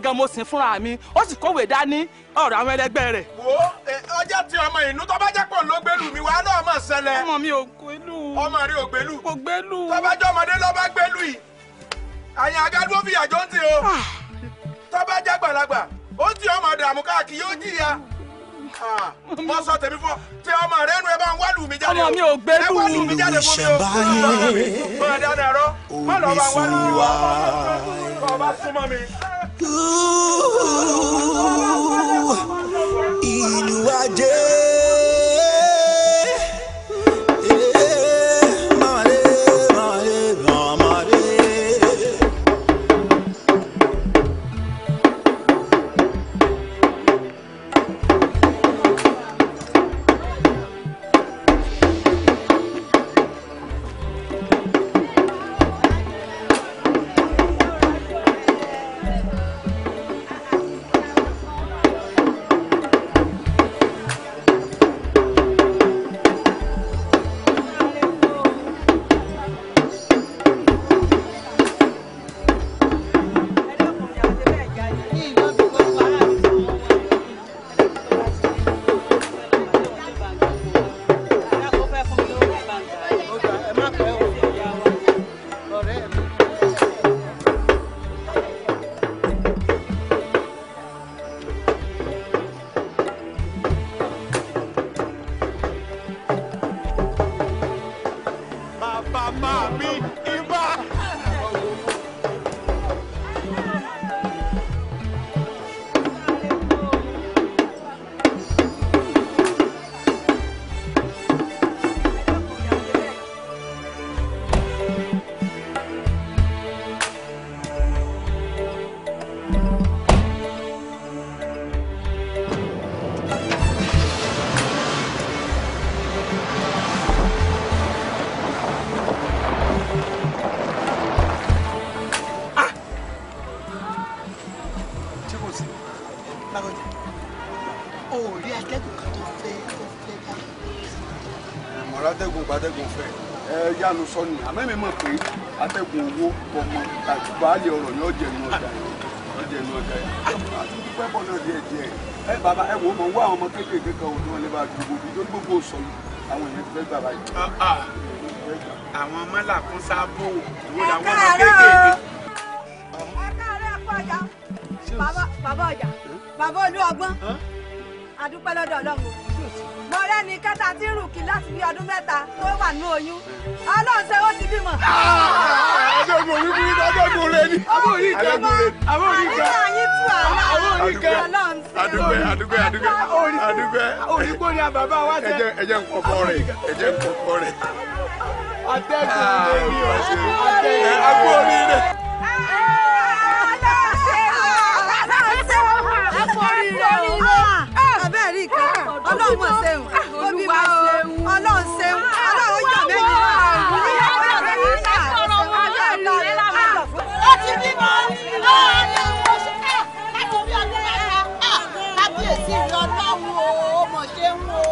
gangan mo sìn fúnra mi ó sì kówè dání ọ̀rọ̀ àwọn ẹlẹgbẹ́ rẹ̀. wo ọjọ́ tí ọmọ ìlú tó bá jẹ́ pọ̀ ló gbẹ́lú mi wá náà mọ̀ ṣẹlẹ̀. ọmọ mi ò gbẹ́lú. ọmọ rẹ ò gbẹ́lú. kò gbẹ́lú. tọ́bajọ́ ọmọdé ló bá gbẹ́lú yìí. àyàn agádúró fìyà jọ ń ti o. tọ́bajọ́ gbàlagbà ó ti ọmọ dààmú káàkiri yóò jìyà mo sọ tèmi fọ tẹ ọmọ rẹ nu ẹ bá ń wá lù mí jáde ọmọ mi ò gbé lù lù mí fún mi o bá súnmọ́ mi. 呜。sọ ni àmẹ́mi mọ̀ pé atẹ́gùn owó ọmọ àtúbálẹ̀ ọ̀rọ̀ ni ọ̀jẹ̀ ni ọjà yìí ọ̀jẹ̀ ni ọjà yìí àtúndúpẹ́ bọ̀ náà díẹ̀ díẹ̀ ẹ bàbá ẹ wò ó mọ̀ wá àwọn ọmọ kéékèèké kan òun ni wọ́n lè bá dùn gbogbo tó gbogbo sọ yìí àwọn èèyàn ti fẹ́ gbà báyìí. Ah, ah. àwọn mọ́làkún sábò wò làwọn ọmọ kéékèèké. bàbá ọjà bàbá olú ọgbọ́n a lọ́dọ̀ Ọlọ́run mo rẹ́ kẹta tí rù kí ọdún mẹ́ta tó wà ní oyún ọlọ́run ó ti bímọ. àdógún orí burú àdógún orí wa ọlọ́run ṣeun olúwa ṣeun ọlọ́run ṣeun ah, ah, ọlọ́run yọ̀ mẹ́yìn náà ọlọ́run mẹ́yìn náà ọlọ́run ah, mẹ́yìn náà ó ti bímọ lọ́ọ̀lẹ́ oṣù ká látòrí ọdún mẹ́ta kábíyèsí ìlú ọlọ́run o mọ̀ ṣe ń wo.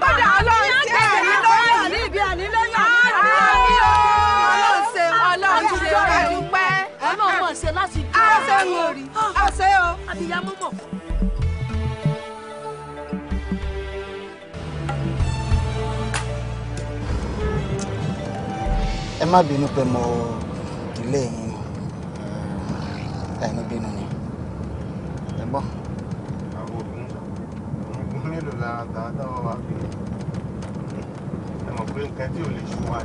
kódà ọlọ́run ṣe ẹ̀rí lóyún ní ibi àní lóyún àní ọlọ́run ṣeun ọlọ́run ṣeun ẹ̀rù pẹ́. ọlọ́run mọ̀ ṣe láti dúró. a ṣe ń wò rí a ṣe o. àbíyá mọ̀ mọ̀. ẹ má bínú pé mo ilé yín ẹni bínú ni ẹ gbọ́. àwọn oògùn oògùn mélòó la ta táwọn wá bí ẹ mọ̀ pé nǹkan tí ò lè ṣú wa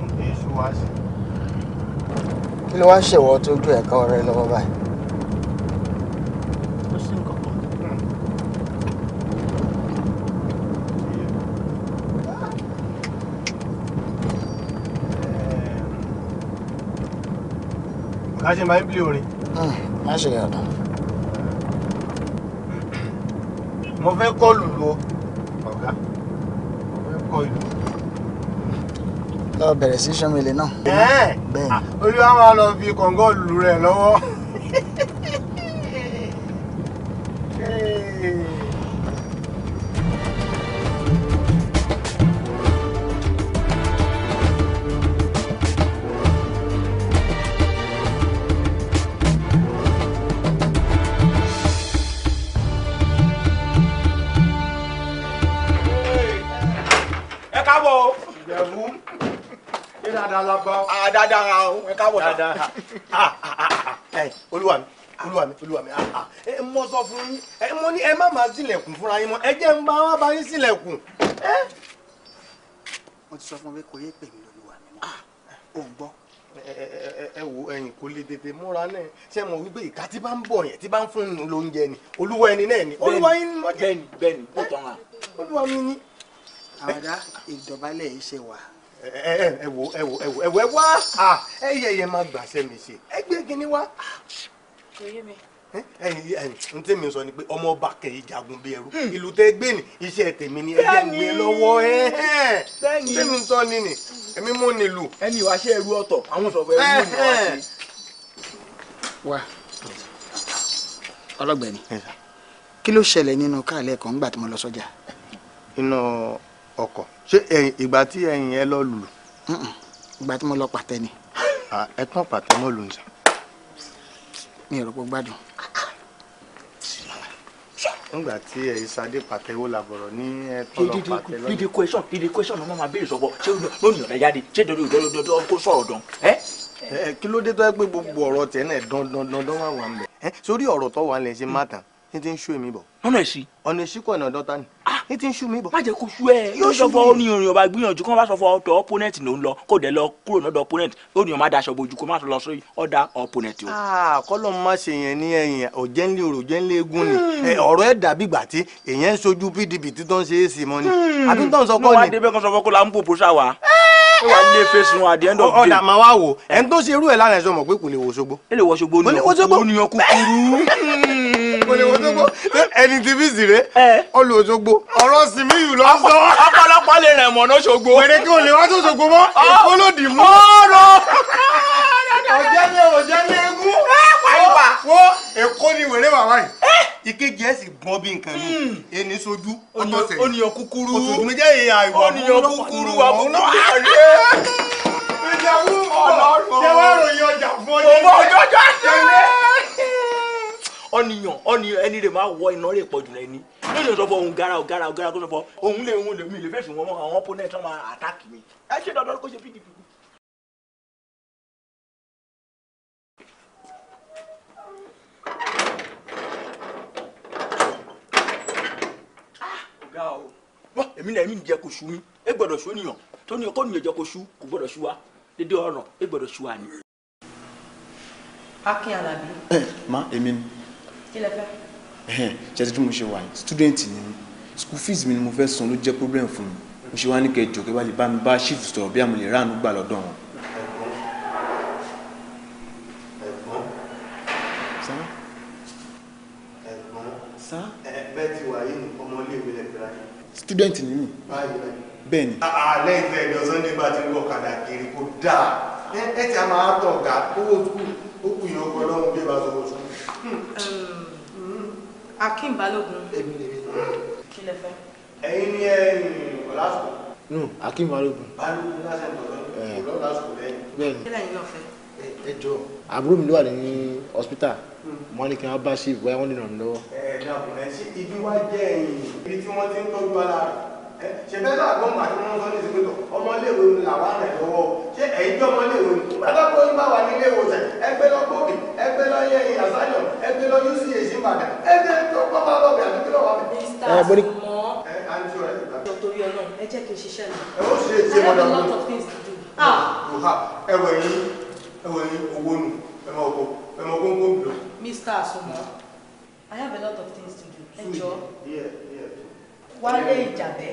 ni kì í ṣú wa sí. kí ló wá ṣèwọ́ tó ju ẹ̀ka ọ̀rẹ́ lọ́wọ́ báyìí. a ṣe máa ń bí orin. má ṣe mo fẹ́ kọ́ mo fẹ́ kọ́ ìlú. lọ bẹ̀rẹ̀ sí sọ́mi ilé náà. bẹ́ẹ̀ olúwa máa lọ fi dáadáa ra o ẹ káwọ dáadáa ah, ah, ah, olúwa mi olúwa mi olúwa mi ẹ mọ sọ fún yín ẹ mọ ní ẹ má máa ṣílẹ̀kùn fúnra yín mọ́ ẹ jẹ́ ń bá wọn bá yín ṣílẹ̀kùn. mo ti sọ fún mi kò yé pè mí lolúwa mi mọ́ ò ń gbọ́. ẹ wo ẹ̀yin kò lè tètè múra náà ṣé mo wí pé ìka tí bá ń bọ̀ yẹn tí bá ń fún un lóúnjẹ ni olúwa ẹni náà ni olúwa yín ni jẹ́. bẹ́ẹ̀ni bẹ́ẹ̀ni ó tán wa. olúwa mi ni. àwàdà ìdọ̀bálẹ̀ yìí ṣe wà ẹ wò ẹ wò ẹ wò ẹ wò ẹ wá ẹ yẹ yẹ máa gbàṣẹ mi ṣe ẹ gbé gini wá. kò yé mi n tèmi sọ ni pé ọmọ ọba kẹyì jagun bí ẹrú ìlú tẹ gbé ni iṣẹ́ tèmi ni ẹjẹ ń gbé lọ́wọ́ ẹ tèmi sọ ni ni èmi mú ni lù. ẹni ìwà ṣe ẹrú ọ̀tọ̀ àwọn sọfọ ẹrú ni wàá ṣe. wa ọlọgbẹni kí ló ṣẹlẹ̀ nínú káàlẹ kan nígbà tí mo lọ sọ́jà. iná ọkọ̀ ṣé ìgbà tí ẹ̀yìn ẹ lọ lù. ìgbà tí mo lọ pàtẹ ni. ẹ tán pàtẹ mọ́ ló ń sà. mi ò rò pé gbádùn. nígbà tí ẹ̀yìn sadé pàtẹ wo làbọ̀rọ̀ ní ẹ tán pàtẹ lọ́dún. dídí question dídí question ọmọ máa béèrè sọ́kọ ṣé lónìí ọ̀rẹ́ yáde ṣé dọ́dọ́ dọ́dọ́ dọ́dọ́ kó sọ̀rọ̀ dán kí ló dé tó yẹ pé gbogbo ọ̀rọ̀ tẹ̀ náà dandan dandan wà wà ń bẹ̀ sórí ọ̀rọ̀ tó wà ń lẹ̀ ṣe má tán ní ti ń ṣó èmi bọ̀. ọ̀nà èsì. ọ̀nà èsì kọ̀ ọ̀nà ní ti ń ṣú mi bọ̀. má jẹ́ kó ṣú ẹ. yóò ṣú mi. ní orin ọba gbìyànjú kó má sọ fún ọ̀tọ̀ opponent ló ń lọ kó dẹ̀ lọ kúrò lọ́dọ̀ opponent ó ní ọmọ adaṣọ bojú kó má lọ sí ọ̀dà opponent o. Ah, kọ́lọ̀ má ṣe yẹn ní ẹ̀yìn ọ̀jẹ̀ńlé òrò jẹ́ńlé egun ni hmm. ọ̀rọ̀ ẹ̀ dàbí ìgbà tí èèyàn ń sojú PDP títọ́ ṣe é sí mọ́ ni hmm. àbí tó ń sọ kọ́ ni. Ah! ọ̀dà máa wá wò ẹ̀ lánàá ìbòlè òṣogbo ẹni tí bí sì rẹ ọlù òṣogbo ọ̀rọ̀ sinmi yìí lọ sọ. ọ̀pọ̀lọpọ̀ lè rẹ̀ mọ̀ ní òṣogbo. wẹ̀rẹ̀ kí o lè wá sí òṣogbo mọ́ èkó ló dì mú. ọ̀rọ̀ ọ̀jẹ̀ ni ọ̀jẹ̀ ni egún. wo èkó ni wẹ̀rẹ̀ bàbá yìí. ìkejì ẹ̀ sì gbọ́n bí nǹkan mi hmm. ẹni sojú ọtọ̀sẹ̀ oníyàn kúkúrú oníyàn kúkúrú àbúrò ìjàwó ọ̀nà ọ̀rọ̀ ṣé wàá ròyìn ọjà fún ọjọ́ ìjọba ọjọ́ ìjọba ọ̀nìyàn ọ̀nìyàn ẹni rẹ̀ máa wọ iná rẹ̀ pọ̀jù lẹ́ni lónìí ọ̀sọ́ fọ òun gara ògara ògara kó sọ fọ òun lè òun lè mi lè fẹ́ fi wọn mọ àwọn opponent wọn máa attack mi ẹ ṣe dandan kó ṣe pdp. Ah, wọ́n èmi náà èmi nìjẹ́ kò sú mi ẹ gbọ́dọ̀ sú nìyàn tó ní ọkọ nìyàn jẹ́ kò sú kò gbọ́dọ̀ sú wa dédé ọ̀ràn ẹ gbọ́dọ̀ sú wa ni. akin alabi. ẹ eh, ma èmi ni kí lẹ fẹ́. ṣe tí mo ṣe wà yìí student ni mi school fees mi ni mo fẹ́ san ló jẹ́ problem fún mi mo ṣe wá ní kẹjọ kí wàá lè bá mi bá chief sọ̀rọ̀ bí àmì lè ránu gbà lọ́dọ̀ wọn. student ni mi. bẹ́ẹ̀ ni. alẹ́ ah, ah, ìfẹ́ ìdọ̀sán nígbà tí wọ́n kàdà kiri kó dáa ẹ ti a máa tọ̀ ga owó kù ó yìí ó kọ́ bí ẹ bá sọ wọ́n Akin Balógun. Èmi lèmi lèmi. Kí lẹ fẹ́? Ẹ̀yin ni ẹ̀yin Ọ̀làsùn. Nù Akin Balógun. Balógun lásán tọ̀tọ̀ ìlú Ọ̀làsùn lẹ́yìn. Bẹ́ẹ̀ni. Kí lẹ́yìn náà fẹ́? Eh, ẹ jọ. Àbúrò mi ló wà ní hospital. Hmm. Wọ́n ní kí wọ́n bá ṣe ìwé wọn lè ràn mí lọ́wọ́. Eh, Ẹ̀ẹ́dàbùnrin sí ibi wá jẹ́ ẹ̀yìn ibi tí wọ́n ti ń tọ́jú aláàrẹ̀ ṣe bẹ́ẹ̀ náà gbọ́n gbà tí sọ ní ìsìnkú ọmọléèwé ni làwọn rẹ̀ lọ́wọ́ ṣé ẹ̀yin jẹ́ ọmọléèwé ni gbàdọ́gbọ́ yín bá wà ní ilé ẹgbẹ́ lọ gbòógì ẹgbẹ́ lọ yẹ ìyá sáyọ ẹgbẹ́ lọ uch ìbàdàn ẹgbẹ́ tó kọ́ bá lọ bẹ̀rẹ̀ àbíkí lọ́wọ́ mi. ẹ jẹ́ kí ẹ ó ṣe ṣe mọ́dọ̀ mi. ẹwẹ̀ yín ẹwẹ̀ yín owó nù i have a lot of things to do. ẹ jọ wálé ìjàbẹ́.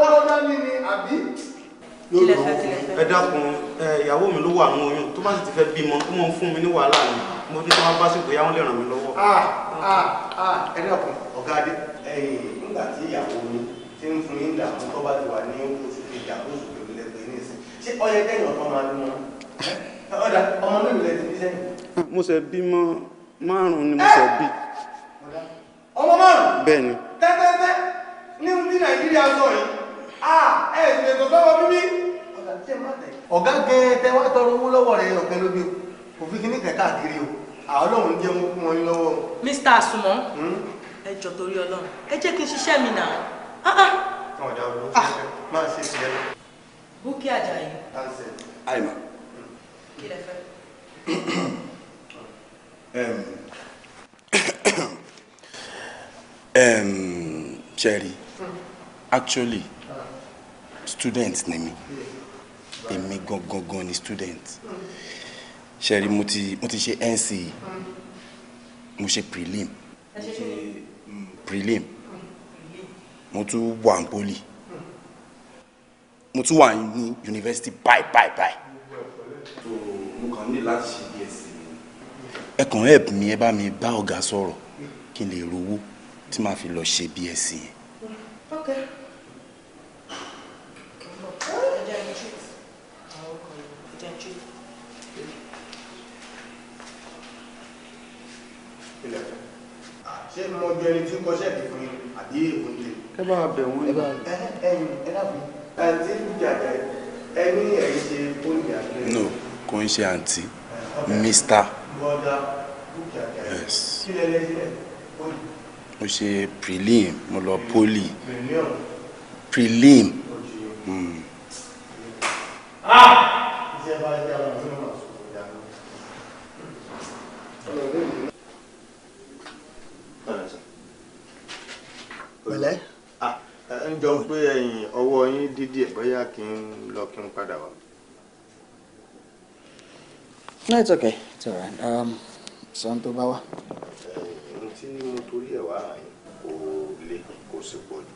wá dání ni ẹ ìyàwó mi ló wà ní oyún tó bá sì ti fẹ́ bímọ ó mọ̀ fún mi ní wàhálà ni mo ní kí wọ́n bá sì pé yáwọn lè ràn mí lọ́wọ́. Ah, ah, ah, ẹ dákun ọ̀gá adé nígbà tí ìyàwó mi ti ń fún yín dààmú tó bá ti wà ní oṣù kejì àbóṣù kejì lẹ́gbẹ̀ẹ́ ní ìsìn ṣé ọyẹ kẹ́yìn ọ̀tọ́ máa ń mú ọ̀dà ọmọ mélòó lẹ ti bí sẹ́yìn. mo ṣe bímọ márùn ni mo ṣe bí. ọmọ márùn-ún. tẹ́tẹ́tẹ́ ní ọ̀gá tí ẹ tọrọ owó lọ́wọ́ rẹ ọ̀kẹ́ lóbi kò fi kíní kẹ̀kẹ́ àkiri o àwọn ọlọ́run jẹ́ wọn wọn lọ́wọ́. Mr. Asumọ hmm? ẹ jọ torí Ọlọ́run ẹ jẹ́ kí n ṣiṣẹ́ mi náà. ọ̀dà olú máa ṣe tiẹ̀ lọ. Búkí Àjàyí. àìmọ̀. kí lẹ fẹ́. um, Cherry, hmm. actually student ni mi èmi gangan gan ni student ṣẹ́rí mo ti mo ti ṣe NCE mo ṣe prelim prelim mo tún wà ní poli mo tún wà ní yunifásitì báyìí báyìí báyìí. mo kàn ní láti ṣe bsc. ẹ mi ẹ bá mi bá ọ̀gá sọ̀rọ̀ kí n lè rówó tí màá fi lọ ṣe bsc yẹn. okay. ṣé mo jẹ ẹni tí ń kọ́ ṣẹ́ẹ̀kì fún yín àbí èèwọ̀ ń lè. ẹ bá bẹ̀ wọ́n ẹ bá ẹ ẹyin ẹ dàbọ̀ àǹtí jàjà ẹ ní ẹ̀yìn ṣe oúnjẹ àgbẹ̀. no kò ń ṣe àǹtí mr. bọ́dà jàjà kí lẹ́lẹ́ sílẹ̀ mo ṣe prelim mo lọ poli prelim. Hmm. ah! ìṣèjọba ìjọba ìjọba ìjọba. pẹ̀lẹ́. ń jọ pé ẹ̀yin ọwọ́ yín dídì ẹ̀ bóyá kí n lọ kí n padà wá. no it's okay it's alright um, sọ tó bá wá. ohun tí mo torí ẹ̀ wá kò le kò sì pọ̀ jù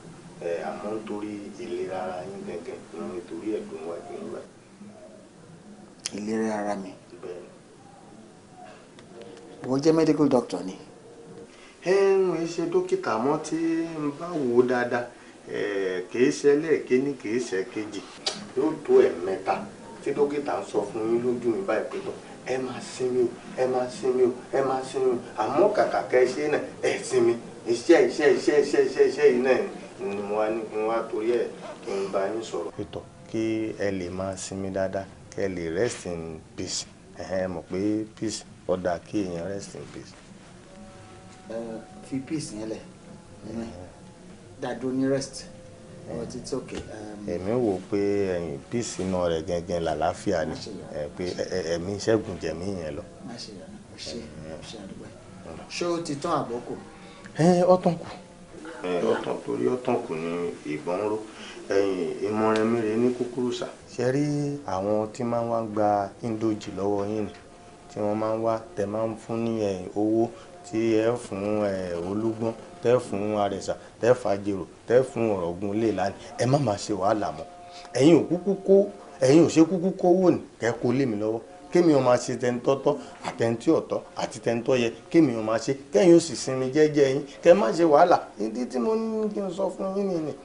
àmọ́ nítorí ìlera ara yín gẹ́gẹ́ ni nítorí ẹ̀dùn wa kì í wá. ìlera ara mi. ìwọ jẹ́ medical doctor ni. ẹ ń ṣe dókítà mọ́ tí ń bá wò ó dáadáa kìí ṣe lẹ́ẹ̀kíní kìí ṣe kejì yóò tó ẹ̀mẹ́ta tí dókítà ń sọ fún yín lójú mi báyìí pé ẹ máa o ẹ máa sinmi o ẹ máa sinmi o àmọ́ kàkà kẹ́ ẹ ṣe náà ẹ sinmi iṣẹ́ iṣẹ́ iṣẹ́ iṣẹ́ iṣẹ́ iṣẹ́ yìí náà ni mo wá ní kí n wá torí ẹ̀ kí n bá yín sọ̀rọ̀. kí ẹ lè máa sinmi dáadáa lè rest in peace ẹ mọ̀ pé peace ọ̀dà kí èèyàn rest in peace. fi peace yẹn lẹ̀ dàdó ní rest but it's okay. Um, èmi wò pé ẹ̀yìn peace iná rẹ̀ gẹ́gẹ́ làlàáfíà ni pé ẹ̀mí ṣẹ́gun jẹ̀mí yẹn lọ. ṣé o ti tán àbọ̀kù. ọ̀tàn kù ọ̀tàn torí ọ̀tàn kù ni ìbọn ń ró ẹ̀yìn ìmọ̀ràn mi rèé ní kúkúrú sà. ṣe rí àwọn tí máa ń wá gba indoji lọ́wọ́ yín ni tí wọ́n máa ń wá tẹ̀ máa ń fún ní owó tí ẹ fún olúgbọ́n tẹ fún àrẹ̀sà tẹ fàjèrò tẹ fún ọ̀rọ̀gùn ilé ìlànà ẹ má máa ṣe wàhálà mọ́ ẹ̀yin ò kúkú kó ẹ̀yin ò ṣe kúkú kówó ní kẹ́kọ̀ọ́ lé mi lọ́wọ́ kémi ọmọ ṣe tẹnitọ́tọ́ àtẹnití ọ̀tọ́ àti tẹnitọ́ yẹ kémi ọmọ ṣe kẹ́yìn ó sì sinmi jẹ́jẹ́ yín kẹ́ má ṣe wàhálà ìdí tí mo ní kí n sọ fún yín nìyẹn.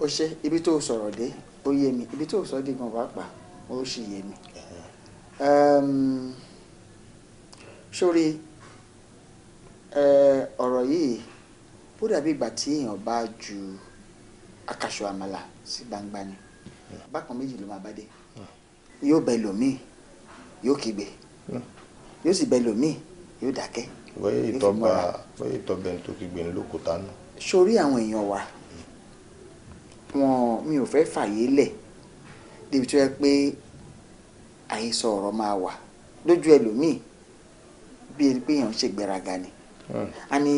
o hmm. ṣe ibi tó o sọ̀rọ̀ dé ó yé mi ibi tó o sọ dé gan pàápàá ó sì yé mi sórí ọ̀rọ̀ yìí ó dàbí ìgbà tí èèyàn bá ju akaṣọ àmàlà sí gbangba ni bákan méjì ló máa bá dé yóò bẹ lòmíì yóò kígbe yóò sì bẹ lòmíì yóò dákẹ́. bóyá ìtọ́ba bóyá ìtọ́ba ẹni tó kígbe ní lókùtà nù. sórí àwọn èèyàn wa wọn mi ò fẹ́ fàyè lẹ̀ débi tó yẹ pé àhesọ ọ̀rọ̀ máa wà lójú ẹlòmíì bí ẹni pé èèyàn ń ṣègbéraga ni hmm. a ní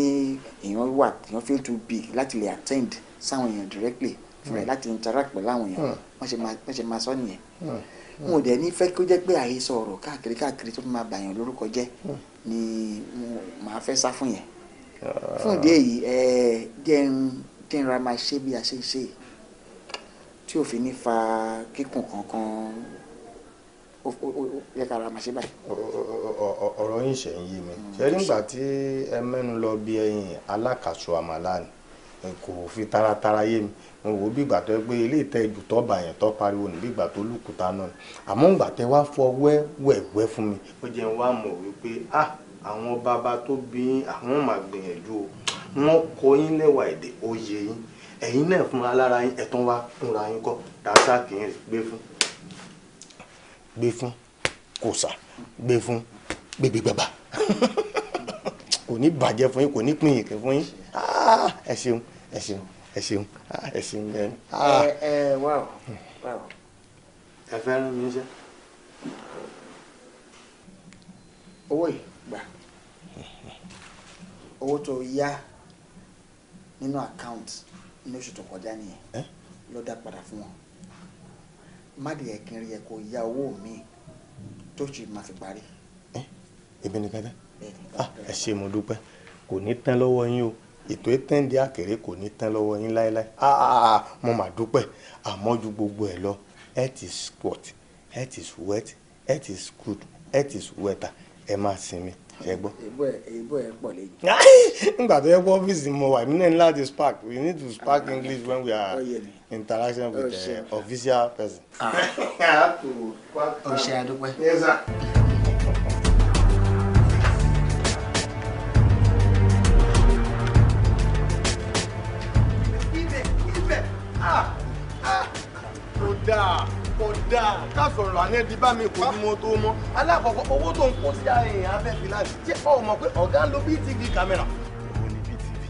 èèyàn wà èèyàn feel too big láti lè attend sáwọn èèyàn directly fúnra ẹ̀ hmm. láti interact pẹ̀lú àwọn èèyàn hmm. wọ́n ṣe máa sọ nìyẹn n ò dẹ̀ ní fẹ́ kó jẹ́ pé àhesọ ọ̀rọ̀ káàkiri káàkiri tó máa bàyàn lórúkọ jẹ́ ni mo máa fẹ́ sá fún yẹn ah. fún ìdí èyí ẹ jẹ́ ń jẹ́ máa ṣe bí a ṣe ń ṣe tí ò ní fa kíkùn kankan yẹ ká ra màṣẹ báyìí. ọ̀rọ̀ yìí ṣe ń yé mi ṣe nígbà tí ẹ mẹ́nu lọ bí ẹyin alákàṣọ àmàlà ni kò fi taratara yé mi mo wò ó bí ìgbà tó ẹ pé ilé ìtẹ ìjù tó bá yẹn tó pariwo ní bí ìgbà tó lùkùtà náà àmọ́ ìgbà tẹ wá fọ wẹ́wẹ́wẹ́ fún mi. ó jẹ́ wá mọ̀ wípé ah àwọn bàbá tó bí àwọn máa gbìyànjú o wọ́n kọ́ yín lẹ́wà èdè ó yé yín ẹ̀yin náà fúnra lára yín ẹ̀tún wá fúnra yín kọ́ dàásà kì í gbé fún gbé fún kòsà gbé fún gbègbè gbàgbà kò ní bàjẹ́ fún yín kò ní pín yín kẹ́ fún yín ah, ẹ ṣeun ẹ ṣeun ẹ ṣeun ah, ẹ ṣeun bẹ́ẹ̀ ni. ẹ ah. ẹ wá o wá o ẹ fẹ́ rán mi níṣẹ́ owó yìí owó tó yá nínú àkáǹtì ní oṣù tó kọjá nìyẹn ló dá padà fún wọn. mádìí ẹ̀kín rí ẹ kò ya owó mi tó ṣe máa fi parí. èmi nìkan ah, ẹ mo kò ní tán lọwọ yín o ètò ìtẹ́ǹdì àkèrè kò ní tán lọ́wọ́ yín láéláé ah, ah, mo mà dúpẹ́ àmọ́ ju gbogbo ẹ lọ health is sport health is wet health is good health is wetter sinmi gbọ́. ẹ pọ̀ lẹ́yìn. nígbà tó yẹ kó ọ́fíìsì mo spark we need to spark English when we interaction with oh, the uh, official person. Ah, àdúpẹ́. kódà kódà ká sọ̀rọ̀ àná ẹbí bá mi kò bí mo tó mọ́ alákọ̀ọ́kọ́ owó tó ń kó sí ẹ̀yìn abẹ́fẹ́ láti jẹ́ ọ mọ̀ pé ọ̀gá ń lo btv kámẹ́rà.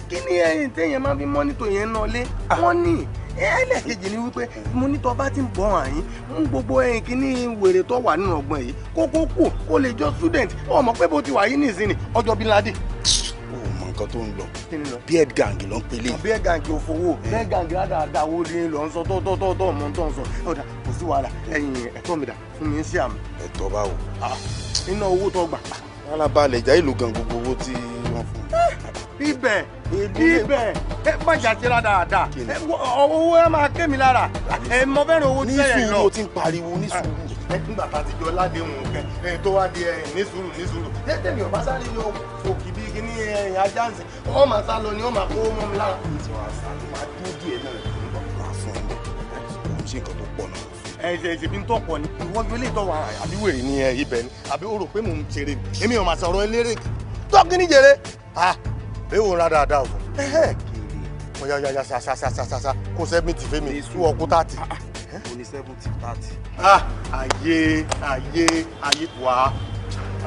kí ni ẹ̀yìn téèyàn máa fi mọ́nítò yẹn náà lé ah. wọ́n ní ẹlẹ́kejì ni wípé mo ní tọ́ba ti ń bọ̀ hàn yín mú gbogbo ẹyin kíní wèrè tó wà nínú ọgbọ́n yìí kókó kù kó lè jọ student ọmọ pé bó ti wà yín nìsín ni ọjọ́ bí o mọ nǹkan tó ń lọ beard gang ló ń pele. beard gang ò fowó eh. beard gang lọ ń sọ tọ́tọ́tọ́ ọmọ tó ń sọ ọ̀dà kò sí wàhálà ẹ̀yin ẹ̀tọ́ owó tó gbà. alábàálẹ̀ ìjà lọ fún mi. ibẹ̀ ibẹ̀ ẹ má jàṣe dáadáa owó ẹ máa ké mi lára ẹ mọ fẹ́ràn owó tí lọ. ní o ti ń pariwo ní ah, ẹ nígbà tá a ti jọ ládéhùn kẹ tó wá di ẹyìn ní sùúrù ní sùúrù ẹ tẹ̀mí sáré lọ òkì bíi kíní ẹyìn ajá ń sìn ọ́ máa sá lọ ni ọ́ máa kó mọ́ mi lára. ètò àṣà ló máa dún díẹ̀ náà nígbà tó wà fún ẹ kò ń ṣe nǹkan tó pọ̀ náà ni ìwọ́n gbélé tọ̀ àbí wèrè ni ibẹ̀ ni àbí o rò pé mò ń ṣeré ni èmi ò máa sọ̀rọ̀ eléré tọ́kì ní jèrè ah èwo ń ra dáadáa o kiri mo yá yá sasasasasa kó seventy fẹ́mi tú ọkú thirty. Ah, ah. eh? o ní seventy thirty. ah ayé ayé ayé wà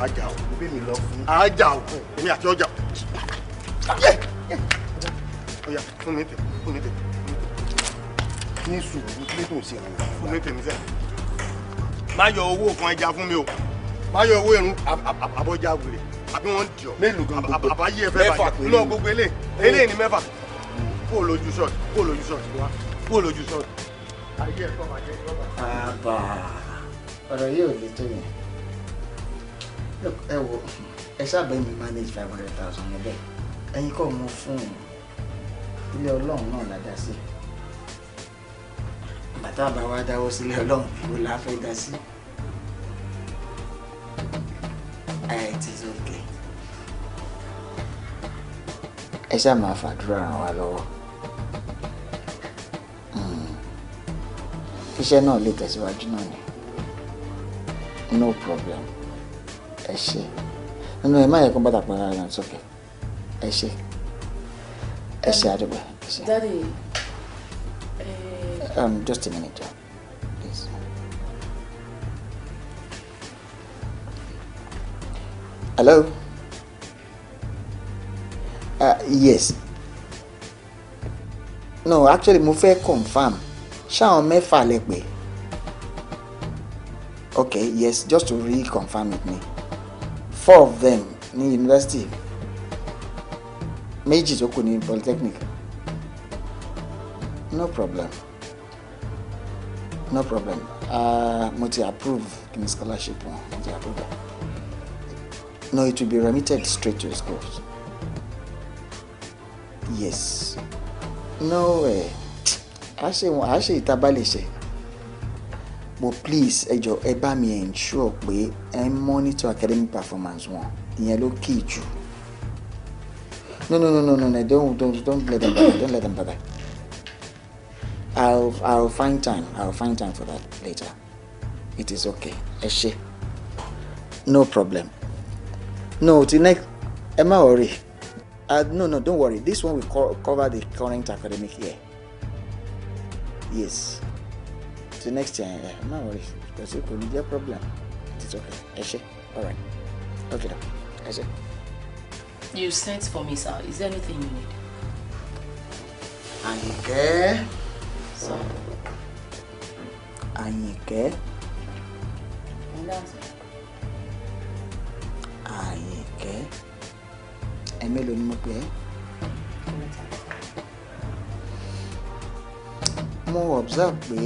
á jà o. o bẹ mi lọ fún. á jà o èmi àti ọjà o. ó yá fún mi tẹ fún mi tẹ ní sùúrù kí ló tó ń ṣe àwọn ọmọ. fún mi tẹ mi sẹ. má yọ owó kan ẹja fún mi o má yọ owó irun àbọ̀jà wèrè àbí wọ́n ń dìọ̀ mélòó gan gbogbo àbáyé ẹ fẹ́ bàjẹ́ lọ gbogbo eléyìí eléyìí ni mẹ́fà kó o lójú ṣọ́ọ̀tì kó o lójú ṣọ́ọ̀tì wá kó o lójú ṣọ́ọ̀tì. ayé ẹ̀kọ́ bàjẹ́ ìjọba. àbà ọ̀rọ̀ yìí ò lè tó yẹn ẹ wo ẹ sábà mi manage five hundred thousand níbẹ̀ ẹ̀yin kọ́ mo fún un ilé ọlọ́run náà la dá sí bàtà bá wa dáwọ́ sílé ọlọ́run ìwò la fẹ́ dá sí. It is okay. ẹ ṣáà máa fàdúrà ràn wá lọ́wọ́ hmm. iṣẹ́ náà lè tẹ̀síwájú náà ni no problem ẹ ṣe nínú ẹ má yẹ kó bàtà pẹ̀lú ara sókè ẹ ṣe ẹ ṣe àdúgbò ẹ ṣe. Daddy, uh... um, just a minute. Please. Hello. Uh, yes no actually mo fẹ́ confirm ṣáwọn mẹ́fà lẹ pè okay yes just to reconfirm it me. four of them ní university méjì tó kù ní polytechnic no problem no problem uh, mo ti approve kí scholarship wọn mo ti approve no it will be remitted straight to the school yes no ẹ a ṣe wọn a ṣe ìta bá ṣe but please ẹ jọ ẹ bá mi ensure pé ẹ monitor academic performance wọn ìyẹn ló kì jù no no no no no no don't don't don't let them bother don't let them bother i'll i'll find time i'll find time for that later it is okay ẹ ṣe no problem no till next ẹ má worry. Uh, no, no, don't worry. This one will co cover the current academic year. Yes. So next year, uh, no worries. Because it could be a problem. It's okay. Eshe. All right. Okay, now. Eshe. You sent for me, sir. Is there anything you need? Àyìnkẹ́. Sir. Àyìnkẹ́. Àyìnkẹ́ ẹ̀mélòó ni mo pè é. mo observe pé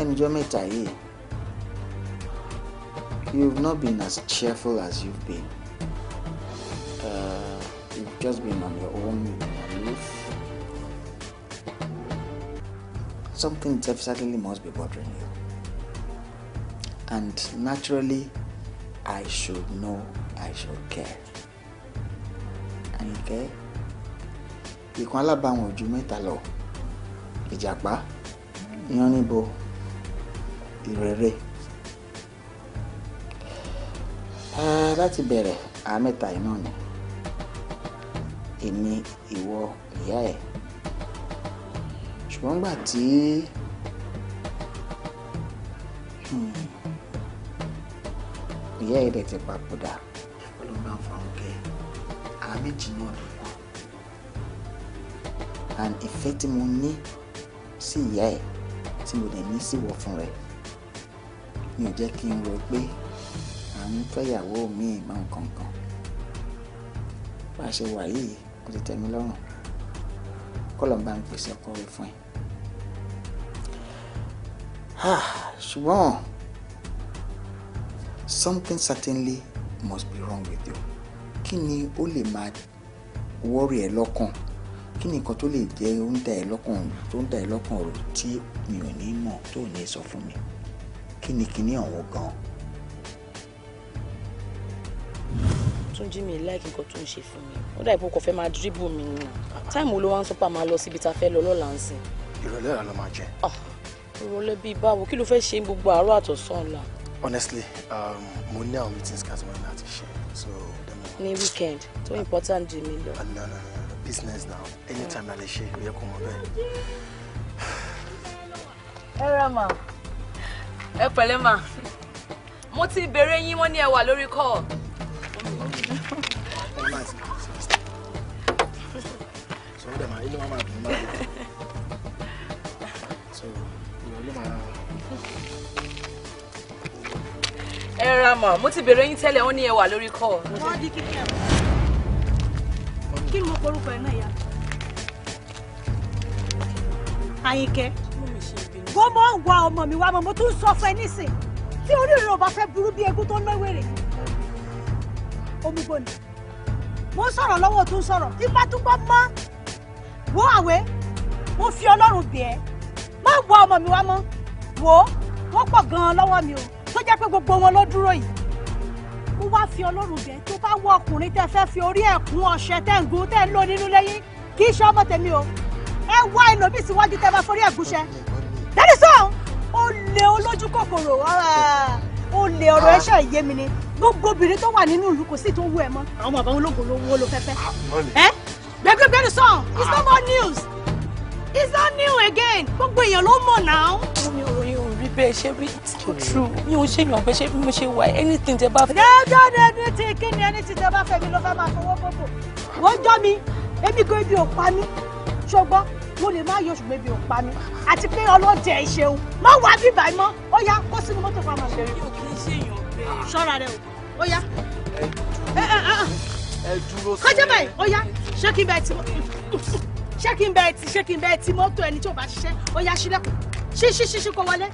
ẹnìjọ́ mẹ́ta yìí you've not been as cheerful as you've been uh, you've just been on your own aloof something definitely must be bothering you and naturally I should know I shall care. Àyìnkẹ́ ìkan alábàáwọn ojú mẹ́ta lọ ìjàpá yannibo ìrẹ̀rẹ̀. láti bẹ̀rẹ̀ àmẹ́ta yìí náà ni èmi ìwọ ìyá ẹ̀ ṣùgbọ́n gbà tí hmm, ìyá ẹ̀ dẹ̀ ti papòdà náà Fáńkẹ́ àwa méjì náà ló kù and ìfẹ́ tí mo ní sí ìyá ẹ̀ tí mo dẹ̀ ní sí wọ̀ fún rẹ̀ mi ò jẹ́ kí n rò pé à ń fẹ́yàwó mi ìmọ̀ nǹkan kan bá a ṣe wà yìí ah, something certainly must be wrong with you kí ni ó lè máa wọ́ọ̀rì ẹ lọ́kàn kí ni nǹkan tó lè jẹ́ ó ẹ lọ́kàn tó ń da ẹ lọ́kàn rò tí mi ò ní mọ̀ tó ní sọ fún mi kí ni kíní ọ̀hún gan. túnjí mi láìkí nǹkan tó ń ṣe fún mi ó dà ìbò kò fẹ́ máa dírìbù mi ni táìmù ló wá ń sọ pé a máa lọ síbi tá a fẹ́ lọ lọ́la ń sìn. ìrọ̀lẹ́ la máa jẹ. Ah, ìrọ̀lẹ́ bíi báwo kí ló fẹ́ ṣe gbogbo àárọ̀ àtọ̀sán ọ̀la honestly um, mo ní àwọn meetings kan tí mo ní láti ṣe so. ní weekend tó important jù mí lọ. no no no business now anytime na lè ṣe ó yẹ kó mọ bẹ́ẹ̀. ẹ ra mà ẹ pẹ̀lẹ́ mà mo ti béèrè yín wọ́n ní ẹ wà lórí call. sọ wọ́n so ẹ ra mà mo ti bèrè yín tẹ́lẹ̀ wọ́n ní ẹ wà lórí kọ́. wọ́n di kíkẹ́ ọ̀ kí ni mo porúkọ ẹ̀ náà yá. àyìnkẹ́ wọ́n mọ̀ ń wá ọmọ mi wá mọ́ mo tún sọ fún ẹ nísìn tí orí ìrìn ọba fẹ́ burú bí egún tó ń lọ́wẹ́rẹ́ omi mo ń sọ̀rọ̀ lọ́wọ́ tó ń sọ̀rọ̀ ipa tó gbọ́ mọ́ wo àwẹ̀ mo fi ọlọ́run bẹ̀ ẹ́ má wọ ọmọ mi wá mọ́ wo wọ́n pọ̀ gan-an lọ́wọ́ mi o tó jẹ́ pé gbogbo wọn ló dúró yìí mo wá fi ọlọ́run bẹ́ẹ̀ tó bá wọ ọkùnrin tẹ́ fẹ́ fi orí ẹ̀ ọ̀ṣẹ́ tẹ́ ń gun tẹ́ ń lò nínú lẹ́yìn kì í ṣe ọmọ tèmi o ẹ wá ẹlòmíì síwájú tẹ́ bá forí ẹ̀ dẹ́ni sọ ó lé olójú kòkòrò ó lé ọ̀rọ̀ ẹ̀ṣẹ̀ yé mi ni gbogbo obìnrin tó wà nínú ìlú kò sí tó wú ẹ mọ́ àwọn bàbá wọn lóògùn lówó ló fẹ́fẹ́ ẹ gbẹgbẹgbẹ no more news it's not new again gbogbo èèyàn ló bẹ́ẹ̀ ṣe rí true mi ò ṣe yàn bẹ́ẹ̀ ṣe bí mo ṣe wà anything tẹ bá fẹ́. dájọ́ ní ẹni tí kí ni ẹni tí tẹ bá fẹ́ mi ló fẹ́ máa fọwọ́ bòbò wọ́n jọ́ mi ebi kò ebi ò pa mí ṣùgbọ́n mo lè má yọ ṣùgbọ́n ebi ò pa mí àti pé ọlọ́jẹ̀ ẹ̀ má wà bíbà mọ́ ó yá kó sínú mọ́tò fún àmàlẹ́ mi ò kì í ṣe yàn bẹ́ẹ̀. ṣọ́ra rẹ o ó yá. ẹ dúró sí. kọjá báyìí ó yá ṣé kí n bẹ ti ṣé kí n bẹ ti ṣé kí n bẹ ti mọ́tò ẹni tí ò bá ṣiṣẹ́ ó yá sílẹ̀kùn ṣí ṣí ṣí ṣí kò wọlé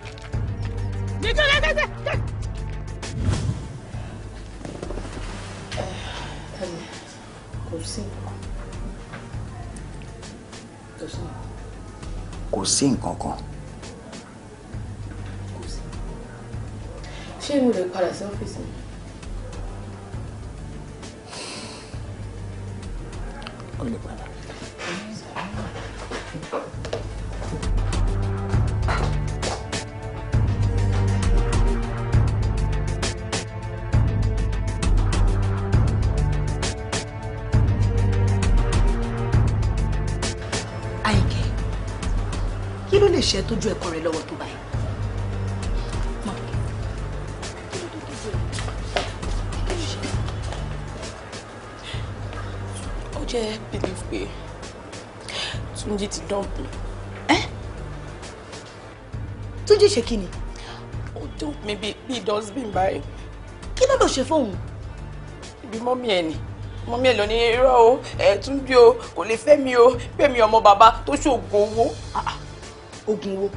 nìkan lẹ́gbẹ̀ẹ́ tẹ. kò sí nǹkan kò sí nǹkan kan. ṣé mo lè padà sí ọ́fíìsì mi. o lè padà. lè ṣe tójú ẹ̀kọ́ rẹ lọ́wọ́ tó báyìí. ó jẹ́ believe pé Túnjí ti dump mi. Túnjí ṣe kí ni? ó dump mi bíi bíi dustbin báyìí. kí ló lọ ṣe fóun? ibi mọ́mí ẹ̀ ni mọ́mí ẹ̀ lọ ní irọ́ o ẹ̀ Túnjí o kò lè fẹ́ mi o pé mi ọmọ bàbá tó ṣoògùn owó. Ah, ah oògùn wo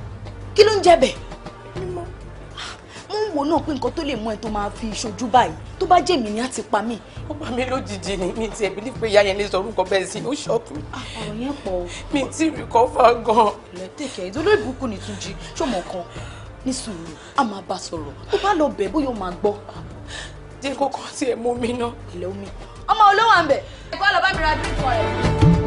kí ló ń jẹ́ bẹ̀ ah, mo ń wò náà pé nǹkan tó lè mú ẹ tó máa fi ṣojú báyìí tó bá jẹ́ èmi ni á ti pa mí. ó pa mí lójijì ni mi ti ẹ̀bí nípa ìyá yẹn ní sọ orúkọ bẹ́ẹ̀ sí ó ṣọ́ọ̀kì. Ah, ọ̀rọ̀ yẹn pọ̀ o. mi ti rí kọ́fà gan lẹ́tẹ̀kẹ́ ìdóló ìbùkún ni túnjí ṣọmọ kan ní sùúrù a máa bá sọ̀rọ̀ tó bá lọ bẹ̀ bóyá ó máa gbọ́. jẹ́ kókó tiẹ̀ mú mi náà. ilẹ̀ omi ọmọ olówó à ń bẹ̀. ẹ̀kọ́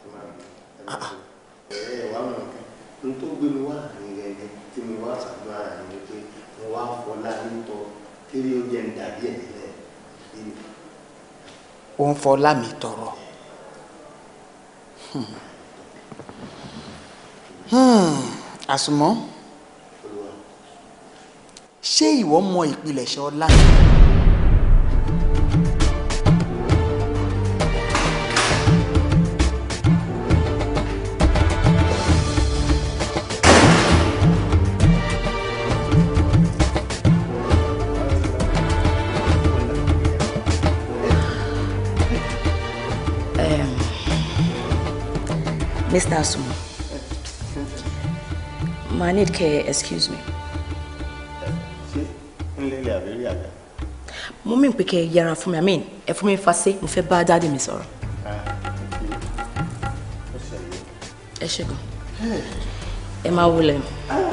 ń fọlá mi tọrọ hmm. Hmm. àsùnmọ́ ṣé ìwọ mọ ìpilẹ̀ṣẹ̀ ọlá Mr. Asumo, ma need care excuse me. ṣé nílé ilé àbẹ̀rẹ̀ àgbà. mo mí pé kẹ ẹ yẹra fún mi i mean ẹ fún mi fásé mo fẹ́ bá dáàdì mi sọ̀rọ̀. ẹ ṣe gan ẹ máa wulẹ̀. Ah.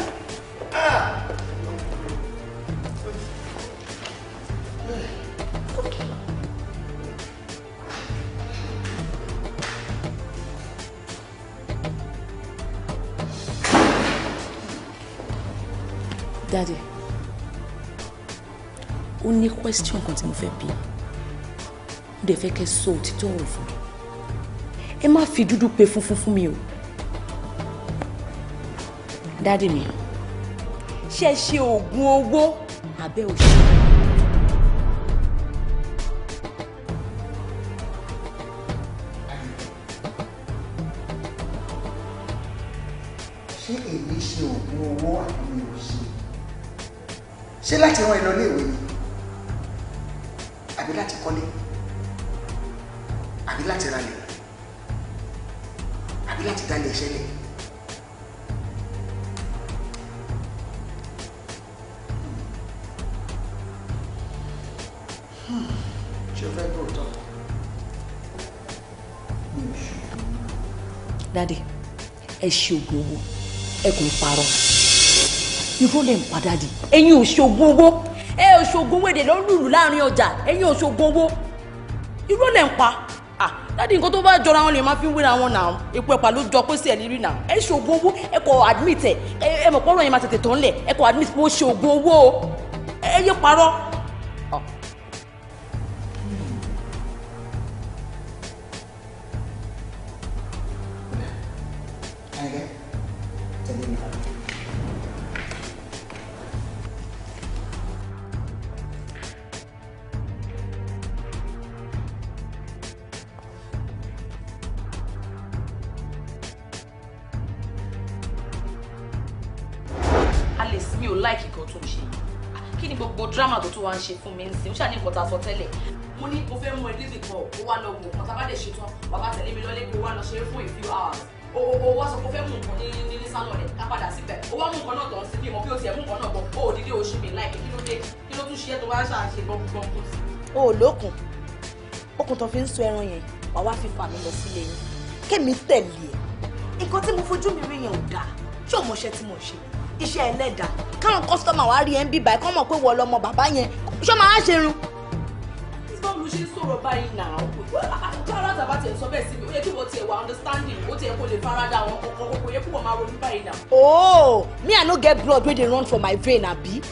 question kan tí mo fẹ́ bí mo dẹ̀ fẹ́ kẹ́ sọ òtítọ́ ọ̀rọ̀ fún mi ẹ má fi dúdú pe funfun fún mi o dáàdì mi ṣe ṣe oògùn owó abẹ́ òṣèlú. ṣé èyí ṣe oògùn owó àbí mi ò ṣe ṣé láti rán ẹ lọ iléèwé ni àbí láti ralẹ̀ àbí láti dalẹ̀ ṣẹlẹ̀. ṣé o fẹ́ gbóòótọ́? dáde ẹ ṣe ògùn owó ẹ kò ń parọ́ irọ́ lẹ ń padà di ẹ̀yin ò ṣògùn owó ẹ ò ṣògùn owó èdè ló lùlù láàrin ọjà ẹ̀yin ò ṣògùn owó irọ́ lẹ ń pa dáàdi nǹkan tó bá jọra wọn lè máa fi ń wéra wọn náà epo ẹ̀pà ló jọ pé sí ẹ̀ lírí náà ẹ ṣe oògùn owó ẹ kò admit ẹ ẹ mọ̀ pọ́nrọ̀ yẹn máa tètè tán lẹ̀ ẹ kò admit pé ṣe oògùn owó ẹ yé parọ́ sí o ṣáà ní nǹkan tá a sọ tẹ́lẹ̀ mo ní mo fẹ́ mú ẹ lébi kan ó wá lọ wò kan tá a bá lè ṣe tán bàbá tẹ̀lé mi lọ́lé kó wá lọ ṣe é fún a few hours o o wá sọ pé ó fẹ́ mú nǹkan ní ní ní sálọ̀ rẹ̀ ká padà síbẹ̀ ó wá mú nǹkan náà tán sí bí ìmọ̀ bí o tiẹ̀ mú nǹkan náà bọ̀ ó òdìdí oṣù mi láìpẹ́ kí ló dé kí ló tún ṣe é tó wá ṣàṣe gbọ̀ngbọ̀n kù sí. o ò lókun okùn tó fi ń so ẹran yẹn wàá wá fi fà mí lọ sílé yín kémi tẹ̀lé ẹ̀ nǹkan tí mo fojú mi rí yẹn ò dáa ṣé òmọ̀ṣẹ́ tí mo ṣe iṣẹ́ ẹlẹ́dàá káwọn kọ́sítọ́mà wá rí ẹ báyìí kọ́ mọ̀ pé wọ́n lọ́mọ bàbá yẹn ṣọ́ máa ṣe run. bọ́ọ̀lù ṣe sọ̀rọ̀ báyìí nà ó kí ara tàbá sọ bẹ́ẹ̀ sí mi ó yẹ kí wọ́n tiẹ̀ wà understanding ó tiẹ̀ kó lè farada àwọn kọ̀ọ̀kan kò yẹ kí wọ́n máa ronú báyìí nà. ooo oh, me i no get blood wey dey run for my vein abi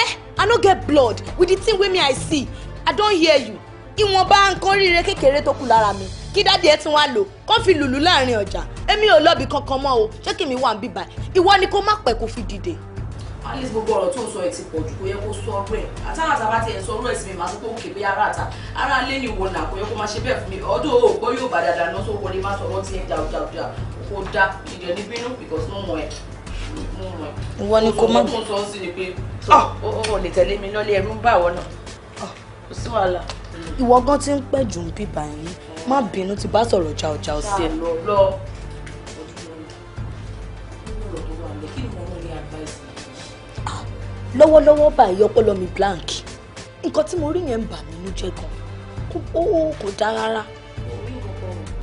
eh i no get blood with the thing wey me i see i don hear you ìwọ̀nba nǹkan ríire kékeré tó kù lára mi kí dáàdi ẹ ti wá lò kó fi lùlù láàrin ọjà èmi ò lọ́ọ̀bì kankan mọ́ o ṣé kí mi wà ń bíbà ìwọ ni kó má pẹ́ kó fi dìde alice gbogbo ọ̀rọ̀ tó ń sọ ẹ̀ ti pọ̀ jù kò yẹ kó sọ ọ̀rọ̀ ẹ̀ àtàràtà bá tiẹ̀ sọ ọ̀rọ̀ ẹ̀ sí mi màá tó kó òkè bí ara àtà ara alẹ́ ni wò nà kò yẹ kó máa ṣe bẹ́ẹ̀ fún mi ọ̀dọ̀ òògbọ́ yóò bá dáadáa náà tó wọlé má sọ̀rọ̀ tí ẹ̀ jàùjàùjà kó dá ìdẹ̀ ní bínú because mo mọ̀ ẹ̀ mo mọ̀ ẹ̀. ìwọ ni kò mọ̀. mo sọ sí ni pé ah! ó lè tẹ̀lé mi lọ́lé ẹ̀rú ń bà wọ́n náà ah, kò sí wàhálà. ìwọ gan ti ń pẹ́ jù ń bíbá yín má bínú ti bá sọ̀rọ̀ jàùjàù sí ẹ. lọ́wọ́lọ́wọ́ báyìí ọpọlọ mi blank nǹkan tí mo rí yẹn ń bà mí nínú jẹ́ gan ó kò dá rárá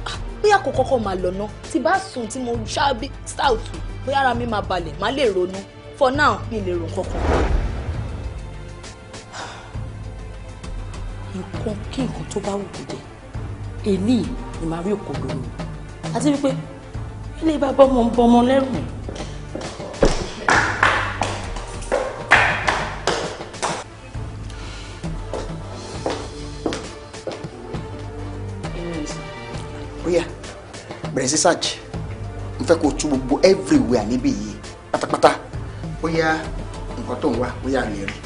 ah, bóyá kò kọ́kọ́ máa lọ ná tí bá sùn tí mo ṣáàbí south bóyá ara mi máa balẹ̀ má lè ronú for now mi lè rò kankan. nǹkan kí nǹkan tó bá wù kó dé èlì ni màá rí òkòdó mi àti wípé ilé bá bọ́mọ bọ́mọ lẹ́rù bẹ̀rẹ̀ sí search n fẹ́ kó tú gbogbo everywhere níbí yìí pátápátá bóyá nǹkan tó ń wá bóyá lè rí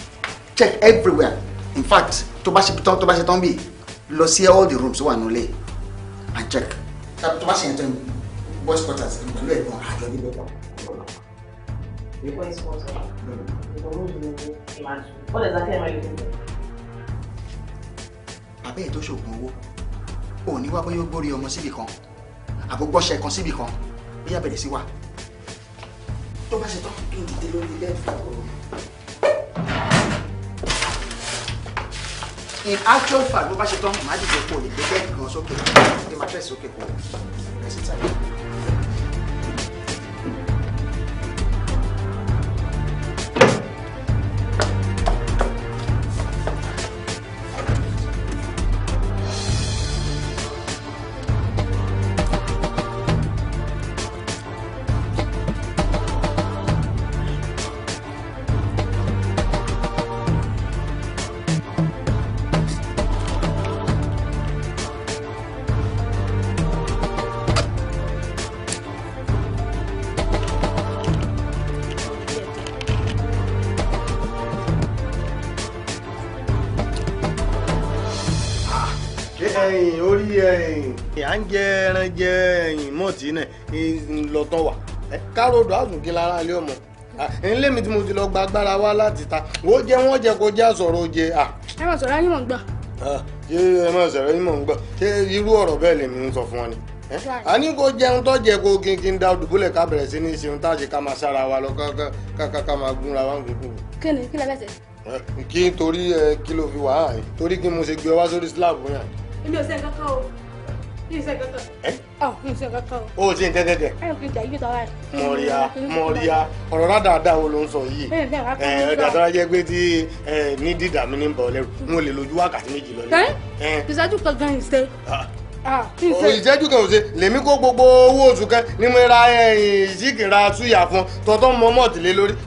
check everywhere in fact tó bá ṣe tán tó bá ṣe tán bì lọ sí all the rooms tó wà nílé and check tó bá ṣe yẹn tán boys quarters pẹ̀lú ẹ̀gbọ́n àjọ níbẹ̀ kan. The boys quarters. The room is in the What exactly am I looking for? Bàbá ẹ̀ tó ṣoògùn owó, òní wá bóyá ó gbórí ọmọ síbì kan àbúgbọ́sẹ̀ kan síbi kan bí abẹ̀rẹ̀ sí wa tó bá ṣe tán kí n dìde lórí bẹ́ẹ̀dì. in actual fact bó bá ṣe tán màá dìde kó o lè gbé bẹ́ẹ̀dì gan sókè kó o lè máa tẹ̀ sókè kó o lè rẹ̀ sí tàbí. à ń jẹ ẹran jẹ ẹyìn mọ́ọ̀tì náà ńlọtọ̀ wà káróòdù àzùnkí lára ilé ọmọ ilé mi tí mo ti lọ gba agbára wá láti ta ó jẹ wọn jẹ kó já sọ̀rọ̀ jẹ. ẹ má sọ̀rọ̀ ayímọ̀ ń gbà. ṣé ẹ má sọ̀rọ̀ ayímọ̀ ń gbà ṣé irú ọ̀rọ̀ bẹ́ẹ̀ lèmi ń sọ fún ọ ni. a ní kó jẹun tó jẹ kó kínkín da dùbúlẹ̀ ká bẹ̀rẹ̀ sí ní ṣeun tá a ṣe ká máa sára wa lọ ká máa gúnra wa ń gúngún. kí ni kí lẹ fẹsẹ̀ kí n torí ẹ kí ló fi wà á torí kí mo ṣe gbé ọ wá sórí slab náà. èmi ò sẹ́ nǹkan kan o o ti n tẹ́tẹ́ mọ̀ríà mọ̀ríà ọ̀rọ̀ dáadáa wo ló ń sọ yìí dáadáa jẹ́ pé tí ní dídà mi ní bọ̀ lẹ́rù mo lè lójú wákàtí méjì lọ lẹ́rù. kan gan ah. ah, ìṣe. ìṣẹ́jú kan ìṣe lèmi kó gbogbo owó oṣù kan ní mo ra ìṣíkì ra súyà fún tọ́tọ́ mọ́mọ́tì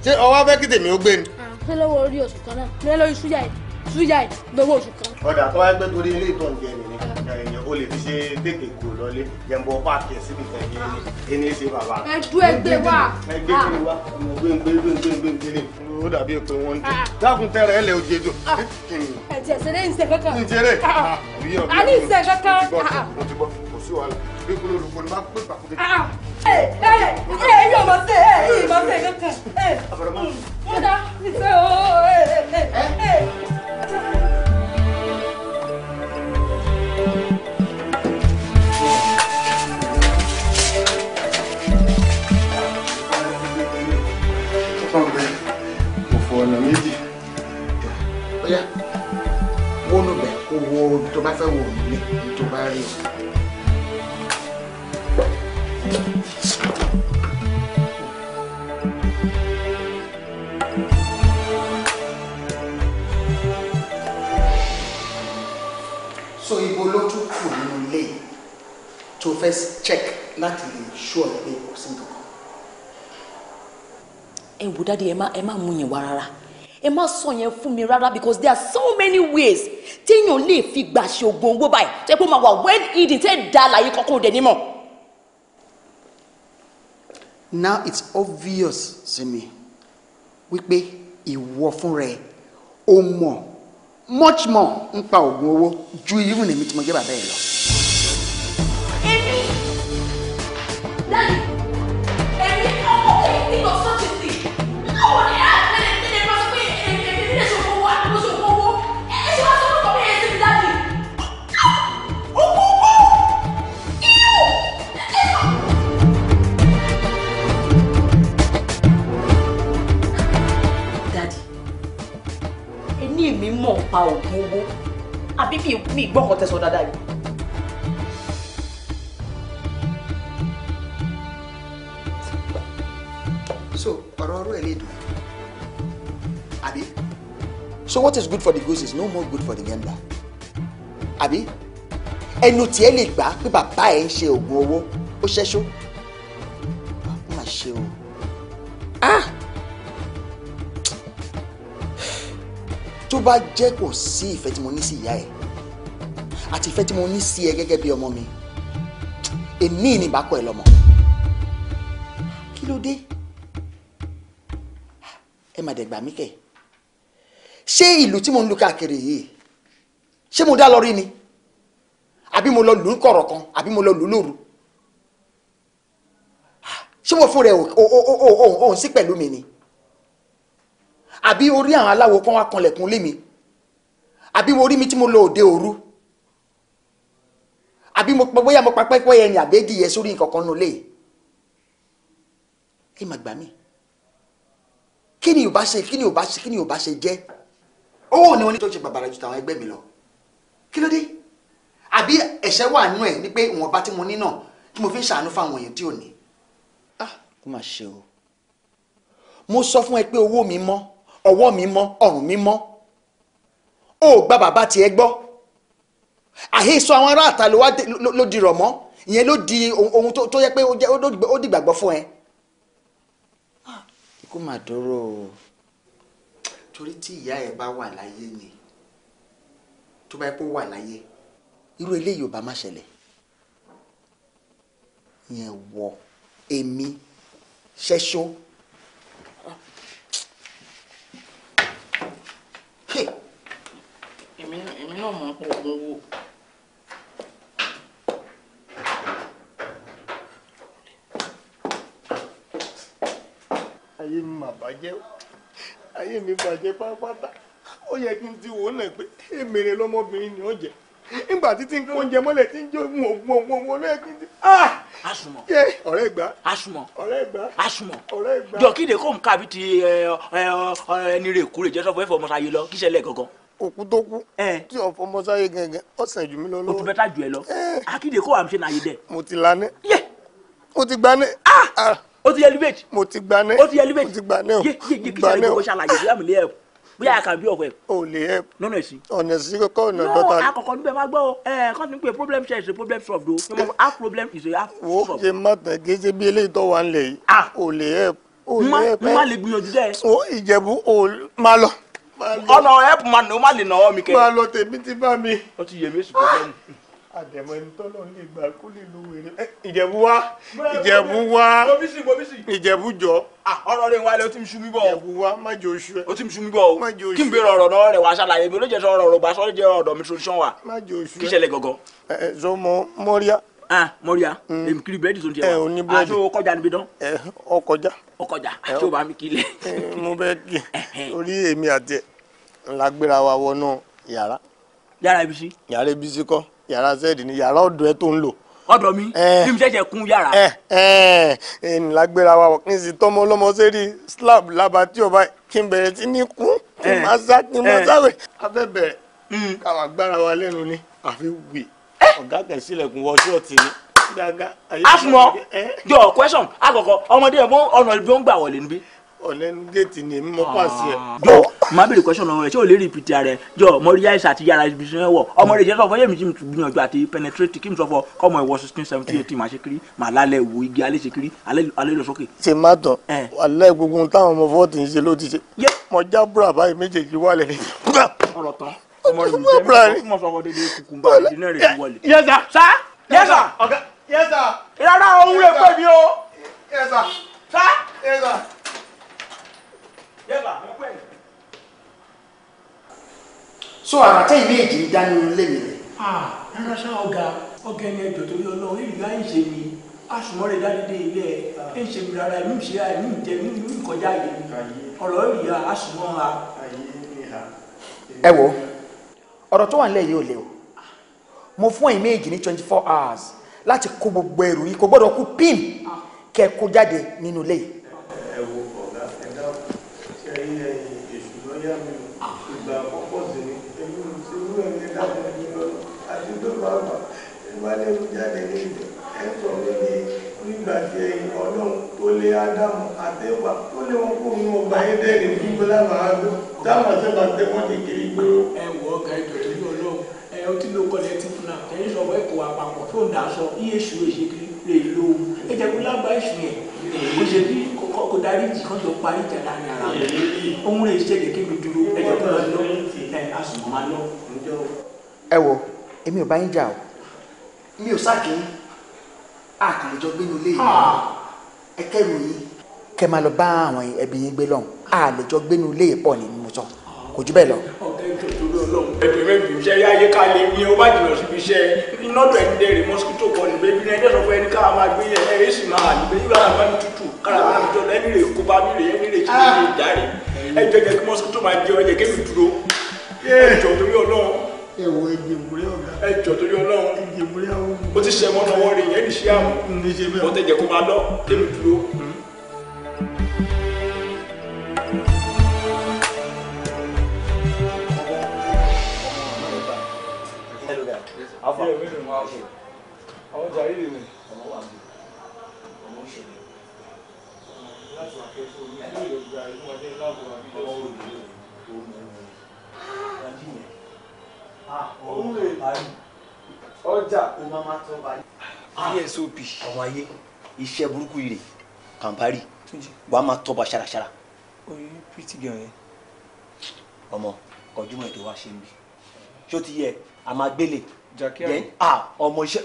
ṣé ọwọ́ fẹ́ kí tèmi ó gbé ni. kí ló wọ orí oṣù kan náà kí lórí súyà yìí súyà ẹ̀ lọ́wọ́ oṣù kan. ọ̀dà tó wáyé pé torí ilé ìtọ́ ǹjẹ́ nìyẹn o lè fi ṣe tètè kò lọlé jẹ̀mbọ́ páàkì ẹ̀ síbi kan yìí ẹni ṣe bàbá. ẹ dú ẹgbẹ́ wa. ẹgbẹ́ kiri wa ah. ọmọ gbẹngbẹ gbẹngbẹ gbẹngbẹ ó dàbí èpè wọn ń dé ah. dákun tẹrẹ ẹ lẹ oje ah. jò. ẹ jẹ sẹlẹ ń kankan. ń jẹrẹ. a ní ìsẹ kankan. mo ti gbọ́ mo ti gbọ́. sí wàhálà bí kúló olùkọ́ ni máa pè pàkó kékeré. ẹ ẹ ẹ ẹ yóò máa ṣe ẹ yìí o ẹ ẹ ẹ. mo fọ ọ̀nà méjì ó yá vou bẹ̀ kó o. so ibo ló tún kù nínú ilé tó fẹ́ check láti lè ṣó ẹ pé kò sí nǹkan kan. ẹ wò dáadé ẹ má ẹ má mú yẹn wá rárá ẹ má sọ yẹn fún mi rárá because there are so many ways téèyàn lè fi gbà ṣe oògùn owó báyìí tó yẹ kó máa wà well hidden tẹ́ ẹ dá àlàyé kọ́kọ́ òde nímọ̀ now it's obvious to me. wípé ìwọ fúnra ẹ ó mọ̀ much more ń pa oògùn owó ju irú nìmi tí mo jẹ́ bàbá ẹ lọ. èmi mọ̀ ń pa oògùn owó àbí mi ì gbọ́kàn tẹ̀sán dáadáa yìí. so ọ̀rọ̀ ọ̀rọ̀ ẹ̀ lè dùn àbí. so what is good for the goose is no more good for the gander àbí ẹnu tiẹ̀ lè gbà pé bàbá ẹ̀ ń ṣe oògùn owó ó ṣẹ́ṣó o. ah tó bá jẹ́ kò sí ìfẹ́ tí mo ní sí ìyá ẹ̀ àti ìfẹ́ tí mo ní sí ẹ gẹ́gẹ́ bí ọmọ mi èmi ni bá kọ ẹ lọ́mọ kí ló dé ẹ má dẹ̀gbà mí kẹ̀ ṣé ìlú tí mo ń lu káàkiri yìí ṣé mo dá lọ rí ni àbí mo lọ lù ú kọ̀rọ̀ kan àbí mo lọ lù ú lóru ṣé mo fún rẹ òun sí pẹ̀lú mi ni àbí orí àwọn aláwo kan wá kanlẹ̀kùn lé mi àbí mo rí mi tí mo lọ òde òru àbí mo pọ bóyá mo pa pẹ́pẹ́ yẹn ni àbẹ́dì yẹn sórí nǹkan nù lé kí màá gbà mí kí ni ò bá ṣe kí ni ò bá ṣe kí ni ò bá ṣe jẹ́ owó ni wọ́n ní tó ṣe bàbàrà ju tàwọn ẹgbẹ́ mi lọ kí ló dé àbí ẹ̀ṣẹ̀ wà nù ẹ̀ ni pé ìwọ̀nba tí mo ní náà tí mo fi ń ṣàánú fáwọn èèyàn tí ò ní. ah kó máa ṣe o mo sọ fún ẹ pé owó mi mọ́ ọwọ́ mi mọ́ ọrùn mi mọ́ ó gba bàbá tiẹ̀ gbọ́ àhesọ àwọn ará àta ló di rọ̀ mọ́ ìyẹn ló di ohun tó yẹ pé ó di gbàgbọ́ fún ẹ. Ah, ikú mà dúró o torí tí ìyá ẹ bá wà láyé ni tó bá yẹ kó wà láyé irú eléyìí ò bá má ṣẹlẹ̀ yẹn wọ èmi ṣẹ́ṣó. èmi náà mọ̀ ń pọ̀ ògùn owó. ayé mi mà bàjẹ́ ayé mi bàjẹ́ pátápátá ó yẹ kí n ti wò ó lẹ̀ pé èmèrè lọmọbìnrin ni ó jẹ́ nígbà tí tí n kó oúnjẹ mọ́lẹ̀ tí n jó mu ògùn ògùn ògùn olóyè kí n ti. Ah! asumọ yẹ ọ̀rẹ́ gbà. asumọ ọ̀rẹ́ gbà. asumọ ọ̀rẹ́ gbà. jọ kí ni kò ń kábi ti ẹni rè kúrè jẹ sọfọ ẹfọ mọṣáyé lọ kí ṣẹlẹ̀ gangan òkú tó kú tí ọ̀fọ̀ mọ́sáyé gẹ̀gẹ̀ ọ̀sẹ̀ jù mí lọ́wọ́. o tún bẹ tá jù ẹ lọ eh. akéde kó wà ń ṣe náà yé dẹ. mo ti lanẹ. yé mo ti gbanẹ. Ah! Ah. o ti elevate. mo ti gbanẹ. o ti elevate. mo ti gbanẹ o. yé yé yé kí sẹ́ni kò ṣàlàyé bí àmì lé ẹ̀ bóyá a kà bí ọ̀fẹ́. o lè ẹ. nọ́nà ẹ̀sìn. ọ̀nà ẹ̀sìn kọ́kọ́ ọ̀nà dọ́ta. yóò akọkọ níbẹ̀ máa gbọ́ ẹ eh, kọ́ni pé problem share is problem solved o. Eh. half problem is a half solved. wo ṣe má tẹ̀ gẹ́gẹ́ bí ah. o lè o lè ẹ pẹ́. n má lè o Ìjẹ̀bú o má ọ̀nà help man ni o má lè nà ọ́ mi kẹ́. máa lọ tèmi ti bá mi. ó ti yẹ mí èsì pẹ̀lú àdẹ̀mọ́ ẹni tọ́lọ́ lè gbà kó lè lo wèrè. ìjẹ̀bú wá ìjẹ̀bú wá ìjẹ̀bú jọ. ọ̀rọ̀ rẹ̀ wá lé o ti mi sunmi bọ̀ o. ìjẹ̀bú wá má jẹ oṣù ẹ. o ti mi sunmi bọ̀ o. má jẹ oṣù ẹ. kí n bèrè ọ̀rọ̀ náà rẹ̀ wá ṣàlàyé mi ló sọ ọ̀rọ̀ ọ̀rọ̀ bá sọ́ọ́ jẹ́ ah mọ̀ríà hmm. èmi kiri búrẹ́dì tó ń tiẹ̀ wá àti eh, ọkọjà níbi dán. Eh, ọkọjà ọkọjà àti eh, ọba mi kiri. mo bẹ kí orí èmi àti ẹ la gbéra wa wọnú yàrá. yàrá ibi yàrá ibi sí yàrá sẹ́ẹ̀dì ni yàrá ọ̀dọ̀ ẹ tó ń lò ọ̀dọ̀ mi bí mi ṣẹ̀ṣẹ̀ kún yàrá. ẹ ẹ ẹni lágbéra kí n sì tọmọ ọlọmọ sẹ́rí slab laba tí ọba kí n bẹ̀rẹ̀ sí ní kún kí n máa sá kí n máa sáwẹ̀ abẹ́ bẹ̀rẹ̀ hmm. káwọn agbára wa lẹ́nu ni àfi wèé ọ̀gá kẹ̀ sílẹ̀kùn wọ ṣọ́ọ̀tì ni gbàgà. a fún ọ jọ question àkọ́kọ́ ọmọdé yẹn fún ọ̀nà ibi ó ń gbà wọlé níbí. ọ̀lẹ́nu géètì ni èmi mọ pàṣẹ. jọ màá béèrè question ọ̀rọ̀ rẹ̀ ṣé o lè repeat rẹ̀ jọ mo rí àìsàn àti yàrá ibi sẹ́wọ̀n wọ̀ ọmọ rẹ̀ yẹn sọ fún yẹ́mi jim tún gbìyànjú àti penetrate kí n sọ fọ kọ́mọ ìwọ sixteen seventy eighteen màá ṣe kiri màá lálẹ́ wo igi alẹ́ ṣe kiri alẹ́ lọ sókè. ṣe má dán alẹ́ gbogbo táwọn ọmọ fọ́ọ̀tì ń ṣe ló ti ṣe mọ jábúrà báyìí méjèèjì wà lẹ́yìn. ọ̀rọ̀ tán ọmọ rẹ mi sẹ́yìn fún ọmọ ọmọdé ní kùkùmbà ìdílé rẹ ti wọlé. yẹsà sá yẹsà yẹsà rárá ohun rẹ pè mí o. yẹsà sá yẹsà yẹsà mo pè mí. so àrà tẹ́yìn méjì ń dání ilé mi rẹ̀. rárá sá ọ̀gá ọ̀gá ẹni ẹjọ́ torí ọlọ́run èyí láì ṣe mi àsùnmọ́ rẹ̀ dáadé dé ilé ẹ̀ ń ṣe mi rárá ẹ̀mí ìṣe ẹ̀mí ìjẹ́ ẹ wo ọ̀rọ̀ tó wà nílẹ̀ yìí ò lè o mo fún ẹ̀yin méjì ní twenty four hours láti kó gbogbo ẹrù yìí kò gbọ́dọ̀ kú pin kẹ́ jáde nínú ilé yìí. ẹ ọlọ́run tó lé ádámù àtẹwà tó lé wọn kó nínú ọgbà ẹ̀dẹ́rẹ̀ fún bọ́lá màá lọ táwọn àtẹwà tẹwọ́n ti kiri gbòòrò lo collective plan tẹ̀yìn sọ wẹ́ẹ̀kọ àpapọ̀ tó ń daṣọ iyeṣu èṣekiri lè lo ẹ̀jẹ̀ kó lágbá èṣù yẹn kò ṣe bí kò darí jì kán jọ parí ìjà láàrin ara rẹ̀ òun rẹ̀ ṣẹlẹ̀ kí mi dúró ẹ̀jẹ̀ kó lọ lọ ẹ̀ àsùnmọ́ máa lọ. ẹ wo èmi ò bá yín jà o mi ò sáà kí n àkànjọ gbénu lé yìí ah. ẹ kẹrù yìí kẹ máa lọ bá àwọn ẹbí yín gbé lọ́hùn àlejò gbénu lé pọ̀ ní mo sọ kò jù bẹ́ẹ̀ lọ ẹ̀dùn mẹ́bí iṣẹ́ yáyé ká lè ní ọba jùlọ síbi iṣẹ́ iná tó ẹni dẹ̀rẹ̀ mọ́síkítò kan níbẹ̀ bí ẹjọ́ sọ fún ẹni ká máa gbé yẹ ẹ̀rí sì máa níbẹ̀ yóò rà máa ń kára máa ń tọ́lá ẹni rè kó bá mi rè ẹni rè kí mi dárí ẹjọ́ jẹ́ kí mọ́síkítò máa jẹ ọjẹ́ kémi dúró ẹjọ́ torí ọlọ́run ẹwọ ẹgbẹ ìwúrẹ ọgá ẹjọ́ torí ọlọ́run afa yẹ mi nù wá fún àwọn ọjà yìí nì. ọmọ wa mi ọmọ òṣèlú láti wà kẹfọ mi ní ìlú ìgbà ìlú ọdẹ láàbò àbí ọmọ òṣèlú ọmọ òṣèlú ọjì yẹn òun lè parí ọjà ó máa ma tọ́ parí. dsop ah, ọmọ ayé iṣẹ́ burúkú yìí rè kàǹpárì wàá máa tọ́ bá ṣaraṣara. oye pretty girl yẹn. Eh? ọmọ kọjú mọ́ ètò wa ṣe ń bí ṣó ti yẹ a máa gbélé then ah ọmọ iṣẹ́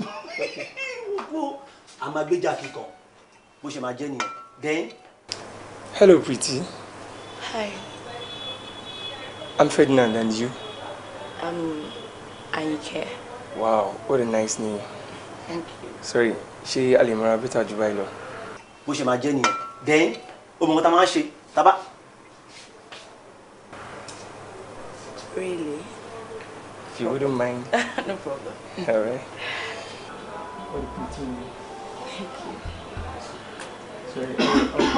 wo a máa gbé jàkí kan bó ṣe máa jẹ́ nìyẹn then. hello pretty. hi. i'm ferdinand and you. i'm Ayike. wow what a nice name. thank you. sorry ṣé a lè mọra bẹ́tà jù báyìí lọ. bó ṣe máa jẹ́ nìyẹn then ọmọ nǹkan tá a máa ń ṣe tábà. really. you wouldn't mind. no problem. All right. Well, continue. Thank you. Sorry, I'll, I'll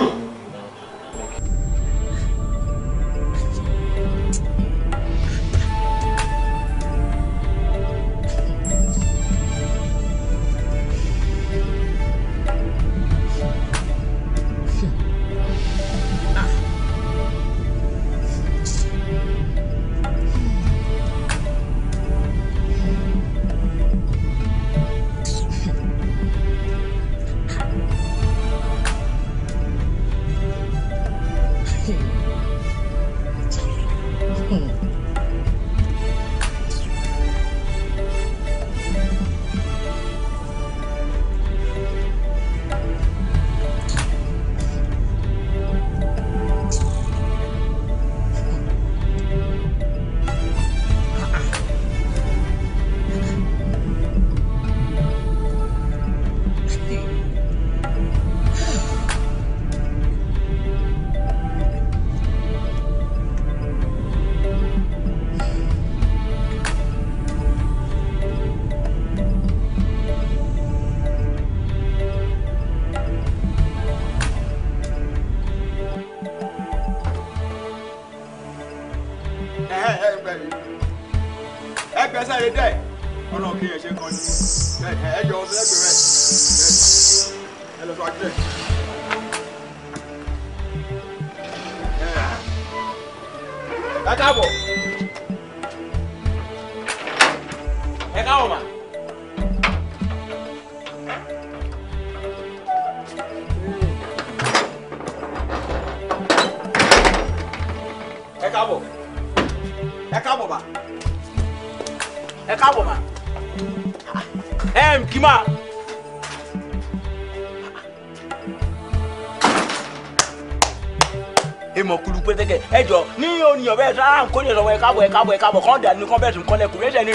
à ń kórè lọ́wọ́ ẹ káàbọ̀ ẹ káàbọ̀ ẹ káàbọ̀ kán dàní kán bẹ̀sùn kán lẹ́kùn méjì ẹni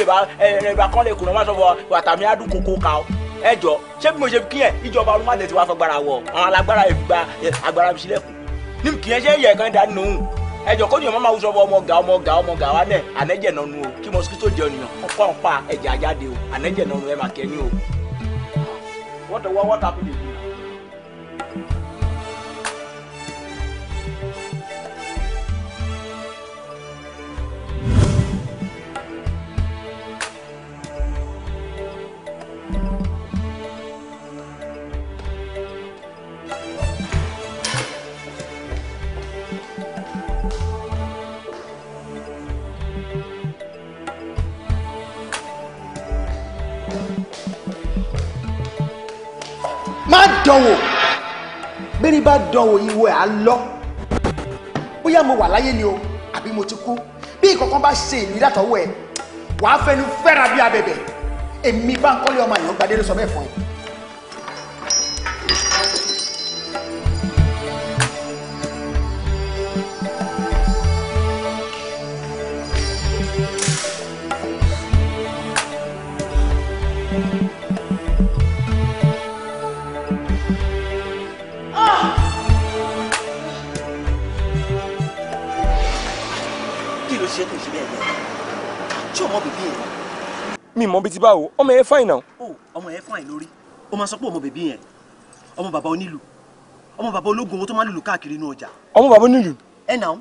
rẹ̀bà kán lẹ́kùn lọ́wọ́ sọ fọ wàtàmí adùn kókó ka ọ ẹ ṣé bí mo ṣe kí ẹ ìjọba ọdún májèlé ti wá wọ àwọn alágbára ẹ agbára mi sílẹ̀kùn ní kì í ṣe yẹ kán dání nù ẹ jọ kóni máa wúsọ ọmọ gà ọmọ gà ọmọ gà wa náà ànẹ́jẹ̀ nọ o kí mosquito jẹ ènìyàn ọkọ ọ̀pá ẹ̀jẹ̀ ajáde o ànẹ́jẹ̀ nọ ẹ máa kẹ́ ni o. wọ́n tẹ wọ́n wọ́n tàbí dánwò bẹ́ẹ̀ni bá dánwò ìwọ ẹ̀ á lọ bóyá mo wà láyé ni o àbí mo ti kú bí ìkọ̀kan bá ṣe èmi látọwọ́ ẹ̀ wàá fẹnu fẹ́ra bí abẹ̀bẹ̀ èmi bá ń kọ́lé ọmọ àyàn gbadé ló sọ bẹ́ẹ̀ fún ẹ. mọ̀ bèbí yẹn. mi mọ bíi ti báwo ọmọ yẹn fáìn náà. o oh, ọmọ yẹn fáìn lórí o máa sọ pé ọmọ bèbí yẹn ọmọ bàbá onílù ọmọ bàbá ológun owó tó máa ń lùlù káàkiri inú ọjà. ọmọ bàbá onílù. ẹ nà ó.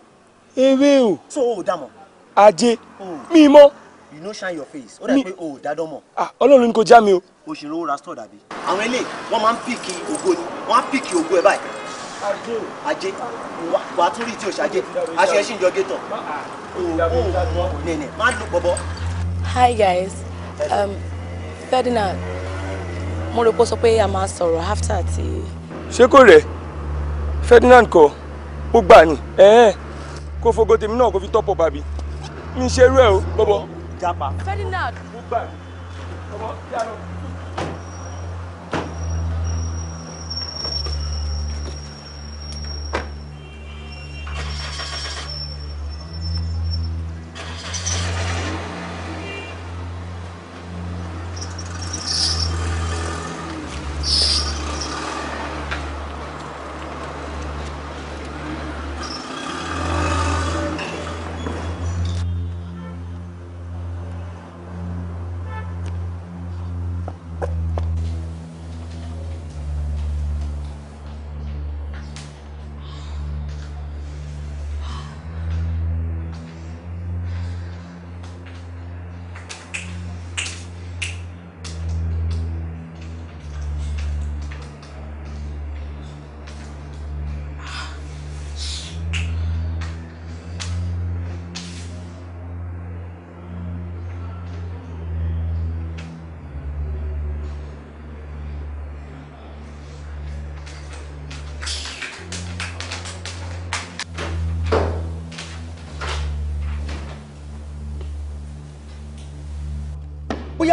ewé o. so o ò dá ajé mi mọ. you no shine your face ó dà pé o ò dá dán mọ̀. ah ọlọ́run ni kò já mi o. òṣèré owó rastọ̀ dàbí. àwọn eléyìí wọ́n máa ń píìkì ògo ni wọ́n á píìkì ògo ẹ̀ báyìí. ajé wàá tún rí tí o ṣàjẹ́ aṣọ ẹ̀ ṣì ń jọ gé tán. Ah, ah. o ò hi guys um, Ferdinand mo rò pé ó sọ pé a máa sọ̀rọ̀ after ti. ṣé kò rẹ̀ Ferdinand kọ ó gbà ní kó fogo tèmi náà kó fi tọ́pọ̀ bàbí mi ṣe irú ẹ̀ o bọ́bọ́. Ferdinand. ó gbà ní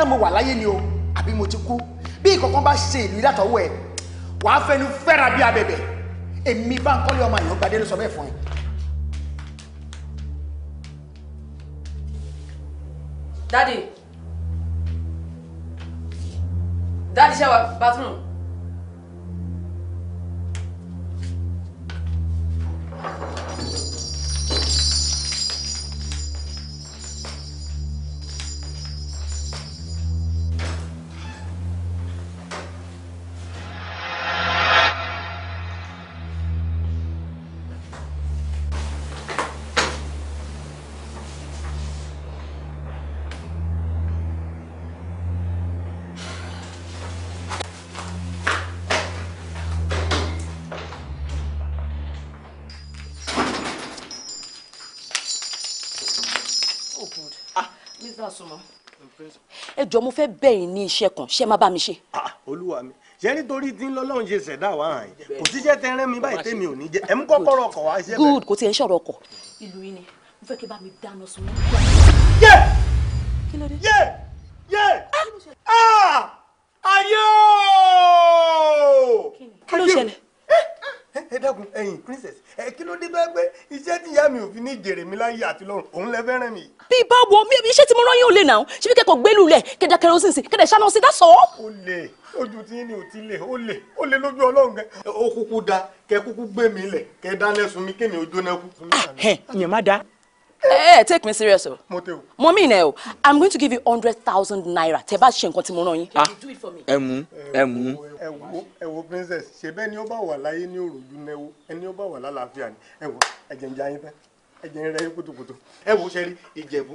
bóyá mo wà láyé ni o àbí mo ti kú bí ìkọ̀kan bá ṣe ìlú látọwọ́ ẹ̀ wàá fẹnu fẹ́ra bí abẹ̀bẹ̀ èmi Bánkọ́lé ọmọ àyàn gbadé ló sọ bẹ́ẹ̀ fún ẹ. dadi dadi ṣe wa bathroom. ẹ jọ mo fẹ́ bẹ̀yìn ní iṣẹ́ kan ṣé má bá mi ṣe. Ah, olúwa mi ṣé nítorí tí ń ṣe ṣẹ̀dá wa hàn yìí kò síṣẹ́ tẹ rán mi báyìí tèmi ò ní jẹ ẹ̀ ń kọ́kọ́rọ́ ọkọ̀ wá ṣẹ́ bẹ́ẹ̀. good kò tiẹ̀ ń ṣọ̀rọ̀ ọkọ̀. ìlú yìí ni mo fẹ́ kí bá mi dáná sun wọn. yé yé ah! Ah! ayé ooo. kí ló ṣẹlẹ̀ dákun ẹ̀yin princess ẹ kí ló dé tó ẹ pé iṣẹ́ tí ìyá mi ò fi ní jèrè mi láyé àti lọ́run òun lẹ fẹ́ràn mi. bí ibà wo mi iṣẹ́ tí mo rán yín ò lè nà ó ṣe bí kẹ́kọ̀ọ́ gbẹ́lú lẹ̀ kẹ́dà kẹrosin sí kẹ́dà ṣáná sí dáṣọ. ó lè ojú tí ní òtí lè ó lè ó lè lójú ọlọ́run gan. ó kúkú da kẹ kúkú gbé mi lẹ̀ kẹ dálẹ́sùn mi kémi ojú náà kú. ìyẹn má dáa Hey, eh, take me serious Mommy, now i'm going to give you hundred thousand naira tẹ bá ṣe nǹkan tí mo rán yín. ah ẹ mú ẹ mú. ẹ wo ẹ wo princess ṣe bẹ́ẹ̀ ni ó bá wà láyé ní òròjú náwó ẹni ó bá wà ni ẹ wo ẹ̀jẹ̀ ń jẹ ayé tán ẹ̀jẹ̀ ń rẹ kótókótó ẹ wo ṣe rí ìjẹ̀bú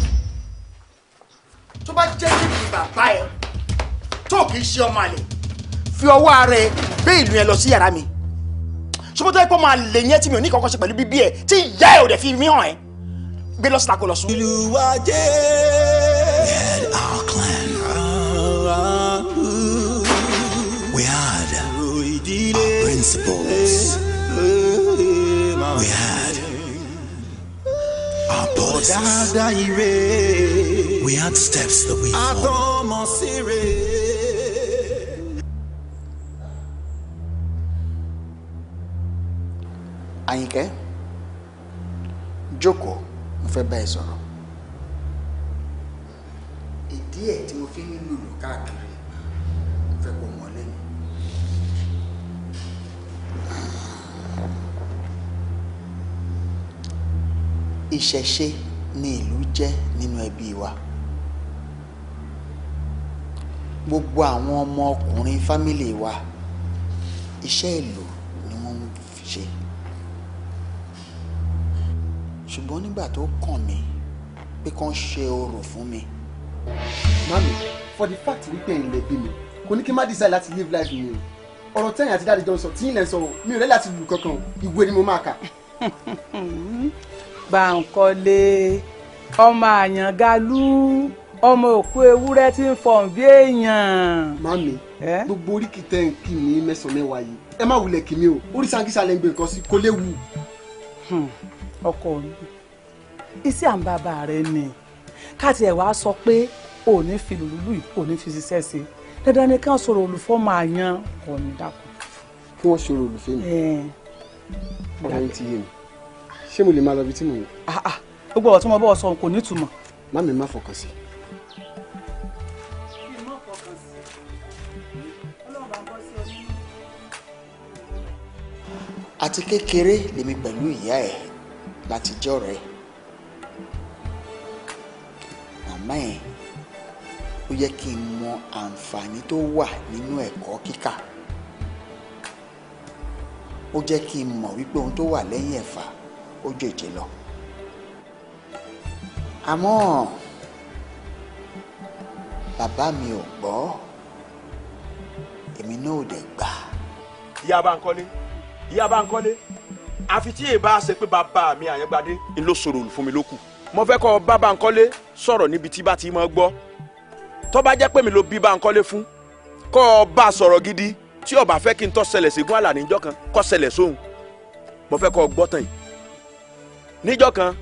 tó bá jẹ́ jìbìtì bàbá ẹ tó kì í ṣe ọmọ àlè fi ọwọ́ ara ẹ gbé ìlú yẹn lọ sí yàrá mi ṣùgbọ́n tó yẹ máa lè yẹn tí mi ò ní kankan ṣe pẹ̀lú bíbí ẹ tí ìyá ẹ ò dẹ̀ fi mí hàn ẹ gbé lọ síta kó lọ sùn. ìlú wa jẹ́ we had principles we had our bodies. We had steps that we followed. Àyìnkẹ́ jókòó mo fẹ́ bá ẹ sọ̀rọ̀. ìdí ẹ̀ tí mo fi ń lùlù káàkiri mo fẹ́ kó ìṣẹ̀ṣe ni ìlú jẹ́ nínú ẹbí wa gbogbo àwọn ọmọ ọkùnrin fámìlì wa iṣẹ́ ìlú ni wọ́n ń ṣe ṣùgbọ́n nígbà tó kàn mí pé kàn ṣe orò fún mi. mami for the fact wípé ẹ̀yin lè bí mi kò ní kí n má decide láti live life mi o ọ̀rọ̀ tẹ́yìn àti dáadé jọ ń sọ tí ń lẹ́ sọ mi ò rẹ́ láti lù kankan ìwé ni mo máa kà. Bánkọ́lé ọmọ àyàngalú ọmọ òkú ewúrẹ́ tí ń fọ̀n bí èèyàn. mami gbogbo oríkì tẹ́ ń kí mi mẹ́sàn-án mẹ́wàá yìí ẹ má wulẹ̀ kí mi o oríṣiríṣi lẹ́ ń gbé nǹkan sí kó léwu. Hmm, ọkọ mi iṣẹ́ àǹbàbà rẹ ni káàtì ẹ̀ wá sọ pé òní fi lùlù òní fi ṣiṣẹ́ ṣe dandan ni ká sọ̀rọ̀ olùfọ́ máa yan ọ̀nì dàkú. kí wọ́n sọ̀rọ̀ olùfẹ́ mi ọ̀rọ̀ ti yé mi ṣé mo lè máa lọ ibi tí mò ń lọ. Ah, ah, gbogbo ọ̀rọ̀ tí mo bọ́ sọ kò nítumọ̀. má mi má fọkàn sí. àti kékeré lèmi pẹ̀lú ìyá ẹ̀ láti jẹ́ ọ̀rẹ́ màmá ẹ̀ ó yẹ kí n mọ àǹfààní tó wà nínú ẹ̀kọ́ kíkà ó jẹ́ kí n mọ̀ wípé ohun tó wà lẹ́yìn ẹ̀fà. E ó ju èdè lọ àmọ́ bàbá mi ò gbọ́ èmi náà ò dẹ̀ gbà. ìyá Bánkọ́lé ìyá Bánkọ́lé àfi tí èèbá ṣe pé bàbá mi àyẹ̀gbádé ni ló sọ̀rọ̀ olùfún mi ló kù mo fẹ́ kọ́ bá Bánkọ́lé sọ̀rọ̀ níbi tí bá ti mọ́ gbọ́ tó bá jẹ́ pé mi ló bí Bánkọ́lé fún kọ́ ọ bá sọ̀rọ̀ gidi tí ó fẹ́ kí n tó ṣẹlẹ̀ sígun àlàníjọ́ kan kó ṣẹlẹ̀ sóhun mo fẹ́ kọ́ gbọ́ tán yìí níjọ́ kan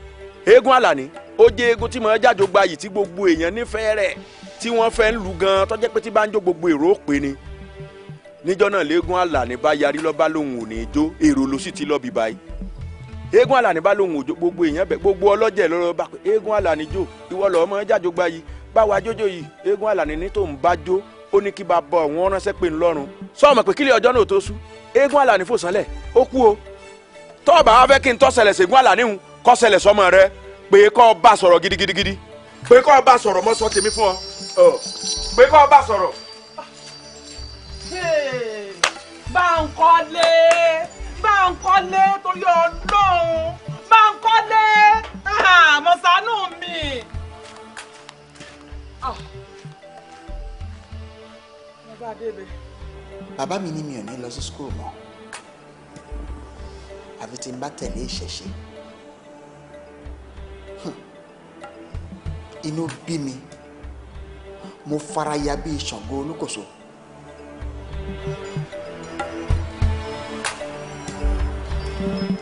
eégún àlàní ó jẹ́ eégún tí mo jájó gba yìí tí gbogbo èèyàn nífẹ̀ẹ́ rẹ̀ tí wọ́n fẹ́ ń lu gan tó jẹ́ pé tí bá ń jó gbogbo èrò pè ni níjọ́ náà léegun àlàní bá yarí lọ́ba lòun ò ní í jó èrò ló sì ti lọ bì báyìí eégún àlàní bá lòun ò jó gbogbo èèyàn bẹ gbogbo ọlọ́jẹ̀ lọ́rọ́ bá pé eégún àlàní jó ìwọ lọ́ọ́ mọ́ jájó gba yìí báwa jójó yìí eégún àlàní ní tòun bá jó ó ní kí bá bọ òun ránṣẹ́ pé ńlọ́run sọ́ọ̀mọ̀ pé kó ṣẹlẹ̀ sọ́mọ rẹ pé kó bá sọ̀rọ̀ gidigidigidi pé kó bá sọ̀rọ̀ mọ́ sọ tèmi fún ọ pé kó bá sọ̀rọ̀. Báńkọ́lé Báńkọ́lé torí Ọlọ́run Báńkọ́lé mọ̀sánù mi. Ah. bàbá mi ní mi ò ní lọ sí school mọ́ àfi tí n bá tẹ̀lé ìṣẹ̀ṣe. inú bí mi mo fara ya bí Ṣàngó Olúkòso. thank you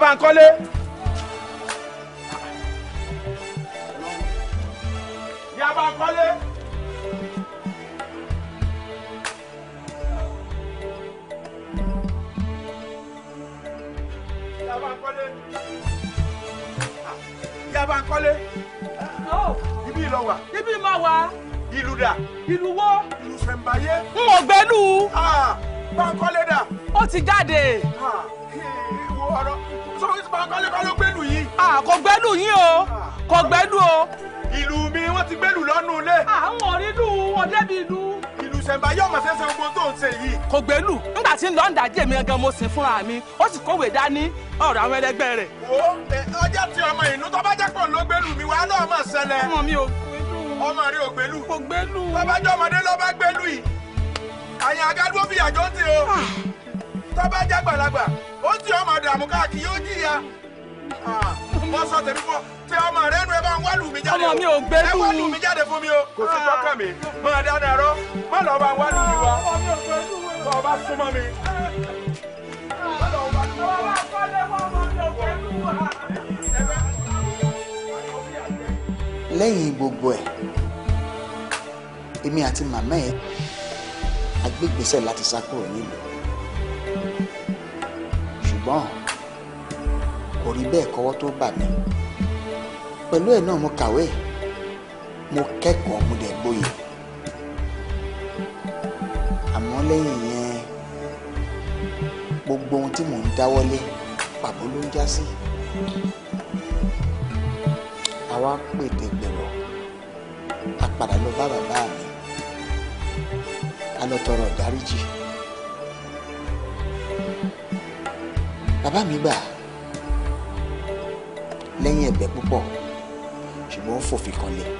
Bánkọ́lé. Ìyá Bánkọ́lé. Ìyá Bánkọ́lé. Ìyá Bánkọ́lé. Oh. Ibi ìlọ wà. Ibi ìmọ̀ wà. Ìlú dà. Ìlú wó. Ìlú Sẹ̀ǹbáyé. N ò gbẹ́nu. Ah, Bánkọ́lé dà. Ó ti jáde. Ah wo ọ̀rọ̀ sọ́wọ́n ti máa kọ́lé kọ́ ló gbẹ́lú yìí. kò gbẹ́lú yín o kò gbẹ́lú o. ìlú mi wọ́n ti gbẹ́lú lọ́nù ilé. àwọn òrìlú wọn débi ìlú. ìlú sẹ̀mbáyé ọmọ sẹ́sẹ̀ gbogbo tó ń ṣe yìí. kò gbẹ́lú nígbà tí ń lọ ń dàjẹ́ mi gan mo sì fúnra mi ó sì kówè dání ọ̀rọ̀ àwọn ẹlẹgbẹ́ rẹ̀. wo ọjà tí ọmọ ìlú tó bá jẹ́ pọ̀ ló gbẹ́lú mi wàá náà mọ̀ ṣẹlẹ̀. ọmọ mi ò gbẹ́lú. ọmọ rẹ ò gbẹ́lú. kò gbẹ́lú. t'ọba bá jẹ́ gbàlagbà ó ti ọmọ dààmú káàkiri ó jìyà wọ́n ah, sọ tẹ ọmọ rẹ nu ẹ bá ń wá lù mí jáde ọmọ mi ò lù ẹ wá lù mí jáde fún mi o kò sí ah, mi lọ bá wá ọba mi. gbogbo ẹ̀ èmi àti màmá ẹ̀ láti sá kúrò nílùú ṣùgbọ́n kò rí bẹ́ẹ̀ kọ́wọ́ tó bà mí pẹ̀lú ẹ̀ náà mo kàwé mo kẹ́kọ̀ọ́ mo dẹ̀ gboyè àmọ́ lẹ́yìn yẹn gbogbo ohun tí mò ń dáwọ́lé pàbó ló ń já sí àwa pètè gbèrò a padà lọ bá bàbá mi a lọ tọrọ ìdáríjì. bàbá mi gbà lẹ́yìn ẹ̀bẹ̀ púpọ̀ ṣùgbọ́n ó fòfin kanlẹ̀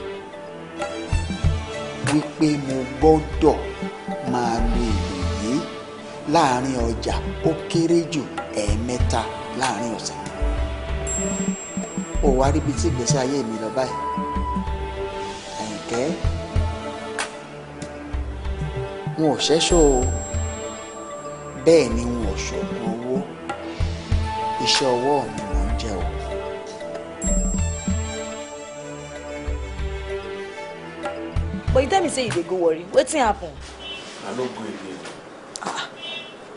wípé mo gbọ́dọ̀ máa lo ìlú yìí láàrin ọjà ó kéré jù ẹ̀ẹ̀mẹ́ta láàrin ọ̀sẹ̀ ó wá ríbi tí ìgbésí ayé mi lọ báyìí Àyìnkẹ́ wọn ò ṣẹ́ṣọ́ o bẹ́ẹ̀ ni wọn ò ṣògùn iṣẹ́ ọwọ́ mi mò ń jẹ o. but you tell me say you dey go worry wetin happen. i no go again. Ah.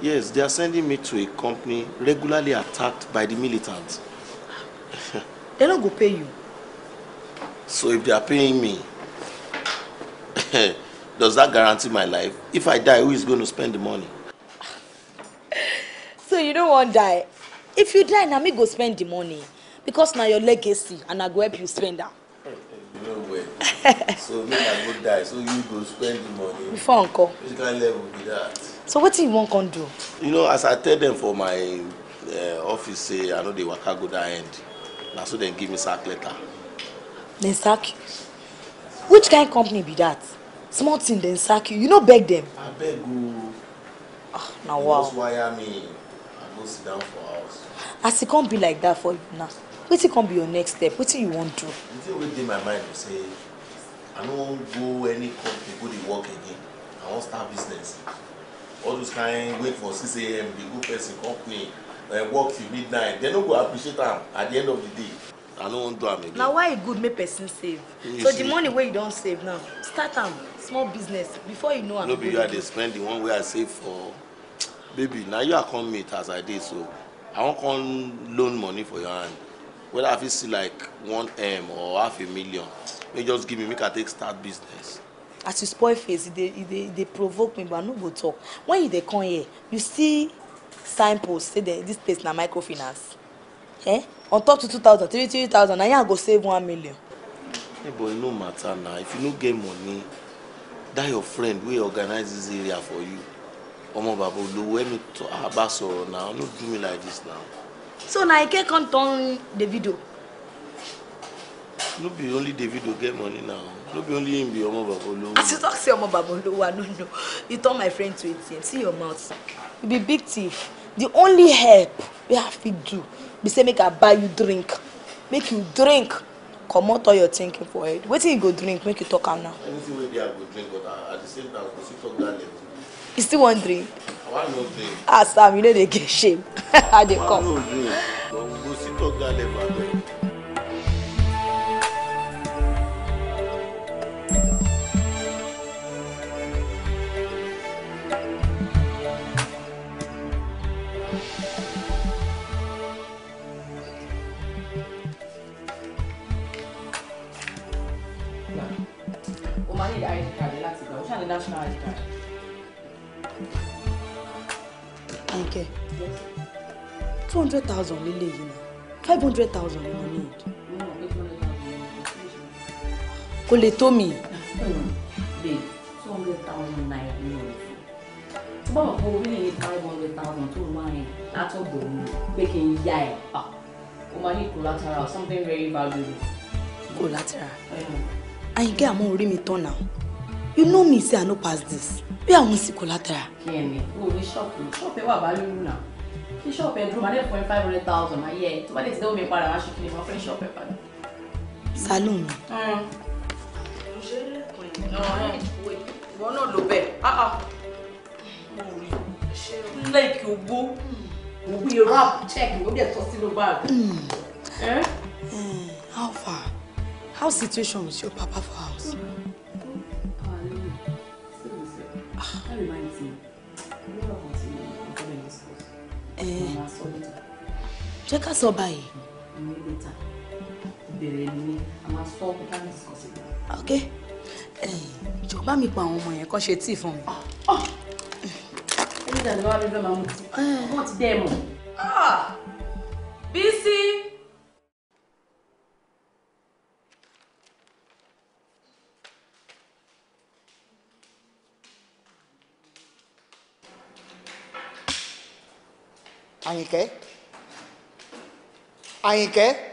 yes they are sending me to a company regularly attacked by the militants. they no go pay you. so if they are paying me does that guarantee my life if i die who is going to spend the money. so you don't want to die if you die na me go spend the money because na your legacy and i go help you spend am. no way so make i go die so you go spend the money. before Uncle. which kind of level be that. so wetin you wan come do. you know as i tell dem for my uh, office say i no dey waka go dat end na so dem give me sack letter. dem sack you which kind company be that small thing dem sack you you no beg dem. abeg o. Oh. ah na wow. you just wire me i go sit down for as e come be like that for you now wetin come be your next step wetin you wan do. the thing wey dey my mind be say i no wan go any company go dey work again i wan start business all those kind wait for six a.m. dey go person company uh, eh, work till midnight They no go appreciate am at the end of the day i no wan do am again. na why e good make person save so see. the money wey you don save now start am small business before you know am. no be you i dey spend the one wey i save for baby na you i come meet as i dey so àwọn kan loan money for your hand whether i fit see like one m or half a million make just give me make i take start business. as you spoil face e dey e dey e dey provoke me but i no go talk when you dey come here you see signpost say dem this place na microfinance eh on top to two thousand three three thousand na here i go save one million. Hey boy, no matter now. If you no get money, that your friend wey organize this area for you ọmọ bàbá olówó ẹ̀mí tó a bá sọ̀rọ̀ náà no do me like this now. so na ike come turn davido. no be only davido get money now no be only him be ọmọ bàbá olówó. as you talk say ọmọ bàbá olówó i no know you turn my friend to atm see your mouth you be big thief the only help wey i fit do be say make i buy you drink make you drink comot all your thinking for head wetin you go drink make you talk am now. anything wey dey i go drink but at the same time i go still talk that level you still wan drink? i wan no ah sam you no dey get shame i dey come. i wan no national ID card. Ànkẹ́ two hundred thousand lílé yìí náà five hundred thousand ni need. kò lè tó mi. babe two hundred thousand naira ni o tó bá wà fún orí five hundred thousand tó máa yẹn látọ̀gbọ̀ mi pé kí n yá ẹ̀ pa o máa ní collateral something very valuable. collateral Àyìnkẹ́ àmọ́ orí mi tán náà you know me say i no pass this bí àwọn sì kò látara. yẹmi wo ni ṣọ́ọ̀pù ṣọ́ọ̀pù ẹ wà bá lóyún náà kí ṣọ́ọ̀pù ẹ dúró máa dẹ̀ fún five hundred thousand máa yẹ ẹ tó bá lè ti dẹ́wọ́ mi padà wá ṣe kí ni mo fẹ́ ṣọ́ọ̀pù ẹ padà. salon mi. Mm. ìwọ náà ló bẹ lẹ́ẹ̀kì ah, ah. ogbó òbí rap check ó dẹ̀ tọ́ sínú báàgì. Mm. Mm. how far how situation with your papa for ṣé ká sọ báyìí. ok eh, jọ̀ọ́ bá mi pa àwọn ọmọ yẹn kó ṣe tíì fún mi. ẹni dàgbà wà lọ́dọ̀ máa mú tí wọ́n ti dẹ́ ẹ mọ̀. Bísí. Àyìnkẹ́. ¿Ahí qué?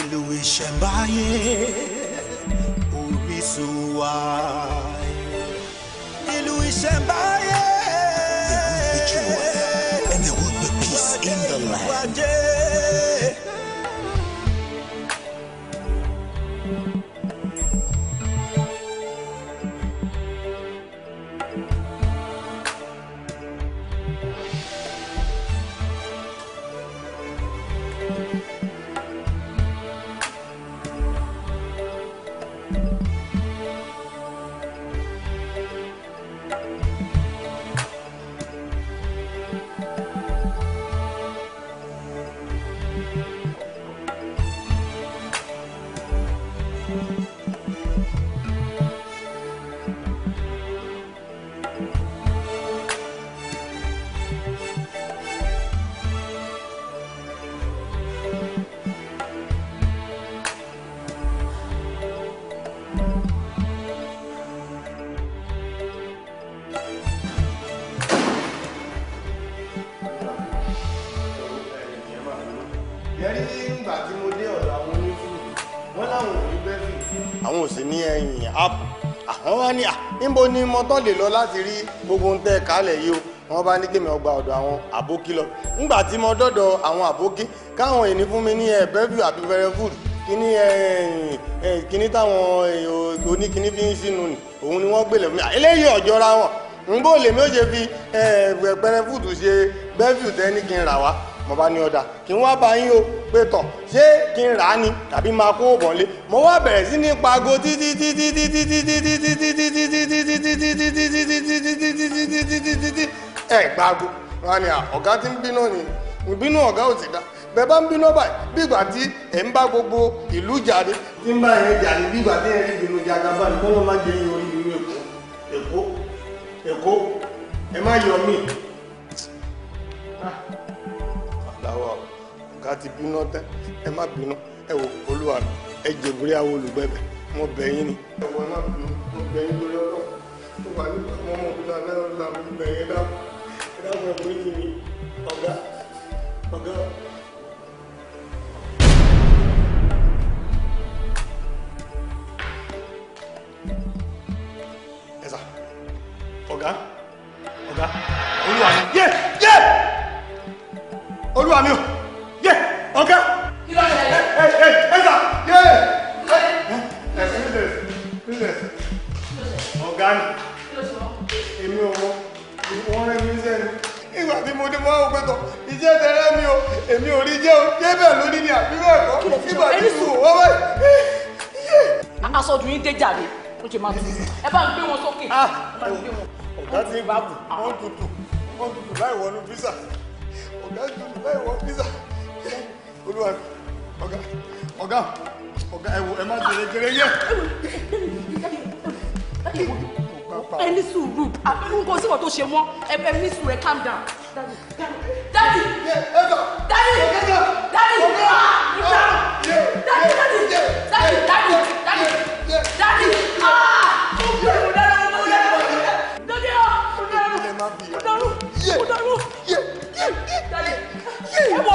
ìlú ìṣẹ̀mbáyé orísun wa ìlú ìṣẹ̀mbáyé. The one which you were, and there will be peace in the land. níbo ni mo tán lè lọ láti rí gbogbo ń tẹ́ kálẹ̀ yìí o wọ́n bá ní kémi ọgbà ọ̀dọ̀ àwọn àbókí lọ nígbà tí mo dọ́dọ̀ àwọn àbókí káwọn èèní fún mi ní ẹ eh, bẹ́ẹ̀bù àbí fẹ́rẹ́ fúdù kíní kíní táwọn eh, oníkíní fi ń sínú ni òun ni wọ́n gbélé fún mi eléyìí ọ̀jọ́ra wọn nbó lèmi ó ṣe fi pẹrẹ eh, fúdù ṣe bẹ́ẹ̀bù tẹ́ ní kí n rà wá mo bá ní ọ̀dà kí n wá bá yín o pé tọ̀ ṣé kí n rà á ni tàbí máa kó bọ̀ lé mo wá bẹ̀rẹ̀ sí ní pago títí títí títí títí títí títí títí títí ọ̀gá ti bínú tán ẹ má bínú ẹ wò olúwa ẹ jẹ̀bùrẹ́ àwọn olùgbẹ́bẹ̀ mo bẹ̀ yín ni. ẹ̀wọ̀ ẹ má bínú mo bẹ̀ yín lórí ọlọ́run tó wà nípa àwọn ọmọ òkúta náírà ńlá mi bẹ̀ yín dáhùn ẹ dáhùn ẹ̀ bóyá mi ọ̀gá ọ̀gá. ẹ̀sà ọ̀gá ọ̀gá olúwa mi olúwa mi o ọ̀gá. kí ló ṣẹlẹ̀. ẹ ẹ ẹ sà yé ẹ ẹ fílẹ̀ fílẹ̀ ọ̀gá ni èmi ò mọ wọ́n rẹ́ mi sẹ́nu ìgbà tí mo dé mọ́ ọ́ pẹ́tọ̀ iṣẹ́ tẹ̀lé mi o èmi ò rí jẹ́ o jẹ́ bẹ́ẹ̀ lónìí ni àbí bẹ́ẹ̀ kọ́ ìgbà tí mo wọ́ báyìí. aṣọ́jú yín dé jàre ó ṣe máa tutù ẹ bá ń gbé wọn sókè. Ah. ọ̀gá ti ń bá bù wọ́n tutù wọ́n tutù láì wọnú físà ọ̀gá tutù láì wọnú físà olúwa ọ̀gá ọ̀gá ọ̀gá ẹ wò ẹ má jèrè jèrè yẹ. ẹ ní sùúrù nǹkan sí wọn tó ṣe wọn ẹ ní sùúrù ẹ calm down. dadi dadi dadi dadi dadi dadi dadi dadi dadi. Sam,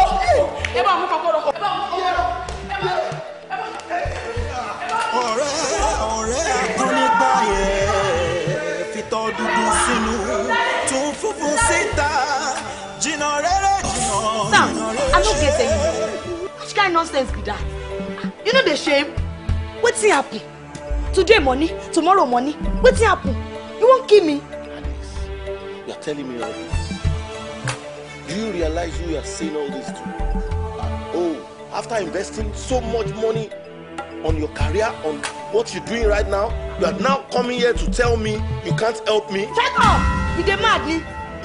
I no get it. Which kind nonsense be that? You know the shame? Wetin happen? Today money, tomorrow money. Wetin happen? You won't kill me? Alice, you're telling me all. Do you realize who you are saying all this to? Oh, after investing so much money on your career, on what you're doing right now, you are now coming here to tell me you can't help me. Shut up! You dey mad me?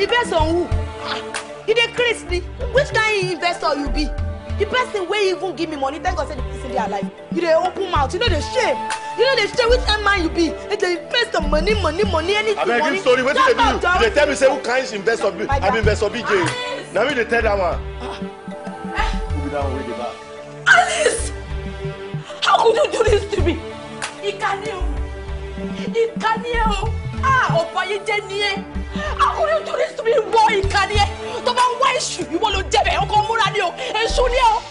Depends on who? You dey crazy Which kind of investor you be? the person wey even give me money thank God say the person dey alive you dey open mouth you no dey shame you no dey shame which kind man you be e dey invest on money money money anything money abeg give story wetin dey do you you dey tell me say who kind invest obi i be invest obi jay na me dey tell that one who be that one wey dey back. alice how could you do this to me ìkànnì o ìkànnì o ah ọ̀pọ̀ ayé jẹ́ ni ẹ́ how could you do this to me wọ ìkànnì ẹ tó bá ń wá ìṣù ìwọ ló jẹbẹ ọkọ múra ni o 不要。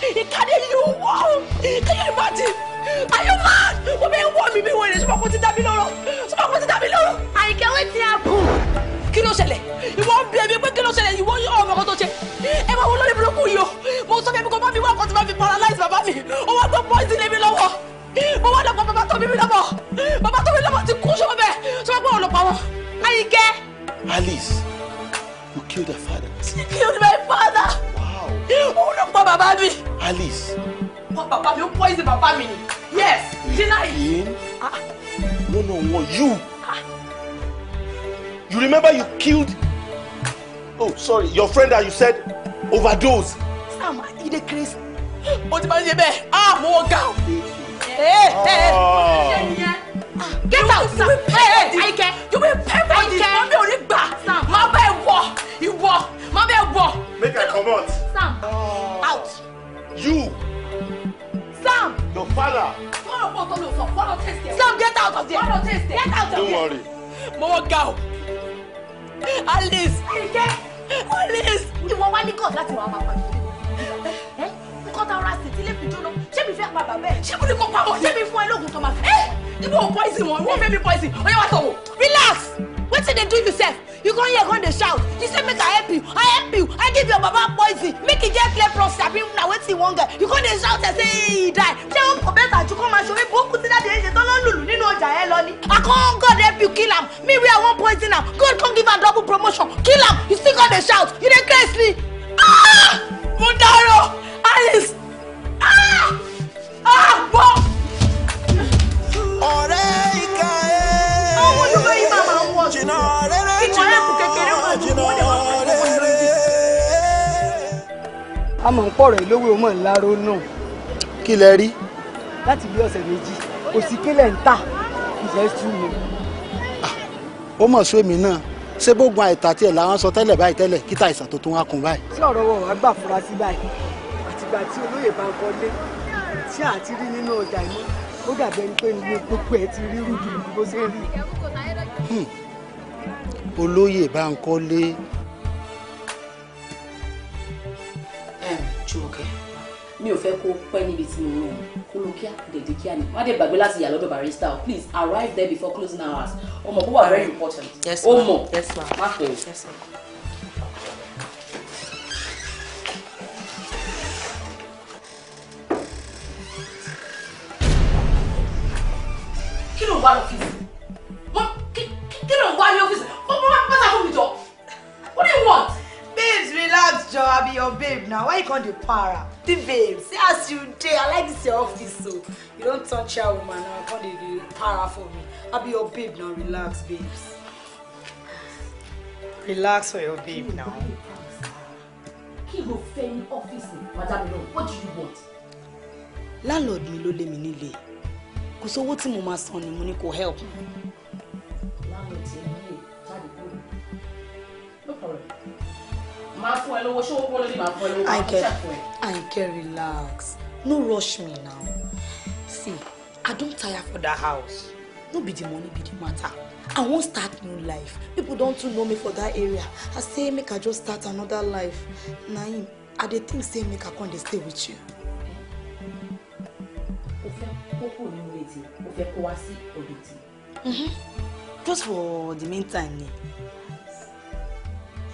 bàbá mi ni yes Gina. yìí. Ah, ah. no no no you ah. you remember you killed oh sorry your friend that you said overdose. sam you dey craze o ti ma ṣe bẹ́ẹ̀ ah mo wọ gown. Eh, eh. get out sam Ayike you will pay for this mami ò ní gbà má bẹ́ẹ̀ wọ ìwọ má bẹ́ẹ̀ wọ. make i comot. sam out. you. Father. Sam, get out of there. Get out of Don't there. Don't worry. Mama, ga o. Alice. Alice. Ìwọ wá ní God láti wà máa pàdé. Nǹkan tá a ra sí tí lè fi jóná. Ṣé mi fẹ́ pa bàbá ẹ̀? Ṣé mo ní kó pa ọ́? you go poison one you wan make me poison oye wa sọ̀wọ̀ relax What did they do you sef you come here come dey shout you say make i help you i help you i give your baba poison make it e get clear process abi na wetin you wan get you come dey shout and say he die ṣé o kò bẹ́ẹ̀ tàjú kọ́ máa ṣe wípé ó kú sí láti ẹ̀ṣẹ̀ tó ló lùlù nínú ọjà know Jael ni. i come god help you kill him. me we are one poison now. god come give a double promotion kill him. you still come dey shout you dey craze me. Ah! mo dárò alice ah ah bọ́ọ̀ ọ̀rẹ́ ìka ẹ̀. àwọn olùkọ́ yìí máa máa ń wọ̀ jìnnà rere jìnnà jìnnà rere. a mọ̀ ń pọ̀rọ̀ ìlówó ọmọ ńláró náà. kí lẹ rí. láti bí ọ̀sẹ̀ méjì òsì kílẹ̀ ń tà ìfẹ́ sú mi. Ah, ó mọ̀ sí èmi náà ṣé bógun àìtà tiẹ̀ làwọn sọ tẹ́lẹ̀ báyìí tẹ́lẹ̀ kíta àìsàn tó tún wá kún báyìí. tí ọ̀rọ̀ wọ̀ wá gbà fura sí báyìí àtìgbà tí olóyè bá ń kọ́lé tí àti nínú ọjà ìmọ̀ ó dàbẹ̀ ni pé ní gbogbo ẹ̀ ti rí rúdù bó ṣe rí. Hmm. olóyè Bánkọ́lé. ẹ jùmọ̀kẹ́ mi ò fẹ́ kó pẹ́ níbi tí mo rán kó ló kíá dèdè kíá ni má dé gbàgbé láti yà lọ́dọ̀ barista o please arrive there before closing hours ọmọ kó wà very important ó mọ̀ má pè é. kí ló ń wá lọ́fíìsì kí ló ń wá ní ọ́fíìsì wọ́n bá wọ́n pátá fún mi jọ what do you want. babes relax jọ i be your babe now why you come dey para the babe see as you dey i like this your office so you don touch your woman now i come dey para for me i be your babe now relax babes. relax for your babe now. kí ló fẹ́ ní ọ́fíìsì madam náà what do you want. landlord mi ló lé mi nílé kò sówó tí mo máa san ni mo ní kò help. máa fún ẹ lówó ṣé no rush me now see I don't tire for that house no be the money be the matter. I won't start new life. People don't too know me for that area. I say make I just start another life. Na him, I dey think say make I come dey stay with you kó kúrò nínú ètè ó fẹ́ kó wá sí ọ̀dọ̀ tì. Mhm. just for the meantime ni.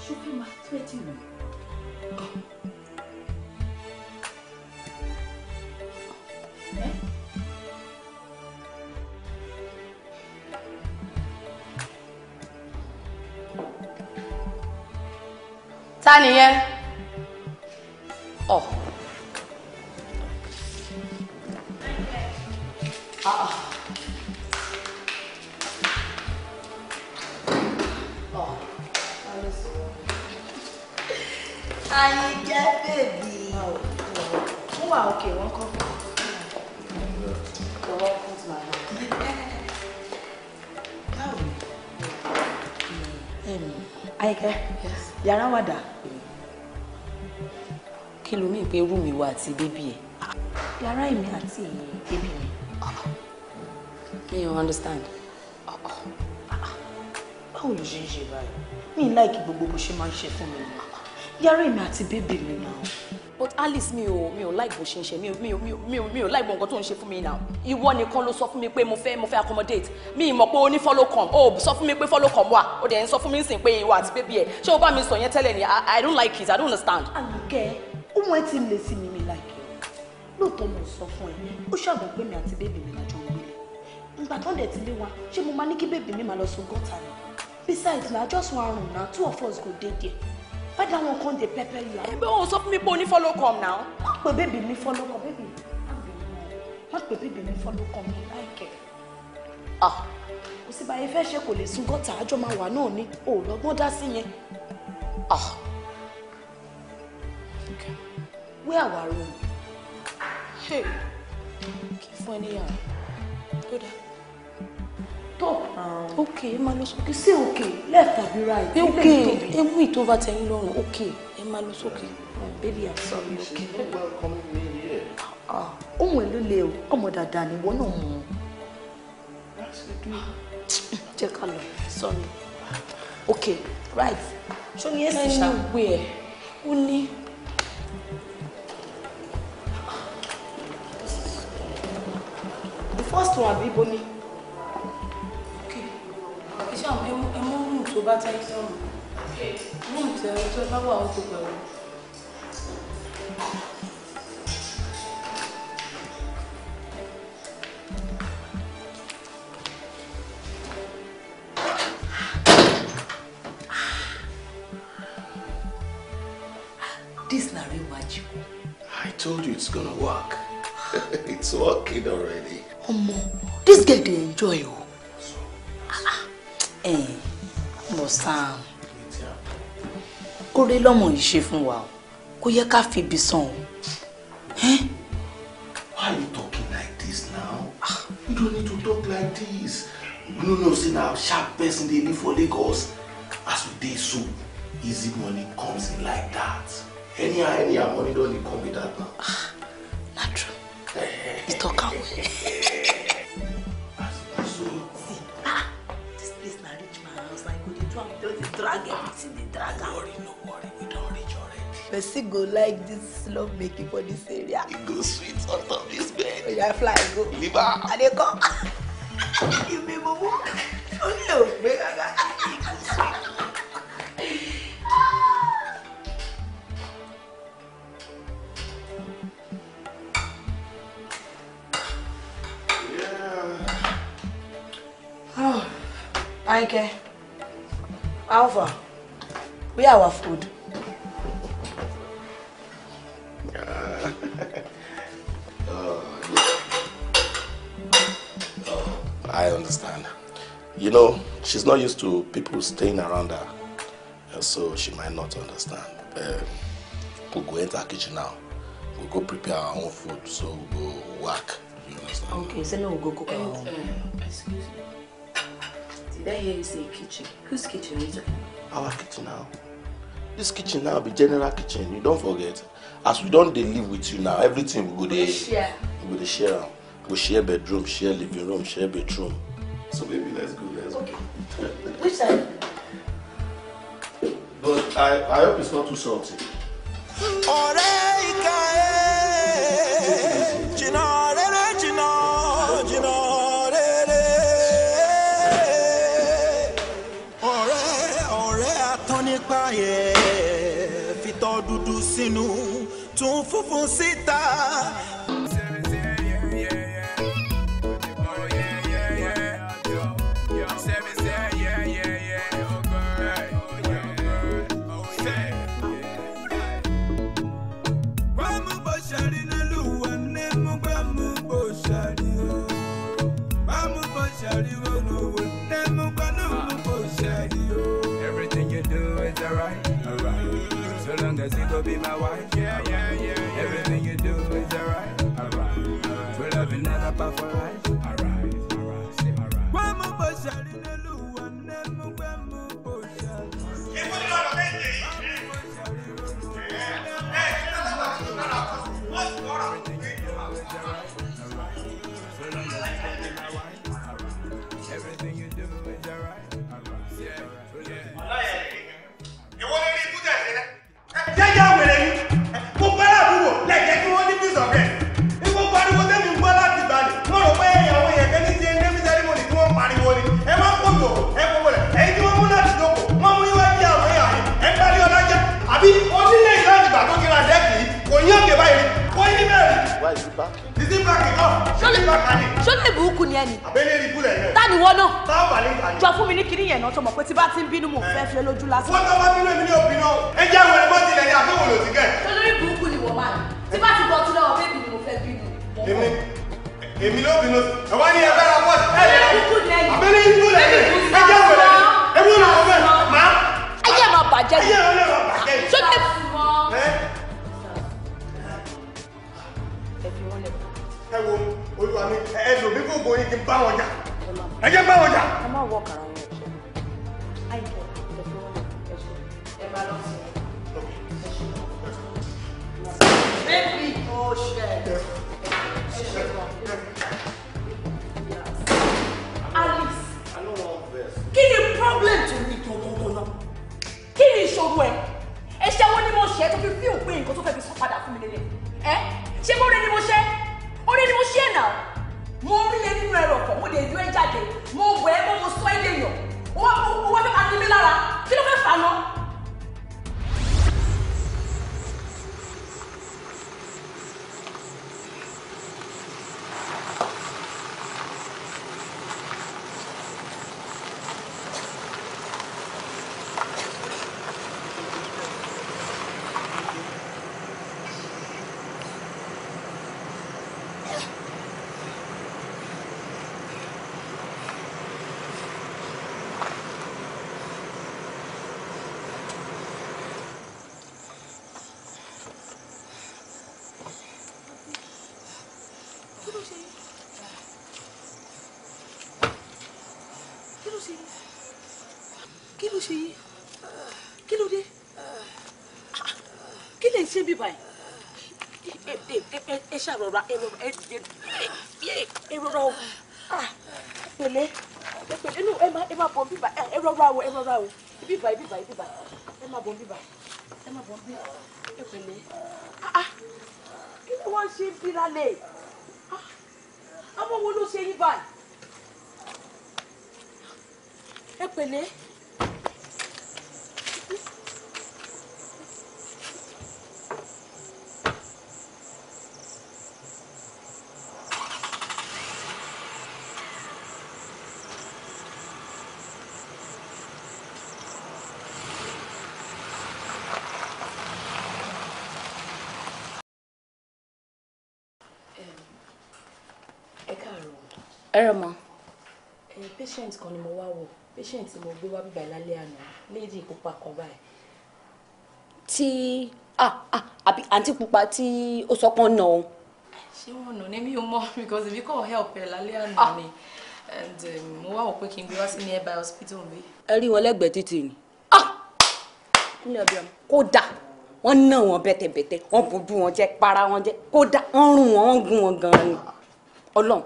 ṣókè máa tó ẹ ti wù. ta nìyẹn. ọ̀. Oh. Ayé jẹ́ bèbí. Wọ́n wà òkè wọ́n kọ́ fún my house. Ayíkẹ́, yàrá wà dà. Kí ló mí pé rúmi wa àti bébí ẹ̀? Yàrá èmi àti bébí mi. Me, you understand. báwo ló ṣe ń ṣe báyìí mi ì láìkí gbogbo bó ṣe máa ń ṣe fún mi nù yàrá èmi àti bébì mi but Alice mi ò me, ò like bó ṣe me, me, me, me, mi ò mi ò mi ò láì gbọ́ nǹkan tó ń ṣe fún mi nà ìwọ nìkan mo fẹ́ mo fẹ́ accommodate Me ì mọ̀ pé follow come Oh, sọ fún mi pé follow come wà o dẹ̀ ń sọ fún mi sìn pé ìwọ àti bébì ẹ̀ ṣé o bá mi I don't like it I don't understand. àlùkẹ́ ó mọ ẹ ti lè sí mi mi láìpẹ́ lóòótọ́ mo sọ fún ẹ ó ṣàgbọ́ pé mi àti bébì mi lájọ ìgbà tán dẹ̀ ti lé wa ṣé mo máa ní kí bèbí mi máa lọ sun gọ́ta ni besides na just one room na two of us go dey there why that one come dey pepper you. ẹ bẹ́ẹ̀ o sọ fún mi pé o ní follow come now. má pè bèbí mi follow come bèbí má pè bèbí mi follow come mi láìkẹ́. ah kò sí báyìí fẹ́ ṣe kò lè sun gọ́ta àjọ máa wà náà ni o ò lọ́gbọ́n dá sí yẹn. ah okay. where our room. Hey. kí fún ẹ níyàrá tó dáa top now. ok ẹ máa lọ sókè. ṣé ok left tàbí right. ok ẹ mú ìtòba tẹ̀yìn lọ́rùn ok ẹ máa lọ sókè. baby i'm sorry ok. Ah, ah, ohun èlò lè ọmọ dáadáa ni ìwọ náà mú un. jẹ́ ká lọ sorry ok right. ṣó ni ẹ sì ṣá. anywhere ó ní. the first one àbí ibo ni iṣẹ́ àwọn ẹmú real magic. I told you it's gonna work. it's working already. Ọmọ, this girl dey enjoy o. Oh bọ̀ sáà kó rí lọ́mọ yìí ṣe fún wa o kó yẹ ká fi ibi sàn o. Why are you talking like this now? Ah, you don't need to talk like this. You know say na sharp person dey live for Lagos. As we dey so, easy money comes in like that. Anyhow, anyhow, money don dey come with that now. Ah, na true. You eh, eh, talk am well. Eh, drag everything dey drag am. worry no worry we don reach already. person go like this love making for this area. e go sweet on top this bed. oya oh, fly go. liba. i dey come. you be mumu. o ní òpè e go sweet. Yeah. Oh, okay. Alpha, we have our food. Uh, oh, I understand. You know, she's not used to people staying around her, so she might not understand. Uh, eh, we'll go into our kitchen now. We'll go prepare our own food, so we'll go work. You understand? Okay, so now we'll go cook our own. excuse me. Did here hear you say kitchen? Whose kitchen is it? Our kitchen now. This kitchen now be general kitchen. You don't forget. As we don't live with you now, everything we go dey share. We go dey share We share bedroom, share living room, share bedroom. So baby, let's go. Let's okay. go. Which side? But I I hope it's not too salty. fofocita sọlẹ burúkú ni ẹni tani wọ náà jọ fún mi ní kinní yẹn náà tó mọ̀ pé tí bá ti ń bínú mò ń fẹ́ fi lójú lásán. wọ́n tọ́ bá bínú èmi ní òbí náà ẹ jẹ́ àwọn ẹgbẹ́ tilẹ̀ ní àbẹ̀wò ló ti gẹ̀. olórí burúkú ni wọ́n máa tí bá ti bọ̀ tún lọ́wọ́ bébì ni mo fẹ́ bínú. èmi èmi ló bínú ẹ wá ní ẹgbẹ́ ra bọ́ọ̀sì ẹ lè abẹ́lé ibú lẹ́yìn ẹ jẹ́ àwọn ẹgbẹ́ ewu náà wọ́n fẹ́ máa. ayé máa bàjẹ́ ni ẹ wo olúwa mi ẹ lò mí gbogbo yín kí n bá wọn jà ẹ jẹ́ bá wọn jà. ẹ má wọ kàrà wọn ọ̀ṣẹ́ àìkẹ́ ẹ̀ṣọ́ ẹ̀ṣọ́ ẹ bá lọ sí ẹ̀ṣọ́ bébì ọ̀ṣẹ́ ẹ̀ṣọ́ Alice kí ni problem tó ní tọ̀tọ̀tọ̀ náà kí ni ìṣòro ẹ̀ ẹ̀ṣẹ̀ wo ni mo ṣe tó fi fí òpin nǹkan tó fẹ́ fi sọ padà fún mi lélẹ̀ ẹ ṣé mo rí ni mo ṣe orí ni mo ṣe é náà mo rí ẹ nínú ẹrọ ọkọ mo lè ju ẹ jáde mo wẹ ẹ mọ mo sọ ẹ lè yàn ó wá fẹ́ máa ní mi lára kí ló fẹ́ fà náà. rọra ìrora ah, ẹ dìde ìrora o pẹ̀lẹ́ pẹ̀lẹ́ inú ẹ máa ẹ máa bọ̀ bíbà ẹ rọra o ẹ rọra o bíbà bíbà bíbà ẹ máa bọ̀ bíbà ẹ máa bọ̀ bíbà ẹ pẹ̀lẹ́ ah, ah, kí ni wọ́n ṣe ń bí lálẹ́ ọmọ wo ló ṣe yín báyìí ẹ pẹ̀lẹ́. ẹ rẹ mọ. ẹ patient kan ni mo wá wò patient mo gbé wá bíbá lálẹ́ àná lady pupa kan báyìí. tí ah ah àbí àǹtí pupa tí ó sọ pé ó nà o. ṣé wọn nà ní mi ò mọ because èmi kò help ẹ lálẹ́ àná ah. ni and um, mo wá wò pé kí n gbé wá sí nearby hospital mi. ẹ rí wọn lẹ́gbẹ̀ẹ́ títì ni kódà wọn ná wọn bẹ́tẹ̀bẹ́tẹ̀ wọn bójú wọn jẹ para wọn jẹ kódà wọn rún wọn wọn gún wọn ganan ni Ọlọ́run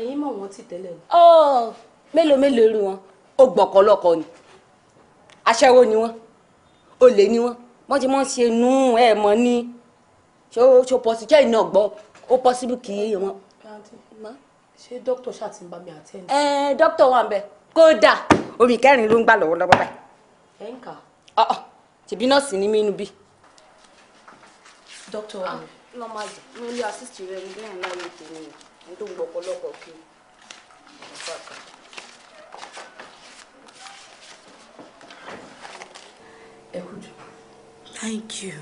ẹ̀yin mọ̀ wọ́n ti tẹ́lẹ̀. ọ oh, mélòó mélòó irú wọn ó gbọ̀kọ̀ lọ́kọ ni aṣẹ́wó ni wọ́n olè ni wọ́n wọ́n ti mọ̀ ṣe nú ẹ̀ mọ́ ní ṣó ṣó pọ̀sí jẹ́ iná gbọ́ ó pọ́sibú kì í wọn. ṣé dókítà ṣàtìmbá mi àtẹ́ni. ẹ dókítà wà ń bẹ kódà omi kẹrin ló ń gbà lọ́wọ́lọ́wọ́ báyìí. ẹ ń kà. ọ̀ọ́ tìbí nọ́ọ̀sì ni mí inú bí. dókítà wà ń bẹ. mo lè assist rẹ nígbà yẹn láyé tèmi thank you.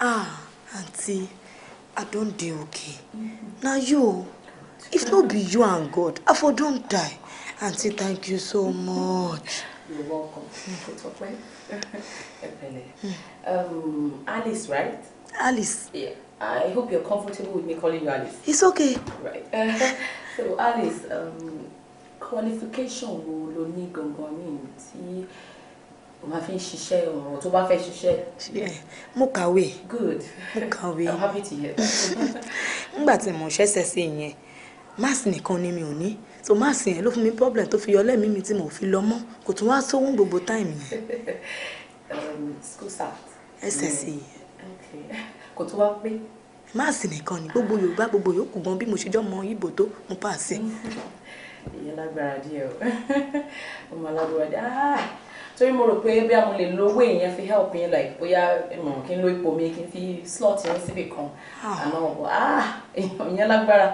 ah Auntie, i don't do okay mm -hmm. na you if not be you and god i for don't die Auntie, thank you so much. You're welcome. Hmm. Um, Alice, right? Alice. Yeah. I hope you're comfortable with me calling you Alice. It's okay. Right. Uh, so Alice, um, qualification wo lo ní gangan mi tí o máa fi ń ṣiṣẹ́ ọ̀rọ̀ tó bá fẹ́ ṣiṣẹ́. Mo kàwé. Good. Mo kàwé. I'm happy to hear that. Nígbà tí mo ṣẹ̀ṣẹ̀ sí ìyẹn, máàsì nìkan ni mi ò ní. So máàsì yẹn ló fún mi problem to fi yọ lẹ́mìí mi tí mo fi lọ mọ́. Kò tún wá sówó gbogbo táìmù yẹn. Um, school start. SSC. Okay kò tó wá pé máàsì nìkan ni gbogbo yorùbá gbogbo yòókù gan bí mo ṣe jọ mọ ibo tó mo pàṣẹ. ìyẹn lágbára díẹ̀ o ọmọ alágbára díẹ̀ ah torí mo rò pé bí a mo lè lówó èèyàn fi help yín like bóyá ìmọ̀ràn kí n lo ipò mi kí n fi slot yín síbì kan ah. àmọ́ ah èèyàn yẹn lágbára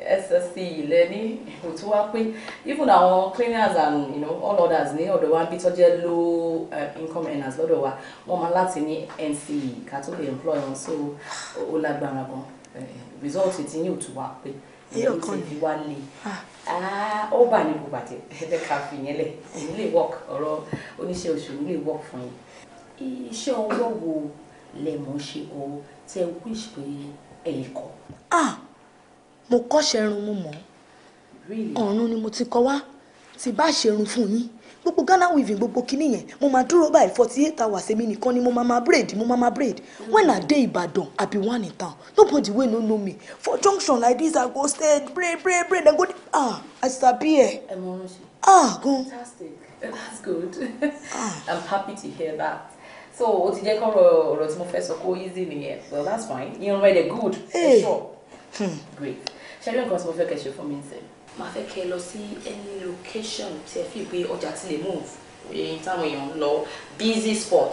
ssc lẹ́ni kò tún wá pé even àwọn cleaners and you know, all others ní ọ̀dọ̀ wa ń bí tó jẹ́ low uh, income earners lọ́dọ̀ wa wọ́n máa láti ní nce ká tó lè employ wọn so ó lágbára gan eh, result ti yóò tún wá pé ìyẹn ti fi wá lé ah. ah, ó bà ní bùbàjẹ́ ẹ̀ẹ́dẹ́ ká fi yẹn lẹ̀ èmi lè work ọ̀rọ̀ oníṣẹ́ oṣù mi lè work fún yín iṣẹ́ ọwọ́ wo lẹ̀ ṣe o tẹ wish pé ẹ̀ lè mo kọ́ṣẹ́ irun mo mọ̀ ọ̀run ni mo ti kọ́ wá tí bá ṣerun fún yín gbogbo ghana weaving gbogbo kinní yẹn mo máa dúró báyìí forty eight hours èmi nìkan ni mo máa máa braid mo máa máa braid when i dey Ìbàdàn i be one in town nobody wey no know me for junction like this i go stay braid braid braid i go ah i sabi ẹ ah gan. fantastic that's good ah. i'm happy to hear that so o ti jẹ́ kọ́ ọ̀rọ̀ tí mo fẹ́ sọ kó easy nìyẹn well that's fine irun rẹ̀ dey good for sure hmm. great ṣe rí nǹkan tí mo fẹ́ kẹ́ ṣe fún mi ń sìn. màá fẹ́ kẹ́ lọ sí any location tí ẹ fi gbé ọjà tí lè move èyí táwọn èèyàn ń lọ busy spot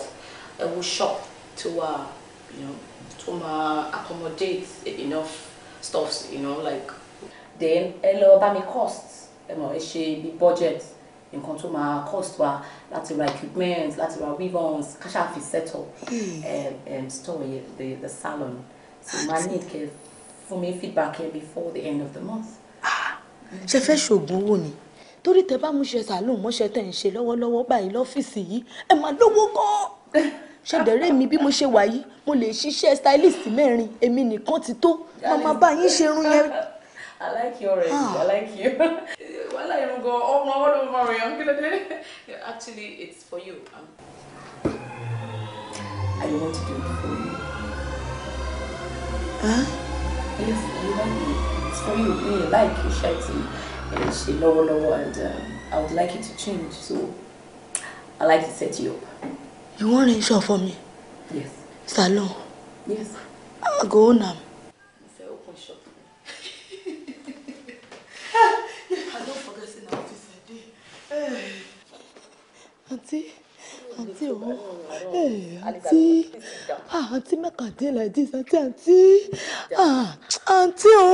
ẹ wo shop tó wà tó máa accommodate enough stuffs, you know, like. then ẹ lọ bá mi cost ẹ mọ̀ ẹ ṣe bí budget nǹkan tó máa cost wa láti ra equipment láti ra ribbons ká ṣáà fi set up um, um, store yẹn the, the salon so máa ah, ní kẹ́ fún mi feedback yẹn before the end of the month. Ah, ṣe fẹ́ ṣoògùn owó ni torí tẹ bá mú ṣe sàlóun mọ́ṣẹ́ tẹ̀ ń ṣe lọ́wọ́lọ́wọ́ báyìí lọ́fíìsì yìí ẹ máa lówó gan-an ṣàdẹ̀rẹ́ mi bí mo ṣe wà yìí mo lè ṣiṣẹ́ stylist mẹ́rin èmi nìkan ti tó màmá bá yín ṣe irun yẹn. I like you already. Ah. I like you. Wàhálà irun gan ọmọ ọwọ́ ló máa rìn kí ló Actually, it's for you. Um, I want to do it for you. Huh? please email me. It's for you. Me like iṣẹ́ tí eh, and she low low and um, I would like it to change so I like to set you up. You want arrange shop for me? Yes. Salon? Yes. I go now. am. You say open shop I don forget say na Auntie àǹtí o àǹtí ah, àǹtí mẹ́kàndín like this àǹtí àǹtí ah, àǹtí o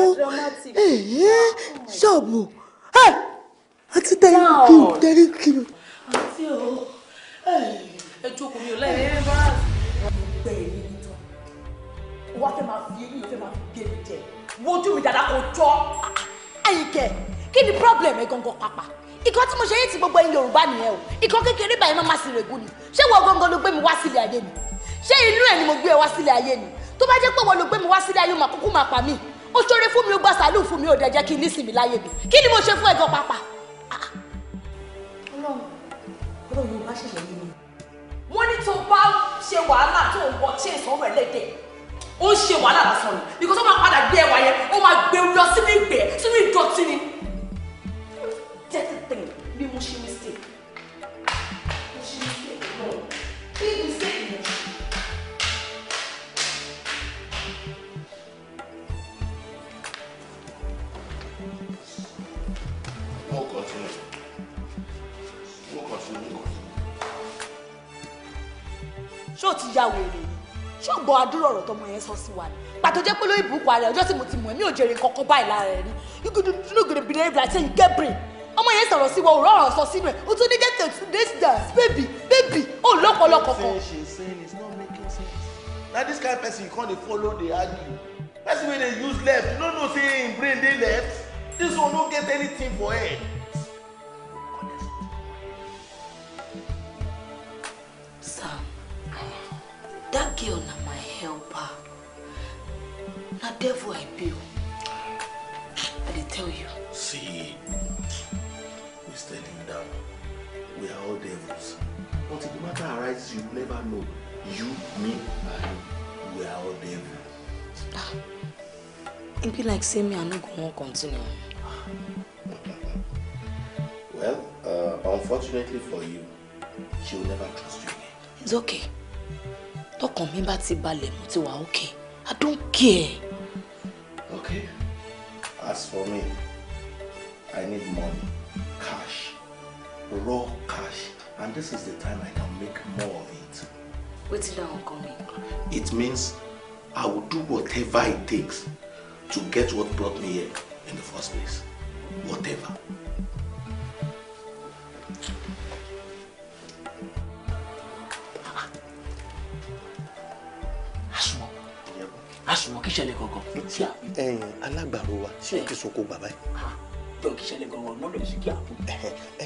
ṣọ́ọ̀bù àǹtí thank you thank you. àǹtí o ẹ jókòó mi ò lẹ́yìn ẹ bá gbẹ wọ́n fẹ́ máa fi eyín fẹ́ máa fi gé mi jẹ wojú mi dáadáa kò jọ ẹ̀yìn kí ni problem ẹ̀ gangan pàápàá ìkan tí mo ṣe yé ti gbogbo ẹ̀yin yorùbá nìyẹn o ìkan kékeré báyìí náà má sì règùn ni ṣé wọ gangan ló gbé mi wá sílé ayé ni ṣé inú ẹ ni mo gbé ẹ wá sílé ayé ni tó bá jẹ́ pé wọ́n ló gbé mi wá sílé ayé o mà kúkú mà pa mí ó ṣoore fún mi ó gba sàálù fún mi ó dẹ̀ jẹ́ kí n nísìmí láyé mi kí ni mo ṣe fún ẹ̀gàn pàápàá. ọlọ́run ọlọ́run bá ṣẹ̀ṣẹ̀ yé mi. wọ́n ní tó bá ṣe wàhálà tó ń bọ ṣé ìsanwó ẹ̀ lédè ó ń ṣe wàhálà lásán ni because ó ni dirty thing bí mo ṣe mistake mo ṣe mistake náà bí mistake mo ṣe. ṣé o ti ya wèrè yìí ṣé o gbọ́ àdúrà ọ̀rọ̀ tọmọ yẹn sọ sí wa ni pàtó jẹ́ pé lóyún ìbùkún ara ẹ̀ ọjọ́ tí mo ti mọ̀ ẹ́ mi ò jèrè kankan báyìí lára ẹ̀ rí you go do no go dey behave like say you get brain ọmọ yẹn sọ̀rọ̀ sí wọn òrọ̀ ọ̀rọ̀ sọ sínú ẹ̀ o tún ní get to this dance baby baby ó lọ́pọ̀lọpọ̀ kan. na this kind person you come dey follow dey argue person wey dey use left you no know say im brain dey left this one no get anything for head. Sam, that girl na my helper. Na devil I be. Oh. I dey tell you. See we are all devils. But if the matter arises, you never know. You, me, and we are all devils. Ah. It be like say me, I'm not going to continue. well, uh, unfortunately for you, she will never trust you again. It's okay. Tọkàn mi bá ti balẹ̀ mo ti wà okay. I don't care. Okay. As for me, I need money, cash raw cash and this is the time I can make more of it. Wetin that one come It means I will do whatever it takes to get what brought me here in the first place. Whatever. Àsùnwọ̀n kí ṣẹlẹ̀ gangan. Ẹyin alágbàro wa ṣé o ti sọ kó jọ kí ṣẹlẹ̀ gangan náà lọ sí kí àbú.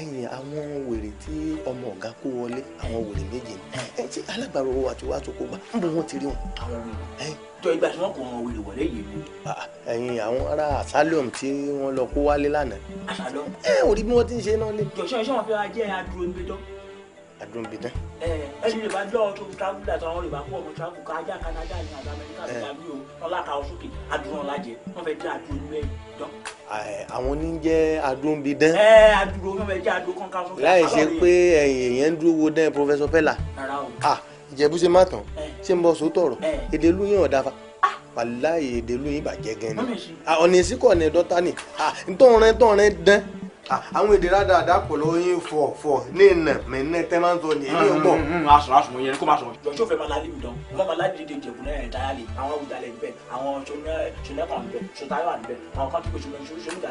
ẹ̀yin àwọn wèrè tí ọmọ ọ̀gá kó wọlé àwọn wèrè méje ni ẹ ti alábàárò wa tí wàá tó kó bá ń bọ wọn ti rí wọn. àwọn wèrè jọ ìgbà tí wọn kò wọn wèrè wọlé yìí ni. Ah, ah, ẹ̀yin àwọn ará asylum tí wọn lọ kó wálé lánàá. asylum. ẹ ò rí bí wọn ti ń ṣe náà lé. jọ̀ṣọ́ iṣẹ́ wọn fi wá jẹ́ adúró ń gbẹjọ́ àdúróbidán. ẹ ẹ ní yorùbá jọ tó tábìlì àti àwọn yorùbá kú ọmọ tíráàkù ká ajá kan ajá ní àti amẹríkà àti àbí o ọlọ́ka ọ̀ṣọ́kè adúrán lajẹ wọn fẹẹ dá adúró nílẹ̀ dán. àwọn ní jẹ́ àdúróbidán. ẹ àdúró wọn fẹẹ jẹ́ àdúró kan ká sọ́kè. láì ṣe pé èèyàn dúró wo dán professor Pella. rárá o. ìjẹ̀bú ṣe má tán ṣé ń bọ sòótọ́ ọ̀rọ̀ èdè lóyún ọ̀dà fa ah. wàláyé èdè lóyún ìbàjẹ́ gan ni ọ̀nà ìsíkọ̀ ni dọ́tà ni ntọ́rin tọ́rin dán àwọn èdè rádà àdàpọ̀ lọ́wọ́ yín fọ̀ fọ̀ ní ìnà mẹ́nẹ́ tẹ́ máa ń sọ nìyẹn ní ọgbọ́n. Mm, mm, mm, aṣọ aṣọ mo yẹn kó máa sọ. jọjọ fẹ máa lálẹ́ mi dán wọn máa lálẹ́ dédé ìjẹ̀bù náà ẹ̀dá yálẹ̀ àwọn awùjalẹ̀ níbẹ̀ àwọn ṣonẹ́kà níbẹ̀ ṣotáyọ̀ níbẹ̀ àwọn kátókò ṣonúgà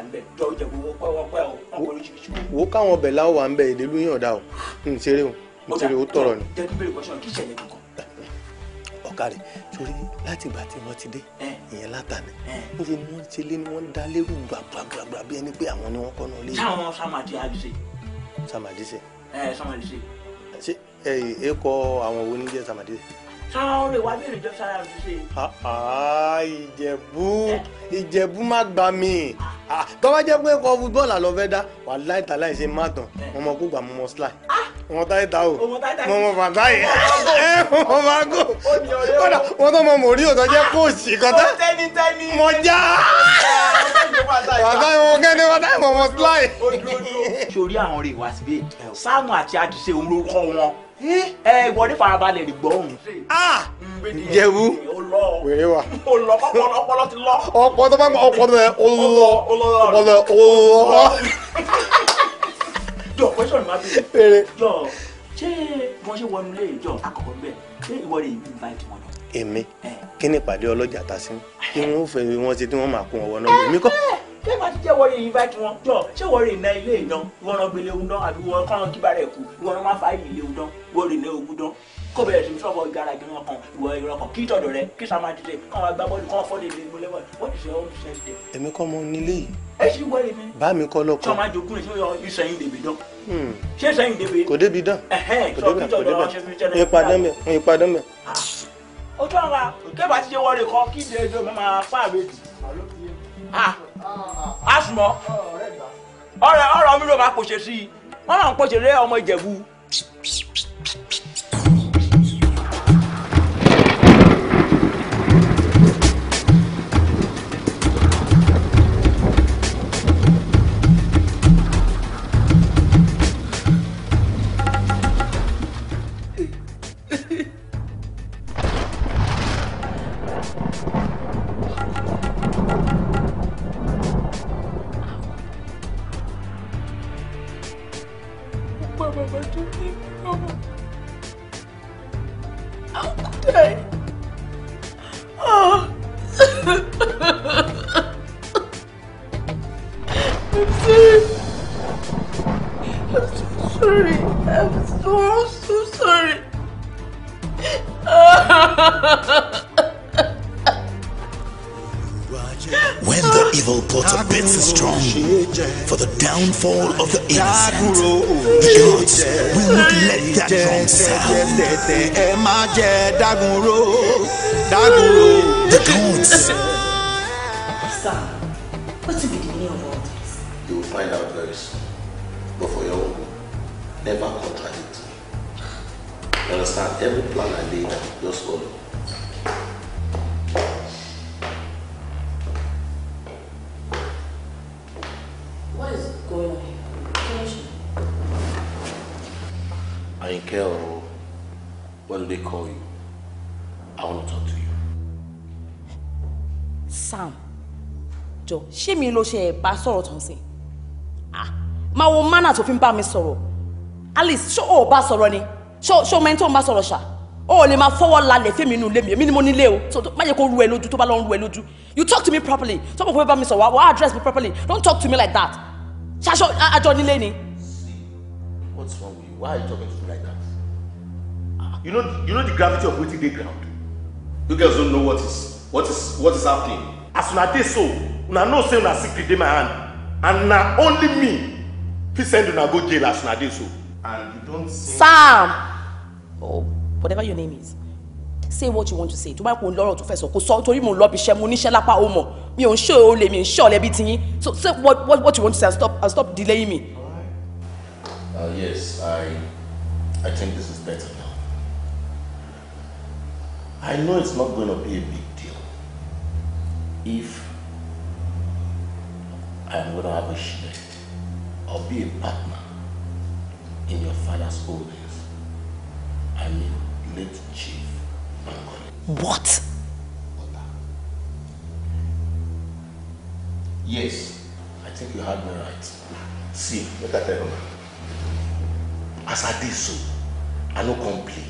níbẹ̀ jọ ìjẹ̀bù pẹ́ pẹ́ ọkọ̀ oríṣiríṣi. wo káwọn bẹ̀ láwọ̀ wà ń bẹ̀ ìdílú yàn dá o o o ǹ kárẹ̀ torí láti ìgbà tí wọ́n ti dé ìyẹn látàní wọ́n ṣe ni wọ́n ṣe lé ni wọ́n dá lérú gbàgbàgbà bí ẹni pé àwọn ni wọ́n kọ́ náà lé. sáwọn samadi adise. samadi se. ẹ samadi se. ṣé ẹ ẹ kọ àwọn wo ni jẹ samadi se táwọn lè wá bèrè jọ sára mi ṣe. ìjẹ̀bú eh. ìjẹ̀bú má gbà mí tọ́wọ́ jẹ́ pé kọ́ fútbọ́ọ̀lù àlọ́ fẹ́ dá wà láì tà láì ṣe má tán wọn eh. mọ̀ kó gbà mọ́ sly wọn ah! táyé ta o wọn mọ̀ bàbá yìí ẹ wọn máa gò kódà wọn tó ah! mọ mòrí òtọ́ jẹ́ kóòsì kọ́tà mọ já bàbá yìí wọn kẹ́ni wọn táyé mọ̀ mọ́ sly. sórí àwọn rè wá síbí sáàmù àti àdìsẹ́ òun wọn ẹ ìwọ ní farabalẹ̀ rí gbọ́hùn. Ah! Ah! jẹ̀wú wèrè wa. ọpọlọ ti lọ. ọpọlọ tó bá ń bọ ọpọlọ rẹ ó lọ ọpọlọ ó lọ. jọ question ma bi. péré. jọ ṣé wọn ṣe wọnú lé ìjọ àkọ́kọ́ bẹ́ẹ̀ ṣé ìwọ rẹ yìí bá ìtumọ̀ lọ. èmi kí ni ìpàdé ọlọ́jà ta sí kí wọ́n fẹ́ wọn ṣe tí wọ́n máa kún ọwọ́ náà èmi kọ́ ṣé máa ti jẹ́ wọ́n yìí invite wọn jọ ṣé wọ́n rè na ilé ìdán wọ́n rán gbélé ń dán àbí wọ́n kọ́ran kí bàrẹ̀ kú wọ́n rán máa fa ìlú ilé ń dán wọ́n ogun dán kó bẹ̀rẹ̀ sí sọ́kọ̀ garage wọn kan ìwọ ìrọ̀ kan kí tọ̀dọ̀ rẹ kí sàmà dìde kàn wá gbá bọ́ọ̀lù kàn fọ́ lè lè gbólé bọ́ọ̀lù wọ́n ti ṣe ọ́n ṣe ṣe. èmi kọ́ mo nílé mi kọ́ lọ́kọ̀. sọ́mà jogún ni sọ́yọ́ ìsẹ̀yìn dèbè dán. Hmm. ṣé ìsẹ̀yìn dèbè asùmọ̀ ọ̀rọ̀ ọ̀rọ̀ mi ló máa pòṣe sí i wọ́n máa ń pòṣe lé ọmọ ìjẹ̀bú. tẹ̀tẹ̀ ẹ má jẹ́ dágunró dágunró. eléyìí ló ṣe ẹ̀bá sọ̀rọ̀ tán sí máa wo mánà tó fi ń bá mi sọ̀rọ̀ Alice ṣó o bá sọ̀rọ̀ ni ṣó o mẹ́ni tó ń bá sọ̀rọ̀ ṣá o lè máa fọwọ́ lálẹ̀ fẹ́mi inú ilé mi èmi ni mo nílé o so má yẹ kó ru ẹ lójú tó bá lọ ń ru ẹ lójú you talk to me properly tó bá fẹ́ bá mi sọ̀rọ̀ wá address me properly don't talk to me like that ṣaṣọ àjọ nílé ni. what's wrong with you why are you talking to me like that ah, you know you know the gravity of wetin dey ground you girls don't know what is what is what is happening as una dey so una know say una secret dey my hand and na only me fit send una go jail as na dey so. and you don say. sam or oh, whatever your name is say what you want to say tó bá kó lọ́rọ̀ tó fẹ́ sọ kó sọ torí mo lọ bí iṣẹ́ mo níṣẹ́ lápá ó mọ̀ mi ò ń ṣe olè mi ò ń ṣe ọ̀lẹ́ bí tiyín so say what, what, what you want to say and stop, and stop delaying me. Uh, yes I, I think this is better now. I know it's not going to be a big deal if I am gonna have a share or be a partner in your father's holdings. I mean, late Chief Bangoli. What? Yes, I think you had me right. See, look at her. As I did so, I no complain.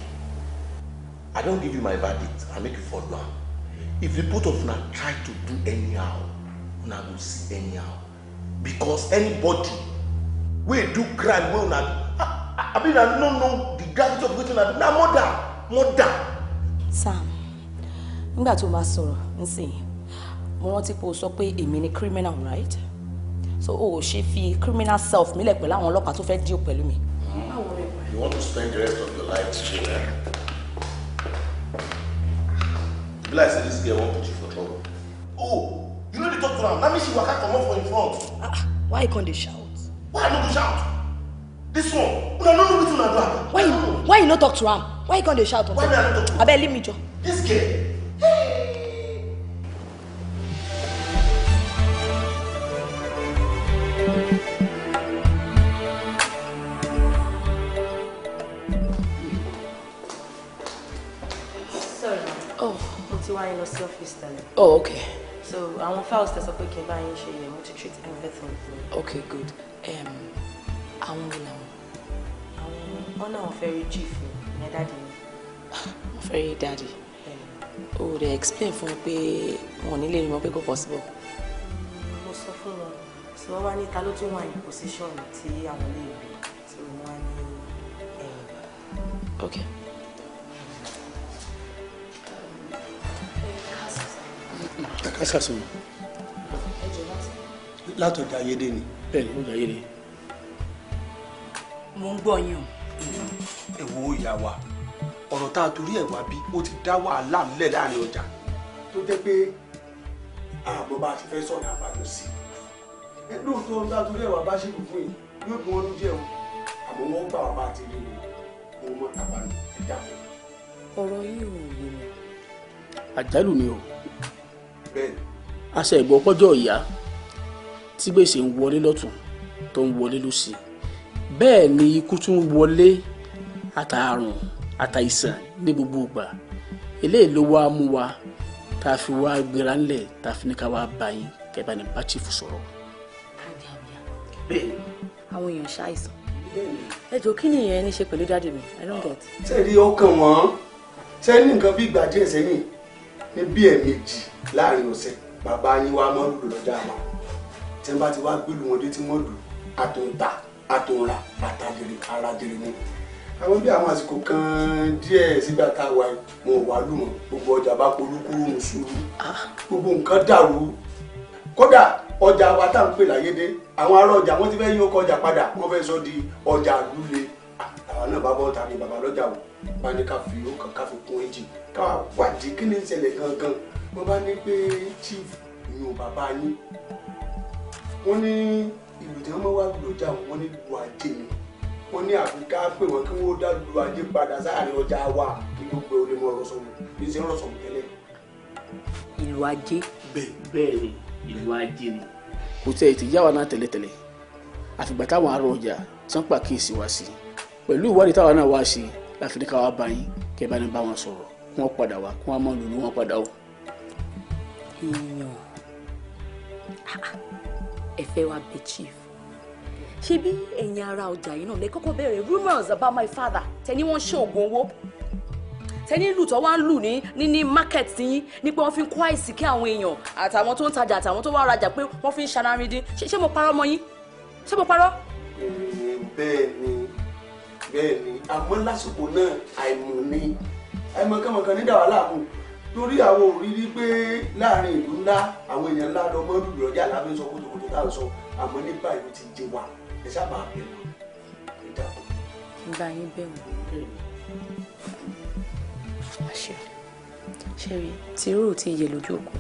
I don't give you my verdict. I make you fall down. If the both of una try to do anyhow, una go see anyhow because anybody wey do crime wey una i mean i no know the gravity of wetin una do na murder murder. sam nígbà tó máa sọ̀rọ̀ nísìnyí mo rántí pé o sọ pé èmi ni criminal right so o ò ṣe fi criminal self mílẹ̀ pẹ̀lú àwọn ọlọ́pàá tó fẹ́ deal pẹ̀lú mi. you want to spend the rest of your life in jail be like say this girl wan put you for trouble. oh no dey talk to am that means she waka comot for im front. ah, ah why can't they shout. why not to shout this one we don't know wetin una do why you why you no talk to am why can't they shout why not talk to am. abeg leave me Joe. this girl. Sorry. Oh. Mo ti wá yín lọ Oh, okay so our files tẹ̀sán pé kí n bá yín ṣe yẹ̀ treat everything. okay good Um, I'm gonna. àwọn ọ̀nà very fẹ́ rí chief ní daddy. mi. wọ́n fẹ́ rí explain for me. Money, little more, ní lè possible. mo sọ fún wọn tí wọ́n wá ní ta ló position tí àwọn lè So, money. okay. ẹ kásán mi látọjà ayédè ni. bẹ́ẹ̀ni ó jà ayédè. mo ń gbọ́ yín o. ẹ wo ìyá wa ọ̀rọ̀ tá a torí ẹ̀ wá bí ó ti dá wàhálà ńlẹ̀ láàrin ọjà tó jẹ́ pé ààbò bá a ti fẹ́ sọ̀rọ̀ àbájọ sí i. ẹ lóòótọ́ tá a torí ẹ̀ wá bá ṣe kù fún yìí yóò bí wọ́n jẹ́ o àmọ́ wọ́n gbà wá bá a ti rí o mo mọ àbánu ẹ̀dá. ọ̀rọ̀ yìí ò yé mi. àjálù ni o aṣẹ ìgbọ́ pọ́jọ́ ìyá tí gbèsè ń wọlé lọ́tún tó ń wọlé lọ́sì bẹ́ẹ̀ ni ikú tún ń wọlé àtàrùn àtàìsàn ní gbogbo ìgbà eléyìí ló wá mú wa tá a fi wá gbéra ńlẹ̀ tá a fi ní ká wá bá yín kẹ́bà ní bá chief sọ̀rọ̀. àwọn èèyàn ṣàìsàn ẹ jọ kí ni ìyẹn ní ṣe pẹ̀lú dáàdì mi i don't get. ṣe rí ọkàn wọn ṣe ní nǹkan bí ìgbà díẹ̀ sẹ́yìn ní bí ẹ̀ẹ̀mejì láàrin ọ̀sẹ̀ bàbá yín wá mọ́ lùlù lọ́jà àmà tí wọ́n bá ti wá gbìlù wọn dé tí wọ́n lù àtúntà àtúnra àtàjèrè àràjèrè ni àwọn bí àwọn àsìkò kan díẹ̀ sígbà tá a wà mọ̀ wá lù wọ́n gbogbo ọjà bá polúkúrú mùsùlùmí gbogbo nǹkan dàrú kódà ọjà wa tá à pè láyédè àwọn ará ọjà wọn ti fẹ́ yín ó kọjà padà wọ́n fẹ́ sọ di ọjà lúle àwọn náà bá bọ́ ta ni bàbá lọ́jà wò bá ní ká fi ó kàn ká fi kún ẹ̀jì ká wádìí kí ni ń gangan mo bá ní pé chief ìyún bàbá yín wọ́n ní ìlú tí wọ́n mọ́ wá lòjà wọ́n ní lu ajé ni wọ́n ní àfikà pé wọ́n kí wọ́n dá lu ajé padà sáàrin ọjà wa kí gbogbo orí mọ́ ọ̀rọ̀ sọ̀rọ̀ kì í ṣe ọ̀rọ̀ sọ̀rọ̀ tẹ́lẹ̀. ìlú ajé bẹ́ẹ̀ ni ìlú ajé ni. kò tẹ́ ètò ìyá wa náà tẹ́lẹ̀tẹ́lẹ̀ àfìgbà táwọn ará ọjà tán pàkíyèsí wá sí pẹ̀lú ìwádìí táwọn náà wá sí láfi ní káwá bá yín kẹ́ bá ní bá wọn sọ̀rọ̀ kí wọ́n padà wá kí wọ́n mọ̀ lù wọn padà wò èèyàn ah, ẹ fẹ́ wá bẹ chief ṣebí ẹ̀yin ara ọjà yìí náà lè kọ́kọ́ bẹ̀rẹ̀ rumours about my father tẹ́ni wọ́n ṣe oògùn owó tẹ́ni lù tó wá ń lù ní ní ní market yín ní pé wọ́n fi ń kó àìsí kí àwọn èèyàn àtàwọn tó ń tajà àtàwọn tó wá rajà pé wọ́n fi ń ṣanarindín ṣé mo parọ́ mọ́ yín ṣé mo parọ́. bẹ́ẹ̀ ni bẹ́ẹ̀ ni àmọ́ lásìkò náà àìmọ̀ ni àìmọ̀ kánmọ̀kan ní dàwálà mú torí àwọn òrírí pé láàrin ìlú ńlá àwọn èèyàn ńlá lọmọ lùlù ọjà lábẹ́ sọ kótókótó tá à ń sọ àmọ́ ní báyìí ló ti jẹ wá ẹ sábà bẹ̀ wọ́n ẹ dàbọ̀. ń bá yín bẹ̀ ṣẹ́rí tìrú ò tí yẹ lójú òkú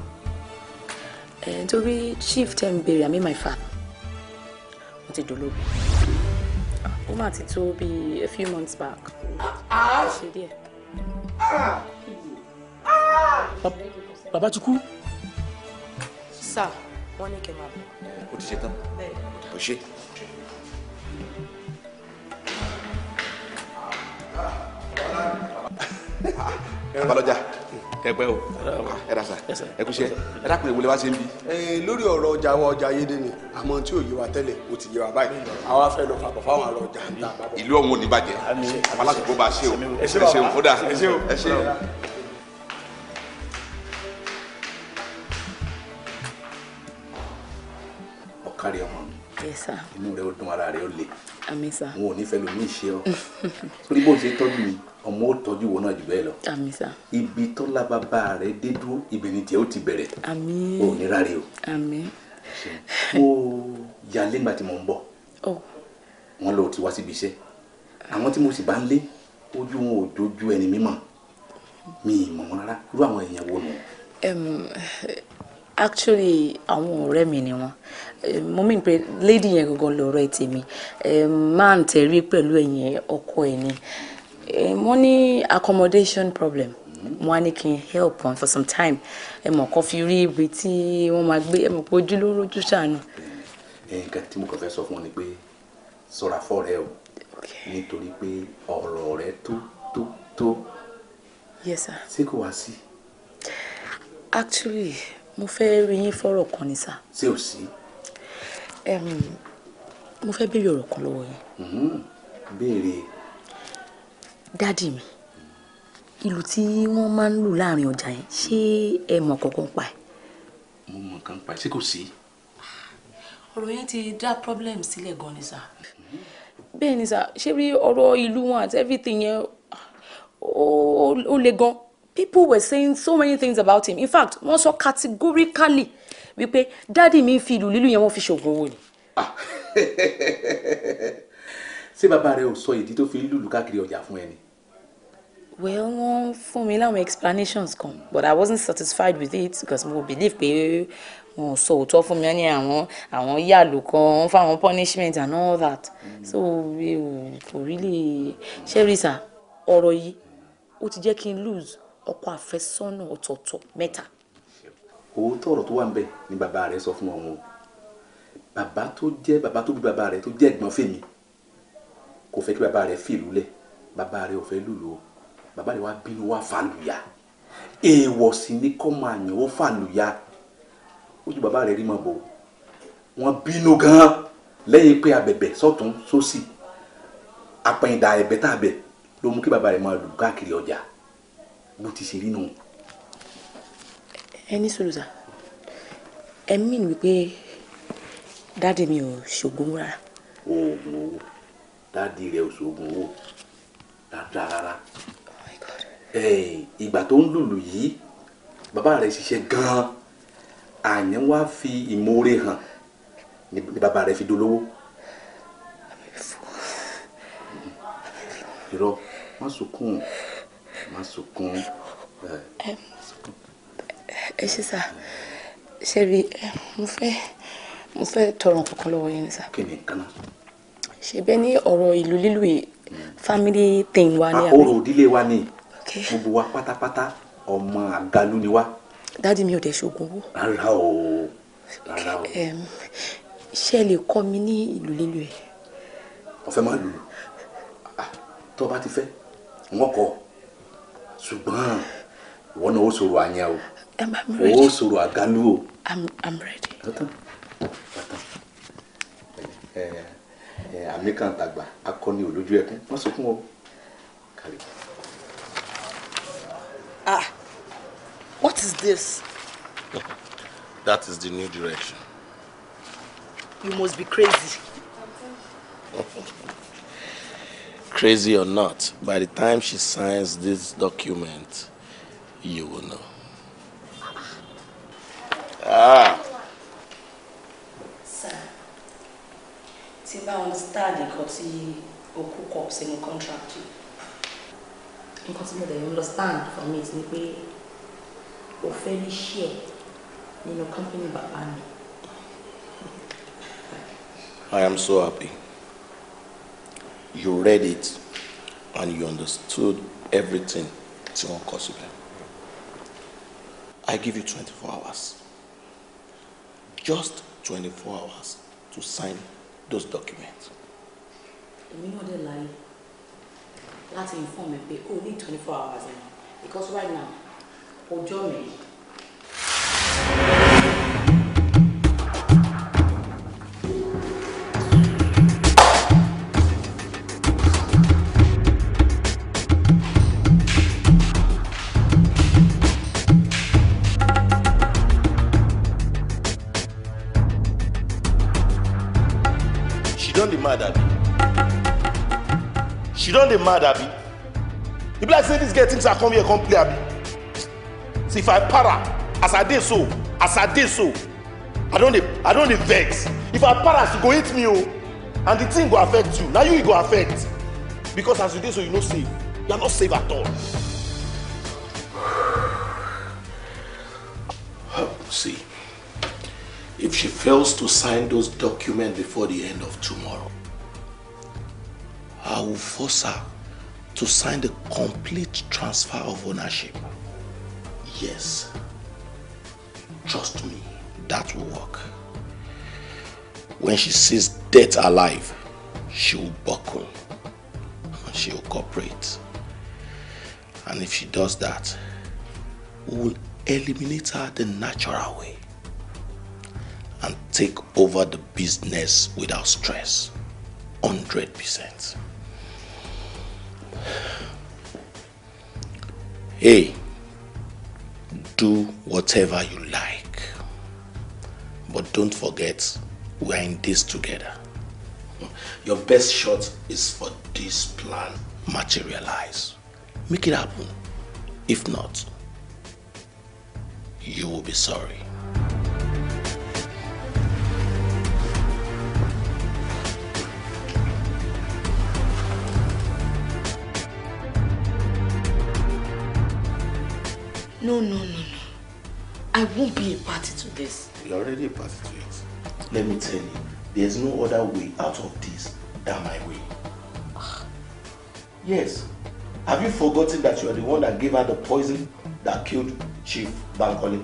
torí chief tẹ́ ń béèrè àmì my father mo ti dolóbi ó mà ti tó bíi a few months back ah, ah. ṣe díẹ̀. Ah. Baba, ti kú. sà wọn ní kẹ máa bọ. o ti ṣe tán o ṣe. abalọjà ẹ pẹ́ o ẹ dasa ẹ kúṣẹ́ ẹ dákun ìwọlé wa ṣe ń bi. lórí ọ̀rọ̀ ọjà àwọn ọjà ayédè ni àmọ́ tí ò yé wa tẹ́lẹ̀ o ti yé wa báyìí àwa fẹ́ lọ fàbọ̀ fáwọn àrọ̀ ọjà ń ta. ìlú ọ̀hún ò ní bàjẹ́ àwọn aládùúgbò bá ṣe o ẹ ṣe o kódà ẹ ṣe o. kárí ọmọ mi inú rẹ ó dùn ara rẹ ó le n ò ní fẹ́ lómi ìṣe ọ torí bó ṣe tọ́jú mi ọmọ ó tọ́jú wo náà jù bẹ́ẹ̀ lọ ibi tó lábàbà rẹ dé dúró ìbẹ̀rẹ̀ tiẹ̀ ó ti bẹ̀rẹ̀ ò ní rárẹ̀ o mo yà lẹ́gbàá tí mo ń bọ̀ oh. wọ́n lọ ti wá síbi iṣẹ́ àwọn tí mo sì bá ń lé ojú wọn ò dojú ẹni mímọ̀ mi ì mọ̀ wọn rárá irú àwọn èèyàn wo nù actually àwọn ọ̀rẹ́ mi ni wọ́n eh, mo mìn pé lady yẹn gangan lọ̀rọ̀ ẹ̀ tèmi eh, máa ń tẹ̀rí pẹ̀lú ẹ̀yìn ọkọ ẹ̀ ni wọ́n eh, ní accommodation problem mo wá ní kí n help wọn for some time ẹ mọ̀ kọ́ fi rí ibi tí wọ́n máa gbé ẹ mọ̀ pé ojú ló rojú ṣàánú. nǹkan tí mo kàn fẹ́ sọ fún ọ ni pé ṣọ́ra fọ́ọ̀rẹ́ o nítorí pé ọ̀rọ̀ rẹ tó tó tó. yes sir. kò wá sí. actually mo fẹ́ rí yín fọ́rọ̀ kan ni sà. ṣé o sí. mo fẹ́ béèrè ọ̀rọ̀ kan lọ́wọ́ yín. Mm-hmm. béèrè. dádì mi ìlù tí wọ́n máa ń lù láàrin ọjà yẹn ṣé ẹ mọ̀ kankan pa ẹ̀. mo mọ̀ kan pa ẹ̀ ṣé kò sí. ọ̀rọ̀ yẹn ti dá problem sílẹ̀ gan ni sà. Mm-hmm. bẹ́ẹ̀ ni sà ṣé rí ọ̀rọ̀ ìlú wọn àti everything yẹn ó le gan-an people were saying so many things about him in fact wọ́n sọ categorically wípé dáàdi mi fi ìlú lílu yẹn wọ́n fi ṣoògùn owó ni. ṣé bàbá rẹ ò sọ ìdí tó fi lùlù káàkiri ọjà fún ẹ ni. well wọ́n fún mi láwọn explanations kan but i wasn't satisfied with it because mo believe pé wọn sọ òótọ́ fún mi ní àwọn àwọn yàlò kan fáwọn punishment and all that so kò really ṣé rí sà ọ̀rọ̀ yìí ó ti jẹ́ kí n lose ọkọ àfẹ́sọ́nà ọ̀tọ̀ọ̀tọ̀ mẹ́ta. òótọ́ ọ̀rọ̀ tó wà ń bẹ̀ ni bàbá rẹ̀ sọ fún ọ̀hún bàbá tó jẹ́ bàbá tó bí bàbá rẹ̀ tó jẹ́ ẹ̀gbọ́n fèmí kò fẹ́ kí bàbá rẹ̀ fìlú lẹ̀ bàbá rẹ̀ ò fẹ́ lùlù o bàbá rẹ̀ wá bínú wá fàlùyà èèwọ̀ sì ni kọ́ máa yàn ó fàlùyà ojú bàbá rẹ̀ rí mọ̀ bò wọ́n bínú gan-an lẹ́yìn pé abẹ̀bẹ̀ sọ́tún sósì àpẹ̀yìndà ẹ̀bẹ̀ tàbẹ̀ ló mú kí bàbá rẹ̀ máa lù káàkiri ọjà bó ti ṣe rí nù. ẹ ní sòlùsà ẹ mìn wípé dáàdì mi ò ṣògùn rárá. oògùn owó dáàdì rẹ ò ṣògùn owó dáadáa rárá oh ìgbà tó ń lùlù yìí bàbá rẹ ṣiṣẹ́ gan-an àyàn wá fi ìmoore hàn ni bàbá rẹ fi dolówó. irọ́ wọ́n sunkún má sunkún. ẹ ṣe sá ṣe rí mo fẹ́ mo fẹ́ tọrọ kankan lọ́wọ́ yín sá. kí ni kaná. ṣe bẹ́ẹ̀ ní ọ̀rọ̀ ìlú lílù yìí hmm. family thing wa ni. Ah, àkóró ìdílé wa ni gbogbo wa pátápátá ọmọ àgalú ni wa. dádì mi ò dẹ̀ ṣoògùn owó. rárá o rárá o. ṣe lè kọ́ mi ní ìlú lílù yìí. ọ̀fẹ́ máa lù ú ah, tó o bá ti fẹ́ wọ́n kọ́ ọ ṣùgbọ́n ìwọ náà ó ṣòro àyàn o ó ṣòro àgánú o. I'm ready. àmì kan tàgbà akọni olójú ẹkún wọ́n sọ fún ọ Ah, what is this? That is the new direction. You must be crazy. crazy or not, by the time she signs this document, you will know. Ah. Sir, tí bá understand nǹkan tí o cook up the contract yìí, nǹkan understand for me it's not a fẹ́ ní share nínú company but mi. I am so happy you read it and you understood everything tí wọ́n I give you 24 hours just 24 hours to sign those documents. èmi náà dé lie. láti inform ẹ pé o ní hours because right now ọjọ́ mi. she don dey mad abi e be like say this girl thinks i come here come play abi see if i para as i dey so as i dey so i don dey i don dey vex if i para she go hit me o oh. and the thing go affect you na you e go affect because as you dey so you no safe you are not safe at all. see if she fails to sign those documents before the end of tomorrow I will force her to sign the complete transfer of ownership. Yes. Trust me, that will work. When she sees death alive, she will buckle. She will cooperate. And if she does that, we will eliminate her the natural way and take over the business without stress. 100%. Hey, do whatever you like. But don't forget, we are in this together. Your best shot is for this plan materialize. Make it happen. If not, you will be sorry. No, no, no, no. I won't be a party to this. You're already a party to it. Let me tell you, there's no other way out of this than my way. Yes. Have you forgotten that you are the one that gave her the poison that killed Chief Bankole?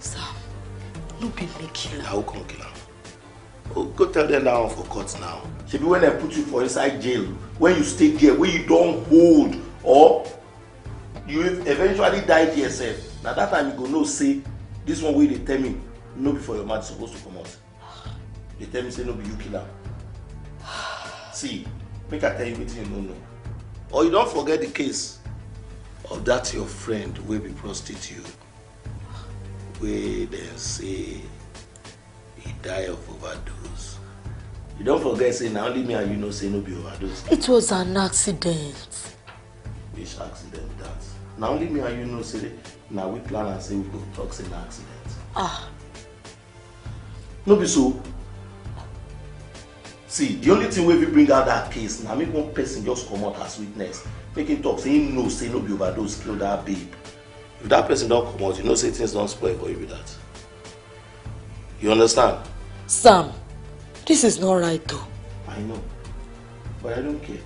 Sam, no be me killer. How come killer? Oh, go tell them that one for court now. Shebi when I put you for inside jail, when you stay there, when you don't hold or you eventually die yourself. sef na that time you go know say this one wey dey tell me no be for your mouth suppose to comot dey tell me say no be you kill am see make i tell you wetin you no know or you don forget the case of that your friend wey be prostitute wey dem say he die of overdose you don forget say na only me and you know say no be overdose. it was an accident. which accident that. Now only me and you know say now we plan and say we go talk say na accident ah no be so see the only thing wey we bring out that case now make one person just come out as witness make him talk say he knows, say no be overdose kill that babe if that person don't come out, you know say things don't spoil for you with that you understand. sam this is not right though. i know but i don't care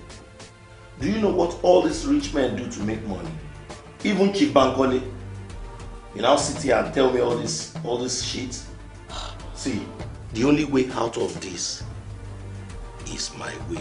do you know what all these rich men do to make money even Chief Bankole, you now sit here and tell me all this, all this shit. See, the only way out of this is my way.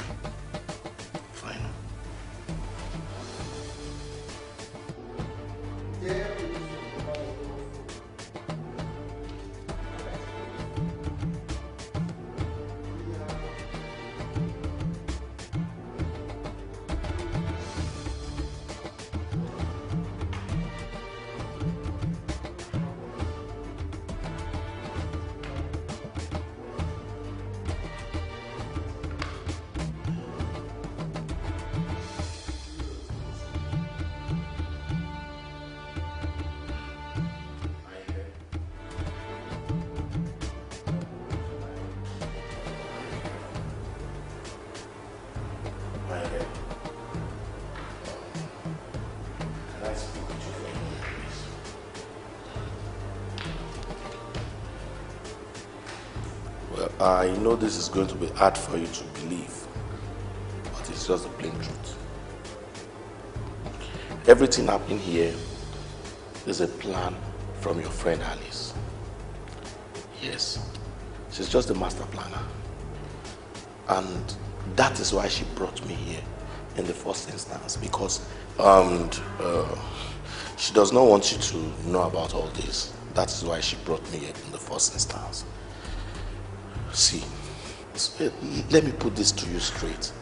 this is going to be hard for you to believe, but it's just the plain truth. Everything happening here is a plan from your friend Alice. Yes, she's just a master planner. And that is why she brought me here in the first instance because um, uh, she does not want you to know about all this. That is why she brought me here in the first instance. See, let me put this to you straight.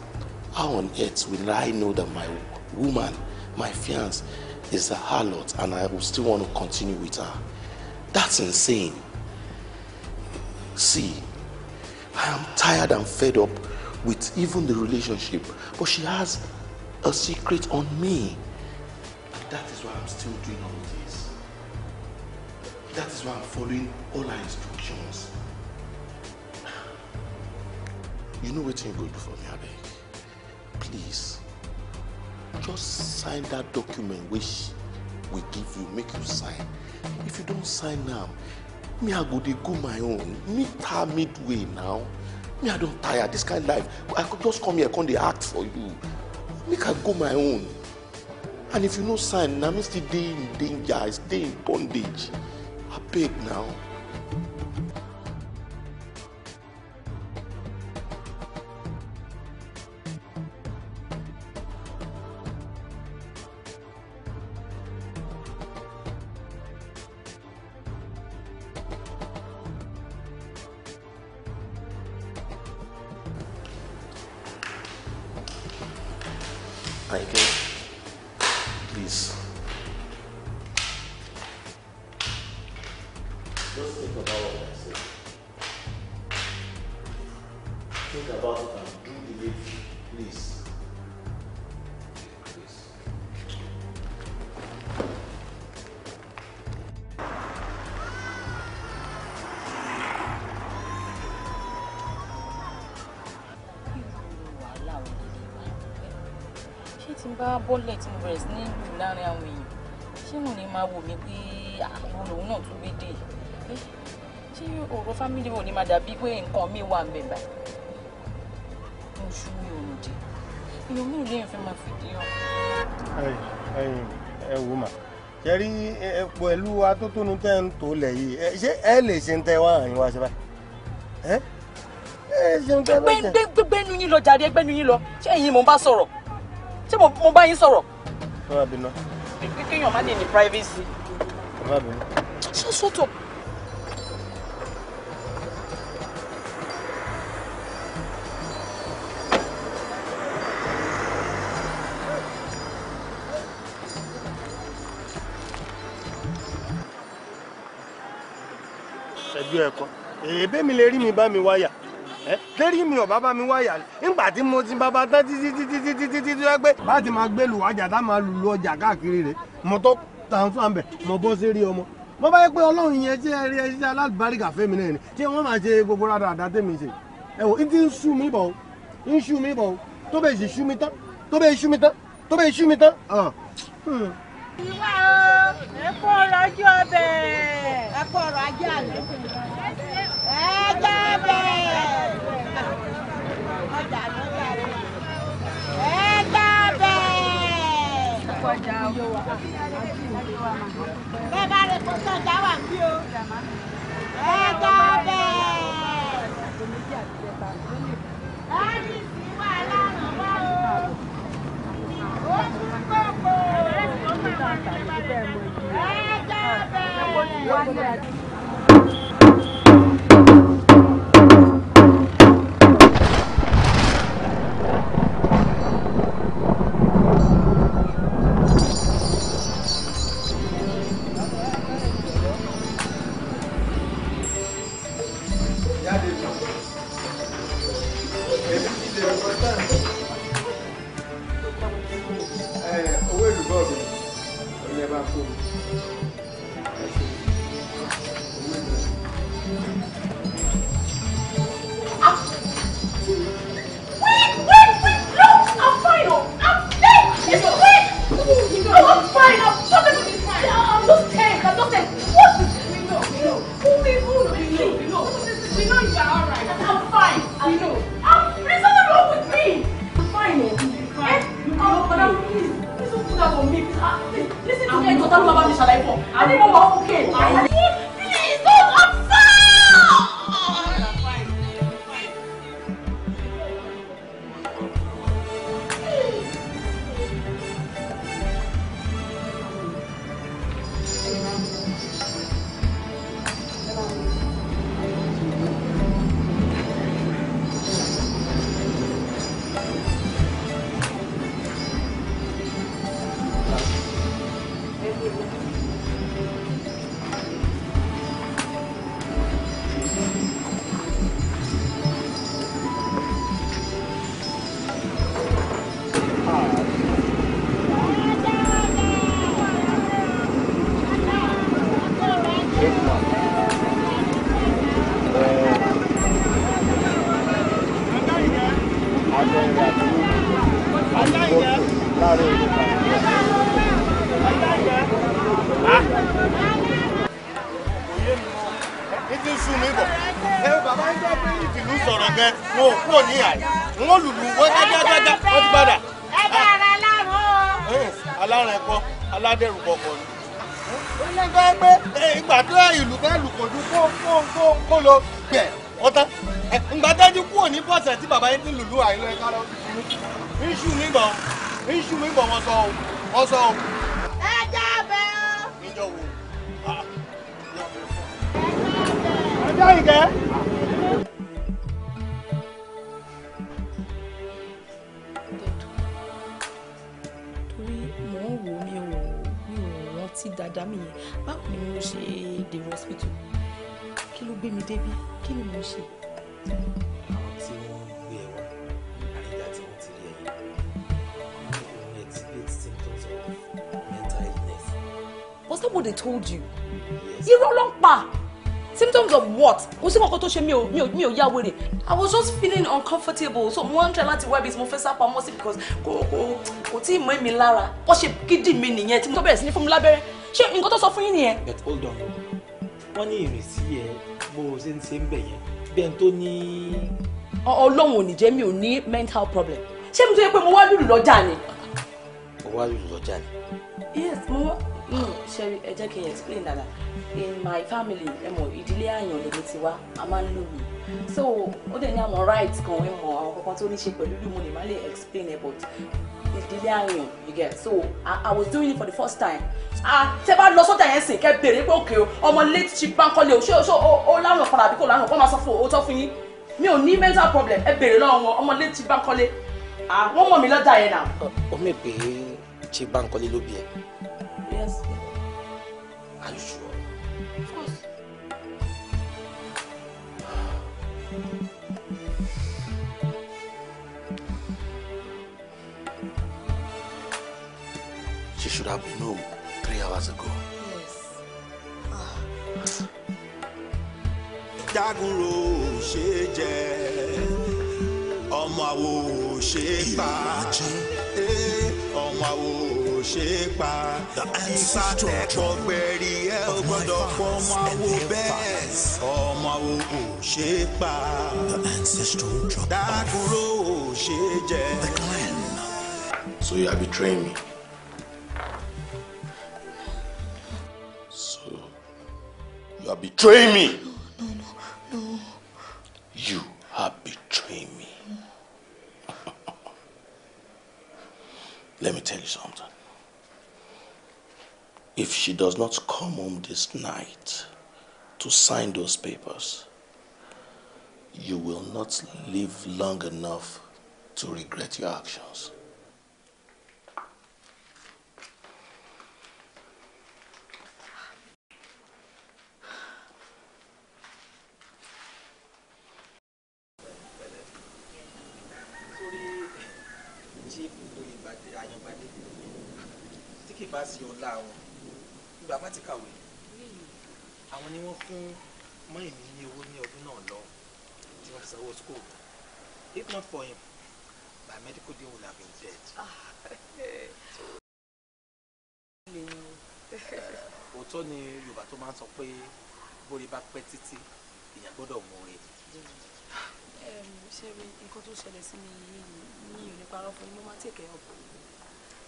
How on earth will I know that my woman, my fiance, is a harlot and I will still want to continue with her? That's insane. See, I am tired and fed up with even the relationship, but she has a secret on me. And that is why I'm still doing all this. That is why I'm following all her instructions you know what you're going to do for me abeg please just sign that document which we give you make you sign if you don't sign now, me i go dey go my own Me tired midway now me i don't tire This kind life i could just come here come dey act for you make i go my own and if you no sign now, me still dey in danger i dey in bondage abeg now. tí n bá bọ́lẹ̀ tí mo bẹ̀rẹ̀ sí ní lù láàrin àwọn èèyàn ṣé wọn ní máa wò mí pé àwọn lòun náà tún gbé dé ṣé ọ̀rọ̀ fámìlì wọn ní máa dàbí pé nǹkan mi wà ńbẹ̀ báyìí mo ṣú mi ò lòdì ìlú mi ò lè fẹ́ máa fìdí hàn. ẹ wò mà ṣe rí pẹ̀lú atótónu tẹ́ ń tò lẹ̀ yìí ṣé ẹ lè ṣe ń tẹ wá àyìn wá ṣe báyìí ẹ ṣe ń tẹ bẹ́ẹ̀ gbẹ́nu yín lọ jàre gbẹ́nu yín lọ ṣé ẹ̀yin mò bá sọ̀rọ̀ mo bá yín sọ̀rọ̀. bàbá bínú. kéèyàn má dé ní privacy. bàbá bínú. ṣé sọ́tò. ṣẹ́jú ẹ̀kọ́ èébé mi lè rí mi bá mi wáyà lérí eh? mi ò bàbá mi wáyà nígbà tí mo ti bàbá tán títí títí títí títí tó yẹ pé bá ti máa gbé lùwájà tá máa lùlù ọjà káàkiri rẹ̀ mo tó tàn fún àbẹ̀ mo bọ́ sí rí ọmọ mo bá yẹ pé ọlọ́run yẹn tí ẹ rí ẹ ṣiṣẹ́ alábàárìkà fẹ́mi náà ni tí wọ́n máa ṣe gbogbo rárá àdá tèmi ṣe ẹ wò ti ń sú mi bọ̀ ń sú mi bọ̀ tó bẹ̀ sì sú mi tán tó bẹ̀ sú mi tán tó bẹ̀ sú mi tán. Ah. Hmm. ìwà o ẹ̀kọ́ ọ̀rọ̀ ajé ọbẹ̀ ẹ̀kọ́ ọ̀rọ̀ ajé àlẹ́ bẹ́ẹ̀ Gbóyìnkẹ́. torí mò mi yẹn báwo ni mo ṣe dèrò hospital kí ló gbé mi débi kí ni mo ṣe. àwọn tí wọ́n gbé ẹ wá àríyá tí wọ́n ti rí ẹ yìí wọ́n exhibit symptoms of mental illness. Was that what they told you? irọ́ ló ń pa symptoms of what kò sí kankan tó ṣe mi ò mi ò yá wèrè i was just feeling uncomfortable so mo ń tẹ láti wá ibi tí mo fẹ́ sá pamọ́ sí because kò kò kò tí ì mọ èmi lára wọ́n ṣe kídì mi nìyẹn tí mo tó bẹ̀rẹ̀ sí ní fún mi lábẹ́rẹ́ ṣé nǹkan tó sọ fún yín nìyẹn. but hold on wọ́n ní ìrètí ẹ bó o ṣe ń ṣe ń bẹ̀ yẹn bẹ́ẹ̀ tó ní. ọlọ́run ò ní jẹ́ mi ò ní mental problem ṣé mi tó yẹ pé mo wá lùlù lọ́jà ni. mo wá lùlù lọ́jà ni. yes mo wá no sherry ẹ jẹ́ kí n explain dada in my family ẹ mọ̀ ìdílé àyàn lèmi ti wá a máa ń lò mí so ó dẹ̀ ní àwọn rights kan ẹ mọ̀ àwọn kankan tó ní ṣe pẹ̀lú ìlú mo lè má lè explain ẹ but ìdílé àyàn you get so I, i was doing it for the first time ah tẹ bá lọ sọ́tà yẹn sìn kẹ́ bèrè pé òkè o ọmọ late chief bankole o ṣé o ṣé o lárùn ọ̀kan àbí kò lárùn ọ̀kan máa sọ fún o tọ́ fún yín mi ò ní mental problem ẹ bèrè lọ́wọ́ wọn ọmọ late chief bankole ah wọ́n mọ̀ mí lọ́dà yẹn náà. omi pé chief bankole ló bí ẹ. Yes. Are you sure? Of course. She should have been home three hours ago. Yes. Jagun ro ṣe jẹ, ọmọ àwo ṣe é pa nípa tẹ́kọ̀ gbẹ̀rì ẹ ò gbọ́dọ̀ fọ́ ọmọ awo bẹ́ẹ̀ ọmọ awo ò ṣe é pa dákúrò ò ṣe é jẹ. So you are betraying me. So you are betraying me. You are betraying me. Let me tell you something if she does not come home this night to sign those papers, you will not live long enough to regret your actions. tí kì bá sí ọlá wọn ìgbà bá ti kàwé àwọn ni wọ́n fún mọ́ìmí ní owó ní ọdún náà lọ tí wọ́n fi sanwó school if not for him my medical deal would have been dead. Ah. òótọ́ ni Yorùbá tó máa ń sọ pé bórí bá pẹ́ títí èèyàn gbọ́dọ̀ mú orí. ṣé rí nǹkan tó ṣẹlẹ̀ sí mi yìí mi ò parọ́ fún mi mo máa tèkẹ́ ọ̀bùn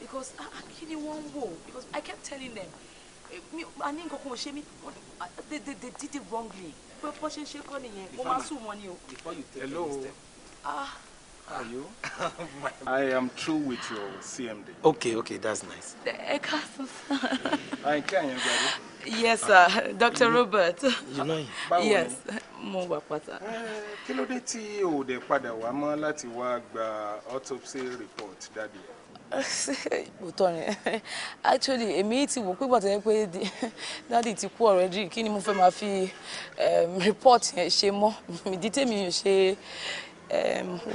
because ah, ah, kí ni wọ́n ń wò because I kept telling them Eh, a ní kan ò ṣe mí they they they did wrongly pé bó ṣe ṣe kọ́ nìyẹn mo máa sùn wọn ni o. hello ah. ah. are you. i am true with your cmd. okay okay that's nice. ẹ káàsán sá. Ah, àyìnkẹ́ àyàn gbàdé. yes sir dr mm-hmm. robert. you know him. báwo yes mo wà pátá. Eh, kí ló dé tí o ò dé padà wá mọ́ láti wá gba autopsy report dáadé. òótọ́ ni actually èmi ti wò pé gbàtọ́ yẹn pé dádì ti kú already kí ni mo fẹ́ máa fi report yẹn ṣe mọ́ ìdí tèmi yẹn ṣe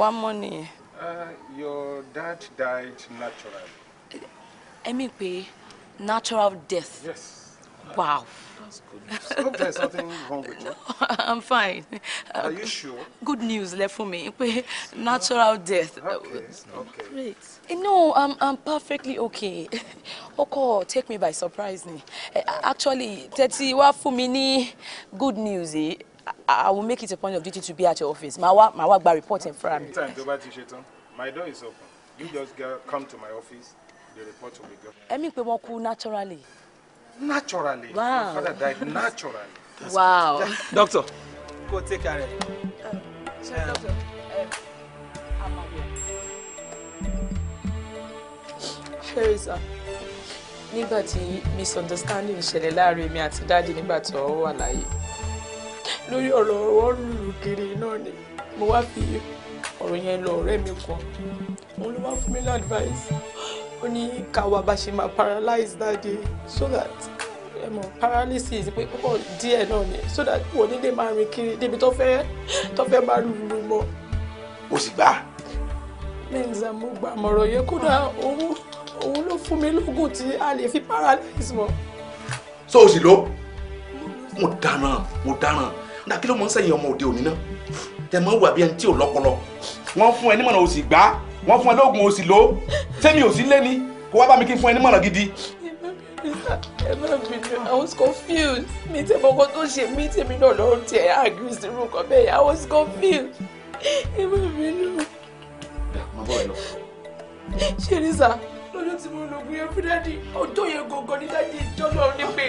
wá mọ́ nìyẹn. Uh, your dad died naturally. ẹ mi pé natural death. yes. wow. That's good news. I hope there's nothing wrong with you. No, I'm fine. Are you sure? Good news left for me. Natural death. Okay, okay it? Eh, no, I'm, I'm perfectly okay. Oko, take me by surprise me. Eh, actually, tẹ́tí wá fún mi good news yìí. Eh, I will make it a point of duty to be at your office. My work, my work by reporting from. front. Anytime tó bá ti ṣe my door is open. You just get, come to my office, the report will be gone. Ẹ̀mí pé wọ́n kú naturally. Naturally? Wow. My father died naturally. That's wow. Good. Doctor, go take care. Uh, sure, doctor. Teresa nígbà tí misunderstanding ṣẹlẹ̀ láàrin èmi àti dáàdi nígbà tí ọ wà láyé lórí ọ̀rọ̀ ọwọ́ lùlù kiri náà ni mo wá fi ọ̀rọ̀ yẹn lọ ọ̀rẹ́ mi kan òun ló wá fún mi ní advice ó ní ká bá ṣe máa paralyze dáàdi so that ẹ paralysis pé púpọ̀ díẹ̀ náà ni so that wò ní lè máa rìn kiri débi tó fẹ́ tó fẹ́ máa lùlù mọ́. o sì gbà. mi ò sàmúgbà mọ̀rọ̀ yẹn kódà owó òun ló fún mi lóògùn tí a lè fi paralyze mọ́. so o sì lọ mo dáràn mo dáràn nda kí ló mọ ń sẹ́yìn ọmọ òde òní náà tẹ mọ wà bí ẹni tí ò lọ́pọlọ wọ́n fún ẹ nímọ̀ràn o sì gbà á wọ́n fún ẹ lóògùn o sì lò ó sẹ́mi ò sí lé ní kó wá bá mi kí n fún ẹ nímọ̀ràn gidi. ẹ má bínú I was confused mi tẹ fọkọ tó ṣe mí tèmi náà lọ́rùn tiẹ̀ agree sí irú nǹkan I was confused ẹ má bínú. ṣe ní sá ọjọ́ tí mo lògùn yẹn fún dáàdì ọjọ́ yẹn gangan ní dáàdì ìjọ́lọ́ nípe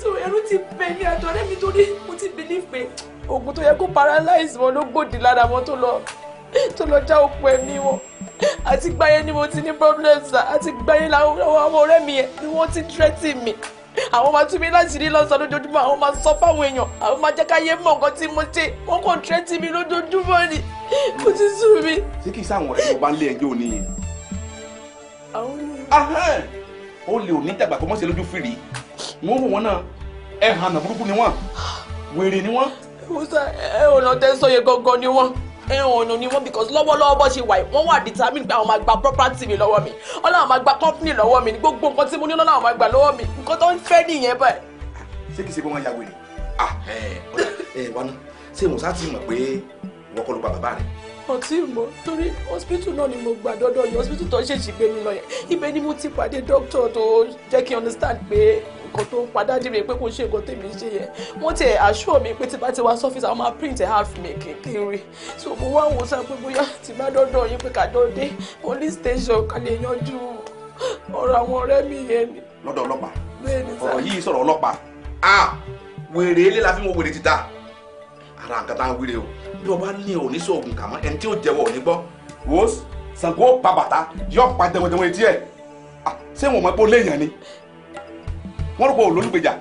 tó ẹrú ti bẹ ní àtọ̀rẹ́ mi torí mo ti believe pé oògùn tó yẹ kó paralyze wọn ló gbòdì lára wọn tó lọ tó lọ já òkú ẹ̀mí wọn àti gbáyé ni mo ti ní problems àti gbáyé làwọn àwọn ọ̀rẹ́ mi yẹn ni wọ́n ti threaten mi àwọn máa tún mi láti rí lọ́sàn lójoojúmọ́ àwọn máa sọ fáwọn èèyàn àwọn máa jẹ́ káyé mọ̀ nǹkan tí mo ṣe wọ́n kàn threaten mi lójoojúmọ́ ni kò ti sú mi. ṣé kì í sáwọn ọ̀rẹ́ mi ò bá ń lé ẹjọ́ òní yẹn Oh. ó lè òní dàgbà kó mọ̀ sí lójú fìrí wọ́n wò wọ́n náà ẹ̀ hànà burúkú ni wọ́n wèrè ni wọ́n. ẹ ọ̀nà tẹ́ sọ yẹn gangan ni wọ́n ẹ ọ̀nà ni wọ́n because lọ́wọ́lọ́wọ́ bó ṣe wà yìí wọ́n wà determined pé àwọn máa gba property mi lọ́wọ́ mi ọlọ́run máa gba company lọ́wọ́ mi gbogbo nǹkan tí mo ní ọlọ́run máa gbà lọ́wọ́ mi nǹkan tó ń fẹ́ nìyẹn báyìí. ṣé kìí ṣe pé wọ́n ya wèrè? ah ẹ ẹ wa náà ṣé mo sá ti mọ̀ pé wọ́n kọ́ ló pa bàbá rẹ̀ ò tí ì mọ̀ torí hospital náà ni mo gbà dọ́dọ̀ yìí hospital tó ṣèṣì gbé mi lọ yẹn ibẹ̀ ni mo ti pàdé doctor tó jẹ́ kí understand pé nǹkan tó ń padà dìbò pé kò ṣe nǹkan tèmi ṣe yẹn wọ́n ti assure mi pé tí bá ti wá sọ́fíìsì àwọn máa print ẹ̀ half mi kékeré so mo wá wò sá pé bóyá tí bá dọ́dọ̀ yín pé kàjọ dé police station ká lè yanjú ọ̀rọ̀ àwọn ọ̀rẹ́ mi yẹn ni. lọ́dọ̀ ọlọ́pàá ọ̀rọ̀ yìí sọ̀rọ̀ ọlọ́pàá ah wèrè ilé la fi mọ wèrè ti ta ara nǹkan tá à ń wíre o bí o bá ní o ní sóògùn kà mọ́ ẹni tí ó jẹ́wọ́ ò ní gbọ́ wò ó Ṣàngó pa bàtà yọ pa jẹmọjẹmọ etí ẹ̀ ṣé wọn mọ̀ pé ó léèyàn ni wọ́n rò pé olólùgbèjà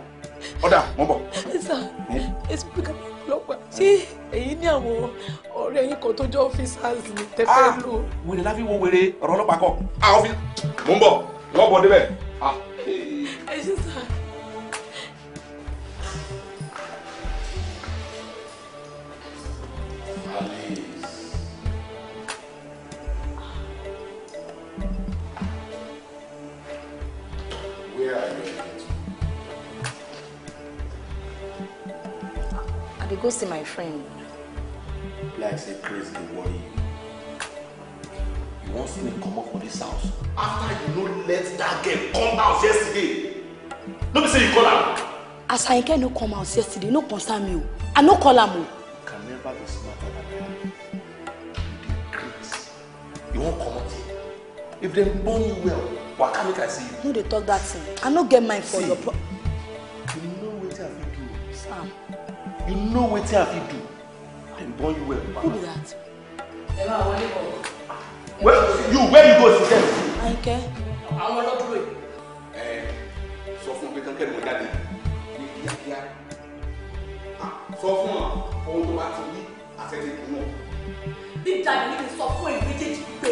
ọ̀dà wọ́n bọ̀. ẹ̀sà ẹ̀sùn pé kàmí ọlọ́pàá ṣé èyí ní àwọn ọ̀rẹ́ yín kan tó jẹ́ ọ́fíìsàs ní tẹ́fẹ́ lò. wèrè láfi wo wèrè ọ̀rọ̀ ọlọ́pàá kọ. àwọn fi mò ń bọ̀ débẹ̀. ẹ ṣe I go see my friend. Like say crazy, dey worry you. You wan see me comot for this house after you no let that girl come out yesterday. No be say you call her. As Ayinke no come out yesterday, no concern me I no call her. You can never be smarter than me. You dey craze. You here if dem born you well waka make i see you. no dey talk that thing i no get mind for see, your. Pro- you know wetin i fit do. sam. you know wetin i fit do dem born you well. who be that. emma wọlé bọ̀. where you where you go sit down. àyìnkẹ́. àwọn ọlọ́dúró yìí. ẹ sọ fún mi pé kankan ni mo jáde ní kíákíá ah, sọ fún wa ohun tó bá ti wí àtẹ̀lé ìdùnnú. bí dàbí ní kí n sọ fún èyí méjèèjì pé.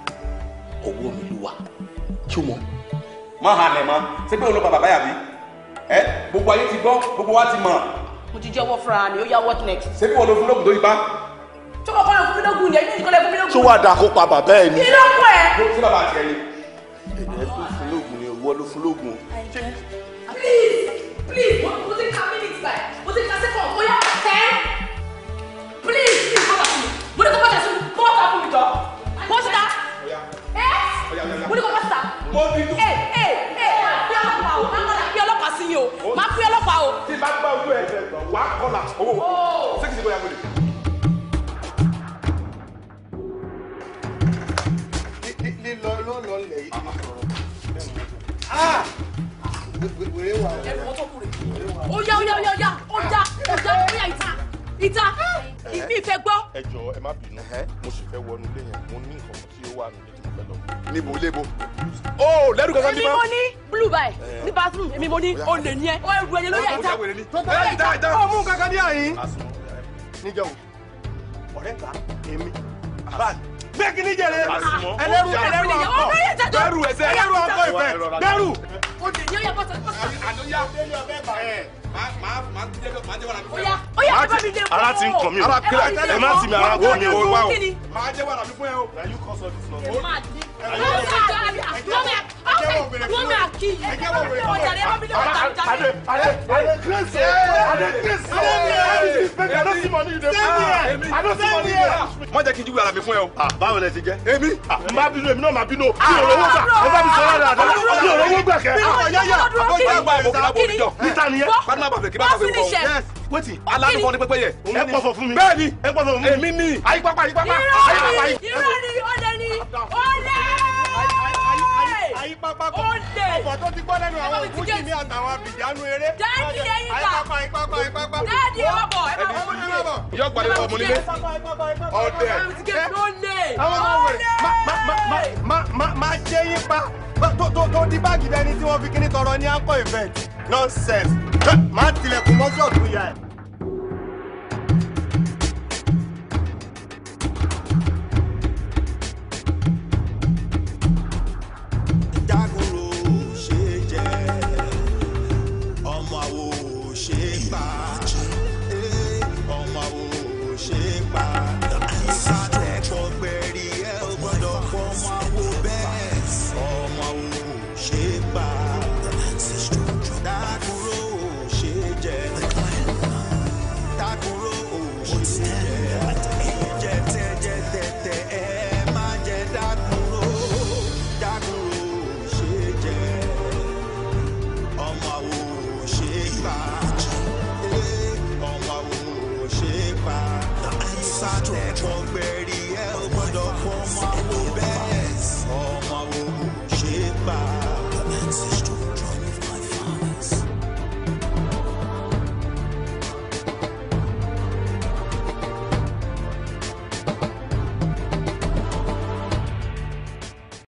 ọwọ́ mi ló wà kí o mọ̀. má halẹ̀ mọ́ ṣé pé olóba bàbá yàbí ẹ gbogbo ayé ti gbọ́ gbogbo wa ti mọ̀. mo ti jẹ́wọ́ fúnra mi ó yá what next. ṣé bí wọn lo fúnlọ́gùn tó yí bá. tó o bá fún mi ni ẹni tí kò lẹ tó wàá da kó pa bàbá ẹ ni. kí ẹ. ṣé bàbá àti ẹni. ẹ ló fún ni ìwọ ló fún please please mo ti ka minutes by mo ti ka second mo yà ten please please bọ́tà fún mi mo ní kó mo ní kó má sá. mo bí tó. ee ee ee máa fi ọlọ́pàá o máa kọ́lá fi ọlọ́pàá sí yìí o máa fi ọlọ́pàá o. tí bá gbá ojú ẹ̀ wá kọ́lá owó sẹ́kìtì bóyá wọlé. lílọ ló lọ lẹ̀ yìí wèrè wà. ẹnu wọn tó kù rè. ó yá ó yá ó yá ó já ó já ó yá ìta ìta ìmí ìfẹ́ gbọ́. ẹ jọ̀ọ́ ẹ má bínú mo sì fẹ́ wọnú ilé yẹn mo ní nǹkan tí ó wà nílé tí mo fẹ́ lọ. níbo lébo ó lẹ́rù kankan bímọ. èmi mo ní blue bye ní bathroom èmi mo ní olè ní ẹ ó ẹrù ẹyẹ lórí àyíká. ẹ ìta ìta ó mú nǹkan kan ní àyín. níjẹ́ o ọ̀rẹ́ ta èmi abal bẹ́ẹ̀ kí ni jẹ̀rẹ̀ ẹlẹ́rù ẹlẹ́rù akọ bẹ́ẹ̀rù ẹsẹ̀ ẹlẹ́rù akọ ìfẹ́ bẹ́ẹ̀rù. olè ní ọyọ bọ́tọ̀ bọ́tọ̀. àdóyá oya oya bá mi dé wọ́n. ara ti ń kàn mí o ara kíra ẹ má ti mi ara wọ́n mi o wá o. máa jẹ́ wàrà fífún ẹ o. na you cause all this love. ẹ má di wọ́n mi àkí yìí ẹ má mi lọ́wọ́ jàre ẹ má mi lọ́wọ́ jàre jàre. ade ade ade grace ade grace ade grace i don see money you dey pay i don see money you dey pay. má jẹ́ kí n júwe ara mi fún ẹ o. báwo lẹ ti jẹ́. èmi n bá bínú èmi náà máa bínú o mi ò lówó gbà ẹ bá mi sọ ọ́ dáadáa mi ò lówó gbà kẹ́. mi ò lówó gbà kẹ́. níta nìyẹn má bàbẹ̀ kí má bàbẹ̀ wọ̀ yes wetin alanu kan ní pẹ́pẹ́ yẹ. ẹ pọ̀fọ̀ fún mi bẹ́ẹ̀ ni ẹ pọ̀fọ̀ fún mi èmi ni. ayípapa ayípapa ayípapa. irọ́ ni irọ́ ni ọ̀dẹ ni ọ̀dẹ àyípápákọ̀ ọ̀pọ̀ tó ti gbọ́ lẹ́nu àwọn òkúti mi àtàwọn àbìjánu eré àyípápá àyípápá àyípápá yọ gbàdé ọmọ nílé ọdẹ àwọn ọmọ rẹ má ṣe yín pa tó di báàgì bẹni tí wọ́n fi kíní tọrọ ní akọ ìfẹ́ nonsense má tilẹ̀kùn mọ́ṣọ́ọ̀tún yà ẹ̀.